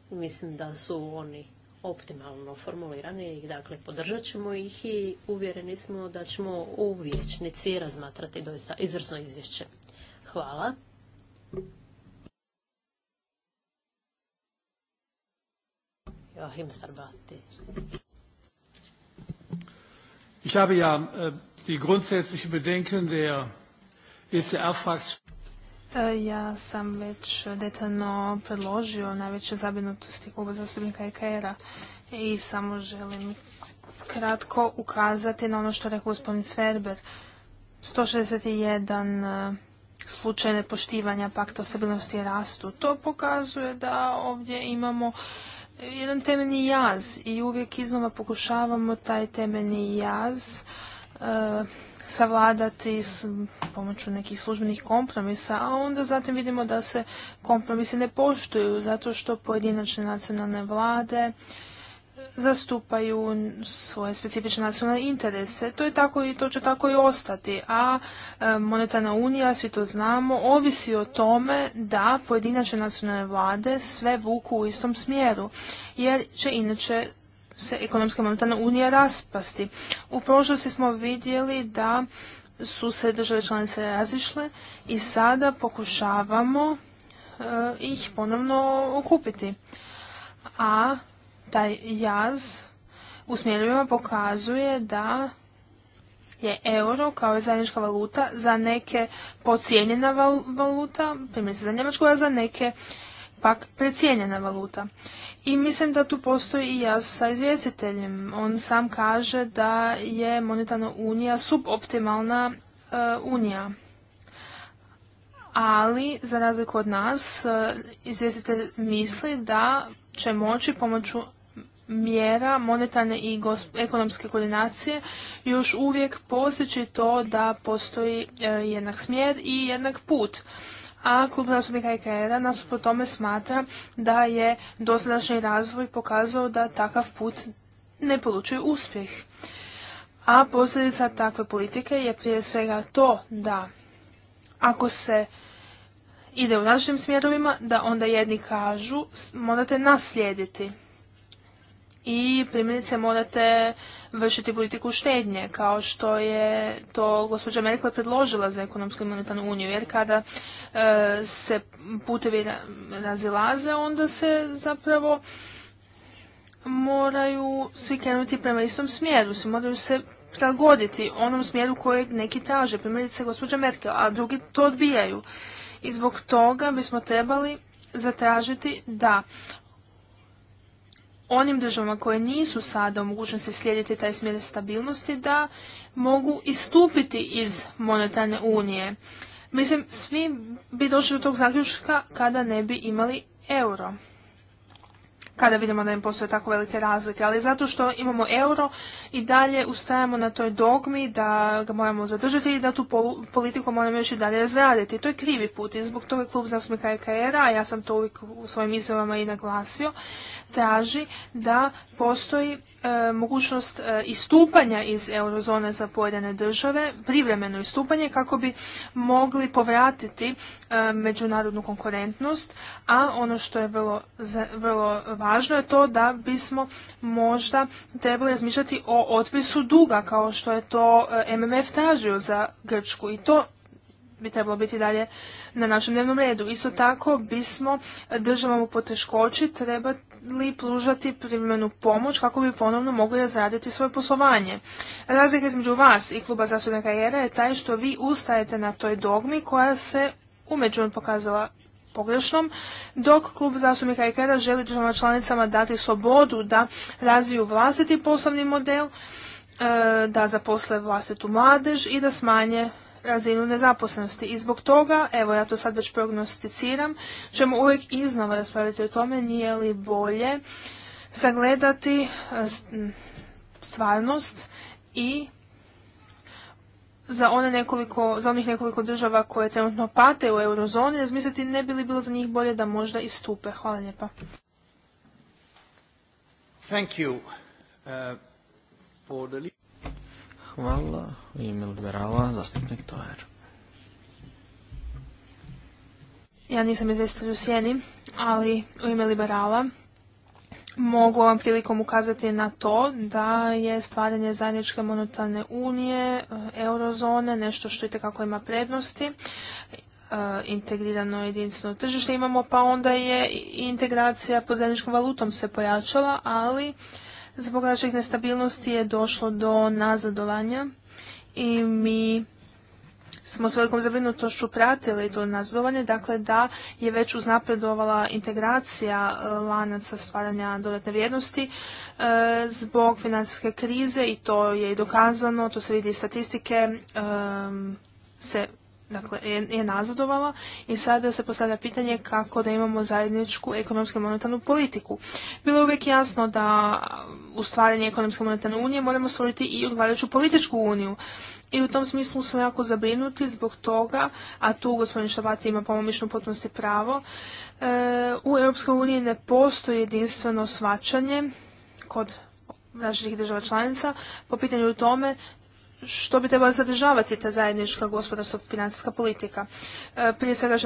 [SPEAKER 3] Mislim da su oni optimalno formulirani i dakle podržat ćemo ih i uvjereni smo da ćemo u vječnici razmatrati doista izvrsno izvješće. Hvala. Joachim Sarbati.
[SPEAKER 1] Ich habe ja äh, die grundsätzlichen Bedenken der ECR-Fraktion
[SPEAKER 2] e, ja sam već detaljno predložio najveće zabrinutosti kluba zastupnika EKR-a i samo želim kratko ukazati na ono što rekao gospodin Ferber. 161 e, slučaj nepoštivanja pakta o stabilnosti rastu. To pokazuje da ovdje imamo jedan temeljni jaz i uvijek iznova pokušavamo taj temeljni jaz e, savladati s pomoću nekih službenih kompromisa, a onda zatim vidimo da se kompromisi ne poštuju zato što pojedinačne nacionalne vlade zastupaju svoje specifične nacionalne interese. To je tako i to će tako i ostati. A e, monetarna unija, svi to znamo, ovisi o tome da pojedinačne nacionalne vlade sve vuku u istom smjeru. Jer će inače se ekonomska monetarna unija raspasti. U prošlosti smo vidjeli da su se države članice razišle i sada pokušavamo e, ih ponovno okupiti. A taj jaz u pokazuje da je euro kao zajednička valuta za neke pocijenjena valuta, primjerice za Njemačku, a za neke pak precijenjena valuta. I mislim da tu postoji i jaz sa izvjestiteljem. On sam kaže da je monetarna unija suboptimalna eh, unija. Ali, za razliku od nas, eh, izvjestitelj misli da će moći pomoću mjera monetarne i ekonomske koordinacije još uvijek posjeći to da postoji e, jednak smjer i jednak put. A klub zastupnika EKR-a nas po tome smatra da je dosadašnji razvoj pokazao da takav put ne polučuje uspjeh. A posljedica takve politike je prije svega to da ako se ide u različitim smjerovima, da onda jedni kažu morate naslijediti i primjerice morate vršiti politiku štednje, kao što je to gospođa Merkel predložila za ekonomsku i monetarnu uniju, jer kada e, se putevi razilaze, onda se zapravo moraju svi krenuti prema istom smjeru, svi moraju se prilagoditi onom smjeru kojeg neki traže, primjerice gospođa Merkel, a drugi to odbijaju. I zbog toga bismo trebali zatražiti da onim državama koje nisu sada u mogućnosti slijediti taj smjer stabilnosti da mogu istupiti iz monetarne unije. Mislim, svi bi došli do tog zaključka kada ne bi imali euro kada vidimo da im postoje tako velike razlike, ali zato što imamo euro i dalje ustajemo na toj dogmi da ga moramo zadržati i da tu politiku moramo još i dalje razraditi. To je krivi put i zbog toga klub zastupnika EKR-a, a ja sam to uvijek u svojim izjavama i naglasio, traži da postoji e, mogućnost e, istupanja iz eurozone za pojedine države, privremeno istupanje kako bi mogli povratiti e, međunarodnu konkurentnost, a ono što je vrlo, vrlo važno je to da bismo možda trebali razmišljati o otpisu duga kao što je to e, MMF tražio za Grčku i to bi trebalo biti dalje na našem dnevnom redu. Isto tako bismo državama u poteškoći trebali pružati privremenu pomoć kako bi ponovno mogli razraditi svoje poslovanje. Razlika između vas i kluba zastupnika karijera je taj što vi ustajete na toj dogmi koja se umeđu pokazala pogrešnom, dok klub zastupnika IKEDA želi državama članicama dati slobodu da razviju vlastiti poslovni model, e, da zaposle vlastitu mladež i da smanje razinu nezaposlenosti. I zbog toga, evo ja to sad već prognosticiram, ćemo uvijek iznova raspraviti o tome nije li bolje sagledati e, stvarnost i za, one nekoliko, za onih nekoliko država koje trenutno pate u eurozoni razmisliti ne bi li bilo za njih bolje da možda istupe. Hvala lijepa.
[SPEAKER 1] Thank you. Uh, Hvala. U ime liberala, zastupnik
[SPEAKER 2] Ja nisam izvjestitelj u Sjeni, ali u ime liberala mogu vam prilikom ukazati na to da je stvaranje zajedničke monetarne unije, e, eurozone, nešto što itekako ima prednosti e, integrirano jedinstveno tržište imamo, pa onda je integracija pod zajedničkom valutom se pojačala, ali zbog naših nestabilnosti je došlo do nazadovanja i mi smo s velikom zabrinutošću pratili to nazadovanje, dakle da je već uznapredovala integracija e, lanaca stvaranja dodatne vrijednosti e, zbog financijske krize i to je i dokazano, to se vidi iz statistike, e, se dakle, je, je nazadovala i sada se postavlja pitanje kako da imamo zajedničku ekonomsku i monetarnu politiku. Bilo je uvijek jasno da u stvaranje ekonomske monetarne unije moramo stvoriti i odgovarajuću političku uniju i u tom smislu smo jako zabrinuti zbog toga, a tu gospodin Šabati ima pomomišno potpunosti pravo, e, u EU ne postoji jedinstveno svačanje kod različitih država članica po pitanju tome što bi trebala zadržavati ta zajednička gospodarsko-financijska politika. E, prije svega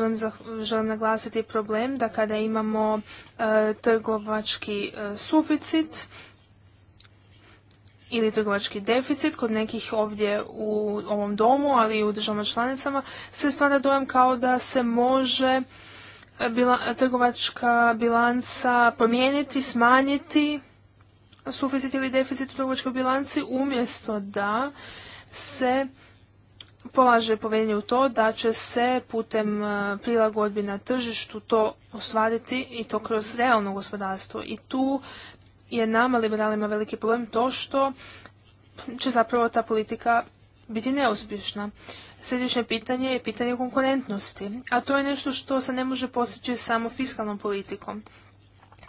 [SPEAKER 2] želim, naglasiti problem da kada imamo e, trgovački suficit, ili trgovački deficit kod nekih ovdje u ovom domu, ali i u državama članicama, se stvara dojam kao da se može eh, trgovačka bilanca promijeniti, smanjiti suficit ili deficit u trgovačkoj bilanci umjesto da se polaže povjerenje u to da će se putem eh, prilagodbi na tržištu to ostvariti i to kroz realno gospodarstvo. I tu je nama liberalima veliki problem to što će zapravo ta politika biti neuspješna. Sljedeće pitanje je pitanje konkurentnosti, a to je nešto što se ne može postići samo fiskalnom politikom.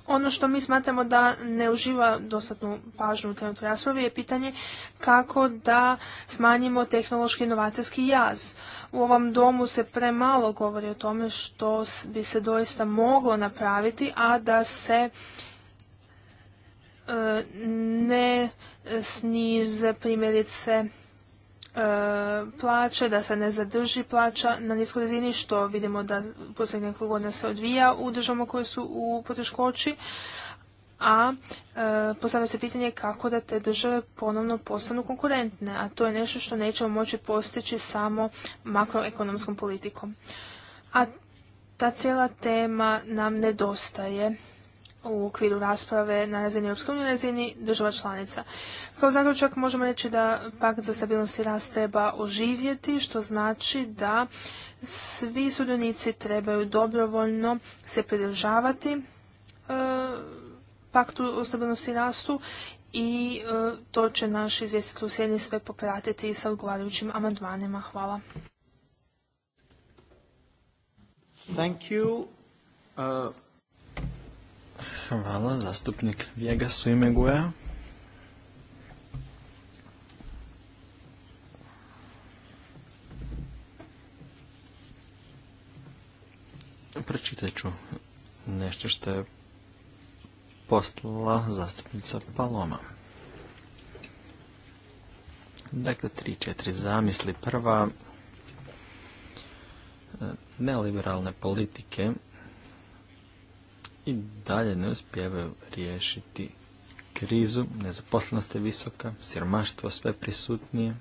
[SPEAKER 2] Ono što mi smatramo da ne uživa dostatnu pažnju u temu raspravi je pitanje kako da smanjimo tehnološki inovacijski jaz. U ovom domu se premalo govori o tome što bi se doista moglo napraviti, a da se ne snize primjerice e, plaće, da se ne zadrži plaća na niskoj razini, što vidimo da posljednje nekoliko godina se odvija u državama koje su u poteškoći, a e, postavlja se pitanje kako da te države ponovno postanu konkurentne, a to je nešto što nećemo moći postići samo makroekonomskom politikom. A ta cijela tema nam nedostaje u okviru rasprave na razini Europske unije, na razini država članica. Kao zaključak možemo reći da pakt za stabilnost i rast treba oživjeti, što znači da svi sudionici trebaju dobrovoljno se pridržavati e, paktu o stabilnosti i rastu i e, to će naš izvjestitelj u sjedni sve popratiti sa odgovarajućim amandmanima. Hvala.
[SPEAKER 1] Thank you. Uh, Hvala, zastupnik Vjegas su ime Guja. Pročitat ću nešto što je poslala zastupnica Paloma. Dakle, tri, četiri zamisli. Prva, e, neliberalne politike i dalje ne uspijevaju riješiti krizu, nezaposlenost je visoka, siromaštvo sve prisutnije.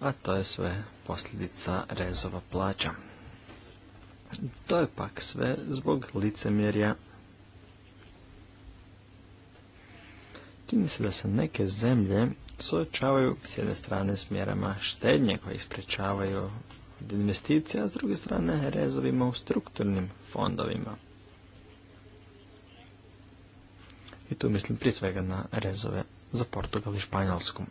[SPEAKER 1] A to je sve posljedica rezova plaća. To je pak sve zbog licemjerja Čini se da se neke zemlje suočavaju s jedne strane s mjerama štednje koje isprečavaju investicije, a s druge strane rezovima u strukturnim fondovima. I tu mislim prije svega na rezove za Portugal i Španjolsku.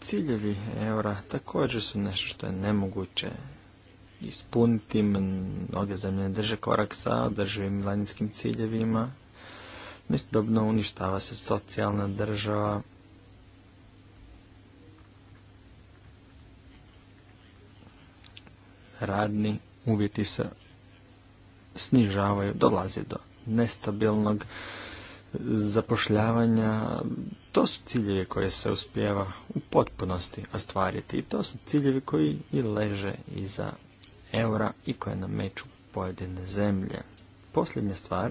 [SPEAKER 1] Ciljevi eura također su nešto što je nemoguće ispuniti. Mnoge zemlje ne drže korak sa održivim milenijskim ciljevima. Istodobno uništava se socijalna država. Radni uvjeti se snižavaju, dolazi do nestabilnog zapošljavanja, to su ciljevi koje se uspjeva u potpunosti ostvariti i to su ciljevi koji i leže iza eura i koje nameću pojedine zemlje. Posljednja stvar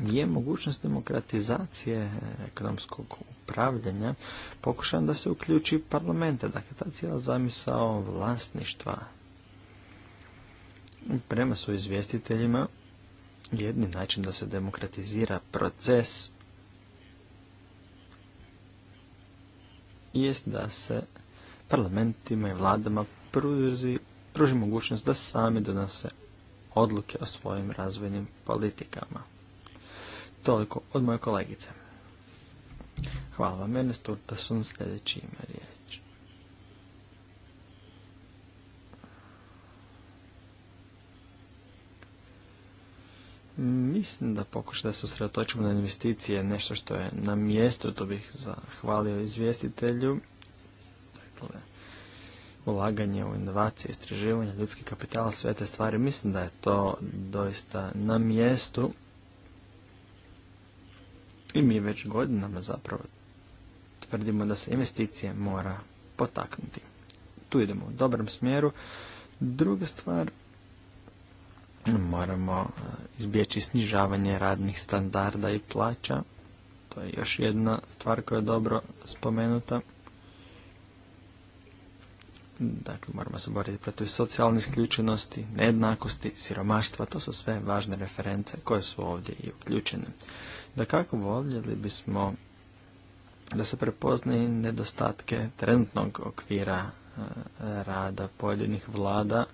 [SPEAKER 1] je mogućnost demokratizacije e, ekonomskog upravljanja pokušan da se uključi parlamenta, dakle ta cijela zamisao vlasništva. Prema su izvjestiteljima jedni način da se demokratizira proces jest da se parlamentima i vladama pruži, mogućnost da sami donose odluke o svojim razvojnim politikama. Toliko od moje kolegice. Hvala vam, su Urtasun, sljedeći ima riječ. Mislim da pokušaj da se usredotočimo na investicije nešto što je na mjestu, to bih zahvalio izvjestitelju ulaganje u inovacije, istraživanje, ljudski kapital, sve te stvari. Mislim da je to doista na mjestu. I mi već godinama zapravo tvrdimo da se investicije mora potaknuti. Tu idemo u dobrom smjeru. Druga stvar, moramo e, izbjeći snižavanje radnih standarda i plaća. To je još jedna stvar koja je dobro spomenuta. Dakle, moramo se boriti protiv socijalne isključenosti, nejednakosti, siromaštva. To su sve važne reference koje su ovdje i uključene. Da kako voljeli bismo da se prepoznaju nedostatke trenutnog okvira e, rada pojedinih vlada.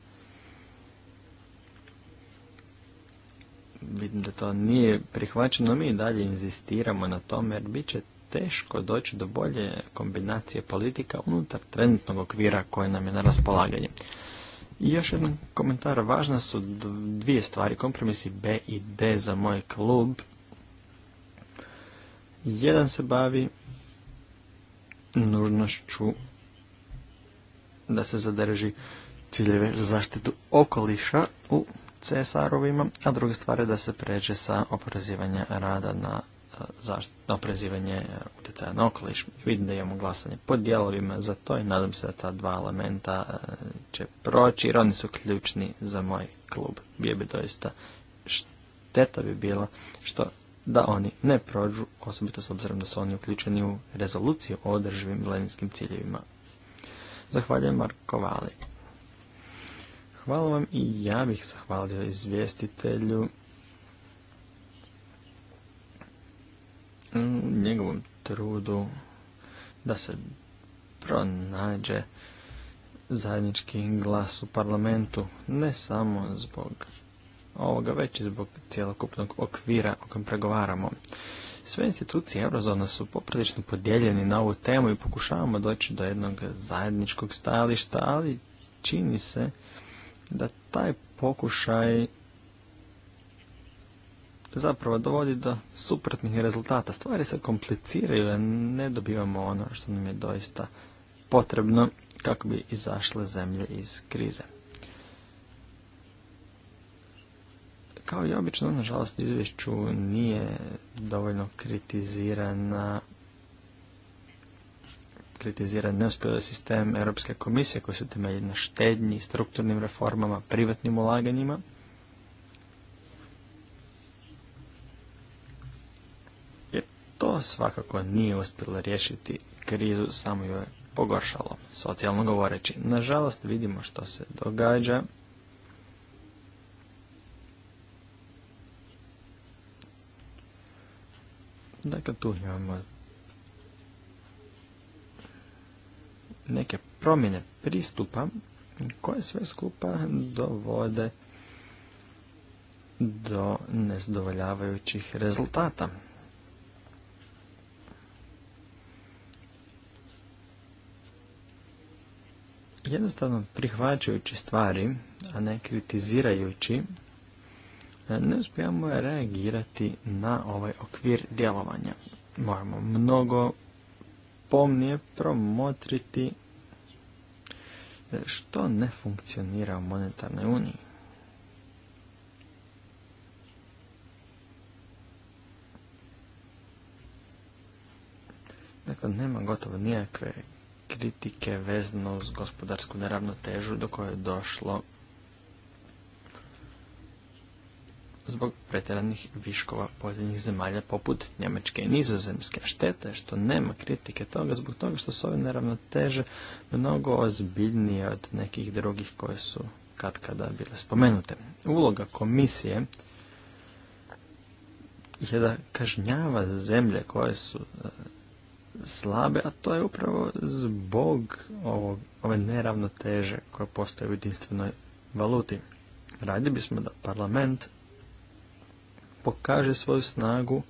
[SPEAKER 1] Vidim da to nije prihvaćeno, mi dalje inzistiramo na tome jer bit će teško doći do bolje kombinacije politika unutar trenutnog okvira koje nam je na raspolaganje. I još jedan komentar. Važna su dvije stvari, kompromisi B i D za moj klub. Jedan se bavi nužnošću da se zadrži ciljeve za zaštitu okoliša u CSR-ovima, a druga stvar je da se pređe sa oporezivanja rada na za oprezivanje e, utjecaja na okoliš. Vidim da imamo glasanje po dijelovima za to i nadam se da ta dva elementa e, će proći jer oni su ključni za moj klub. Bije bi doista šteta bi bila što da oni ne prođu, osobito s obzirom da su oni uključeni u rezoluciju o održivim milenijskim ciljevima. Zahvaljujem Markovali. Vali. Hvala vam i ja bih zahvalio izvjestitelju njegovom trudu da se pronađe zajednički glas u parlamentu, ne samo zbog ovoga, već i zbog cijelokupnog okvira o kojem pregovaramo. Sve institucije Eurozona su poprilično podijeljeni na ovu temu i pokušavamo doći do jednog zajedničkog stajališta, ali čini se da taj pokušaj zapravo dovodi do suprotnih rezultata. Stvari se kompliciraju, a ne dobivamo ono što nam je doista potrebno kako bi izašle zemlje iz krize. Kao i obično, nažalost, izvješću nije dovoljno kritizirana kritizira neuspjeli sistem Europske komisije koji se temelji na štednji, strukturnim reformama, privatnim ulaganjima – To svakako nije uspjelo riješiti krizu, samo ju je pogoršalo, socijalno govoreći. Nažalost, vidimo što se događa. Dakle, tu imamo neke promjene pristupa koje sve skupa dovode do nezadovoljavajućih rezultata. Jednostavno prihvaćajući stvari, a ne kritizirajući, e, ne uspijemo reagirati na ovaj okvir djelovanja. Moramo mnogo pomnije promotriti e, što ne funkcionira u monetarnoj uniji. Dakle, nema gotovo nijakve kritike vezano uz gospodarsku neravnotežu do koje je došlo zbog pretjeranih viškova pojedinih zemalja poput Njemačke i Nizozemske. Šteta je što nema kritike toga zbog toga što su ove neravnoteže mnogo ozbiljnije od nekih drugih koje su kad kada bile spomenute. Uloga komisije je da kažnjava zemlje koje su slabe, a to je upravo zbog ovog, ove neravnoteže koja postoje u jedinstvenoj valuti. Radi bismo da parlament pokaže svoju snagu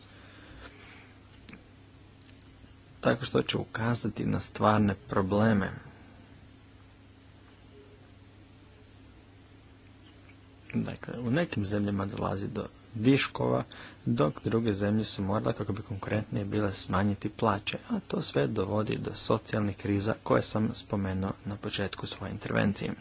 [SPEAKER 1] tako što će ukazati na stvarne probleme. Dakle, u nekim zemljama dolazi do viškova, dok druge zemlje su morale kako bi konkurentnije bile smanjiti plaće, a to sve dovodi do socijalnih kriza koje sam spomenuo na početku svoje intervencije.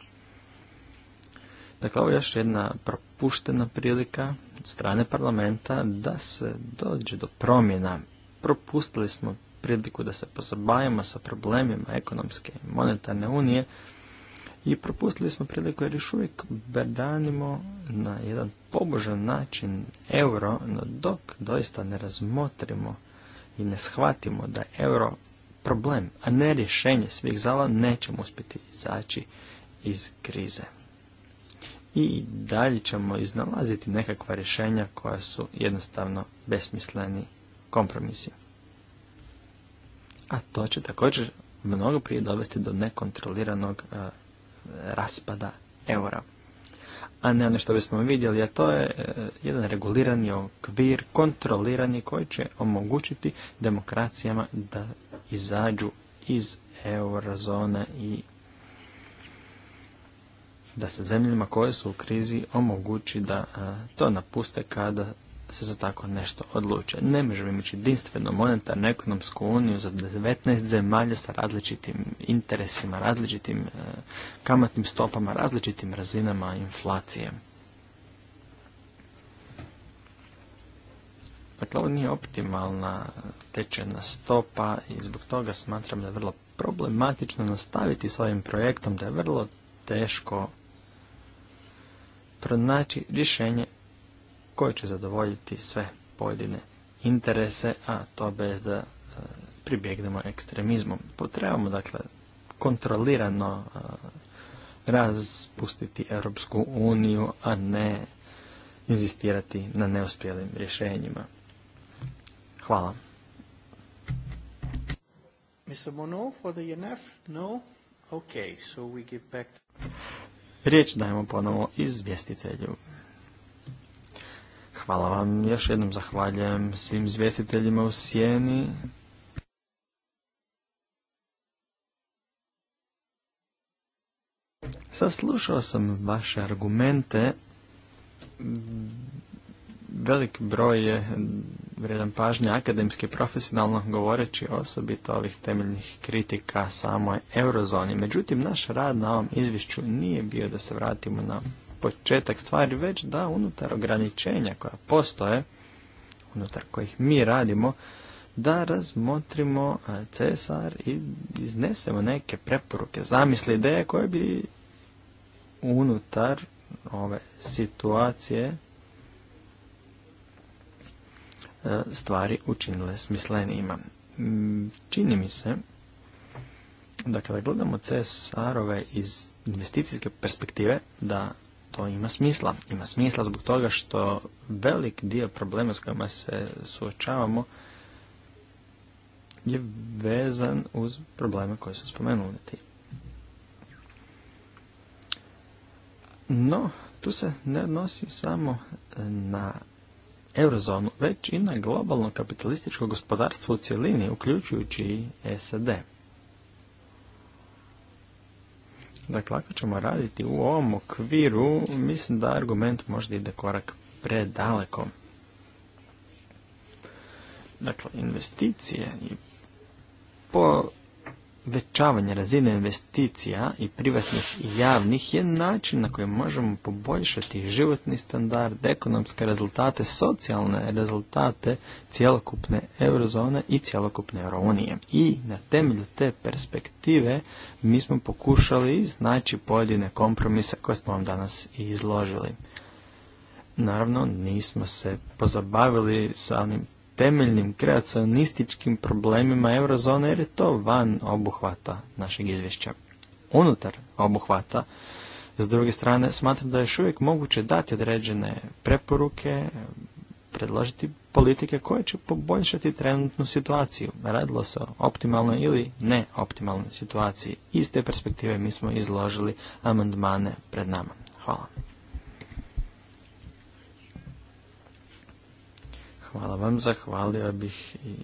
[SPEAKER 1] Dakle, ovo je još jedna propuštena prilika od strane parlamenta da se dođe do promjena. Propustili smo priliku da se pozabavimo sa problemima ekonomske i monetarne unije, i propustili smo priliku jer još uvijek branimo na jedan pobožan način euro, no dok doista ne razmotrimo i ne shvatimo da euro problem, a ne rješenje svih zala, nećemo uspjeti izaći iz krize. I dalje ćemo iznalaziti nekakva rješenja koja su jednostavno besmisleni kompromisi. A to će također mnogo prije dovesti do nekontroliranog e, raspada eura. A ne ono što bismo vidjeli, a to je e, jedan regulirani okvir, kontrolirani koji će omogućiti demokracijama da izađu iz eurozone i da se zemljama koje su u krizi omogući da to napuste kada se za tako nešto odluče. Ne možemo imati jedinstvenu monetarnu ekonomsku uniju za 19 zemalja sa različitim interesima, različitim e, kamatnim stopama, različitim razinama inflacije. Dakle, ovo nije optimalna tečajna stopa i zbog toga smatram da je vrlo problematično nastaviti s ovim projektom, da je vrlo teško pronaći rješenje koji će zadovoljiti sve pojedine interese, a to bez da e, pribjegnemo ekstremizmom. Potrebamo dakle kontrolirano e, razpustiti Europsku uniju, a ne inzistirati na neuspjelim rješenjima. Hvala. E Riječ dajemo ponovo izvjestitelju. Hvala vam. Još jednom zahvaljujem svim izvjestiteljima u Sjeni. Saslušao sam vaše argumente. Velik broj je vredan pažnje akademski profesionalno govoreći osobito ovih temeljnih kritika samoj eurozoni. Međutim, naš rad na ovom izvišću nije bio da se vratimo na početak stvari, već da unutar ograničenja koja postoje, unutar kojih mi radimo, da razmotrimo Cesar i iznesemo neke preporuke, zamisli, ideje koje bi unutar ove situacije e, stvari učinile smislenijima. Čini mi se dakle, da kada gledamo Cesarove iz investicijske perspektive, da to ima smisla. Ima smisla zbog toga što velik dio problema s kojima se suočavamo je vezan uz probleme koje su spomenuli ti. No, tu se ne odnosi samo na eurozonu, već i na globalno kapitalističko gospodarstvo u cjelini, uključujući i SAD. Dakle, ako ćemo raditi u ovom okviru, mislim da argument možda ide korak predaleko. Dakle, investicije i po Većavanje razine investicija i privatnih i javnih je način na koji možemo poboljšati životni standard, ekonomske rezultate, socijalne rezultate cjelokupne eurozone i cjelokupne eurounije. I na temelju te perspektive mi smo pokušali iznaći pojedine kompromise koje smo vam danas i izložili. Naravno, nismo se pozabavili sa onim temeljnim kreacionističkim problemima eurozone jer je to van obuhvata našeg izvješća. Unutar obuhvata, s druge strane, smatram da je još uvijek moguće dati određene preporuke, predložiti politike koje će poboljšati trenutnu situaciju. Radilo se o optimalnoj ili neoptimalnoj situaciji. Iz te perspektive mi smo izložili amandmane pred nama. Hvala. Hvala vam, zahvalio bih i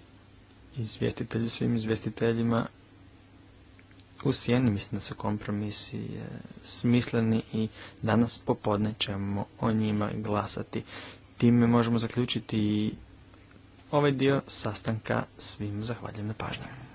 [SPEAKER 1] izvjestitelji svim izvjestiteljima u sjeni. Mislim da su kompromisi e, smisleni i danas popodne ćemo o njima glasati. Time možemo zaključiti i ovaj dio sastanka. Svim zahvaljujem na pažnju.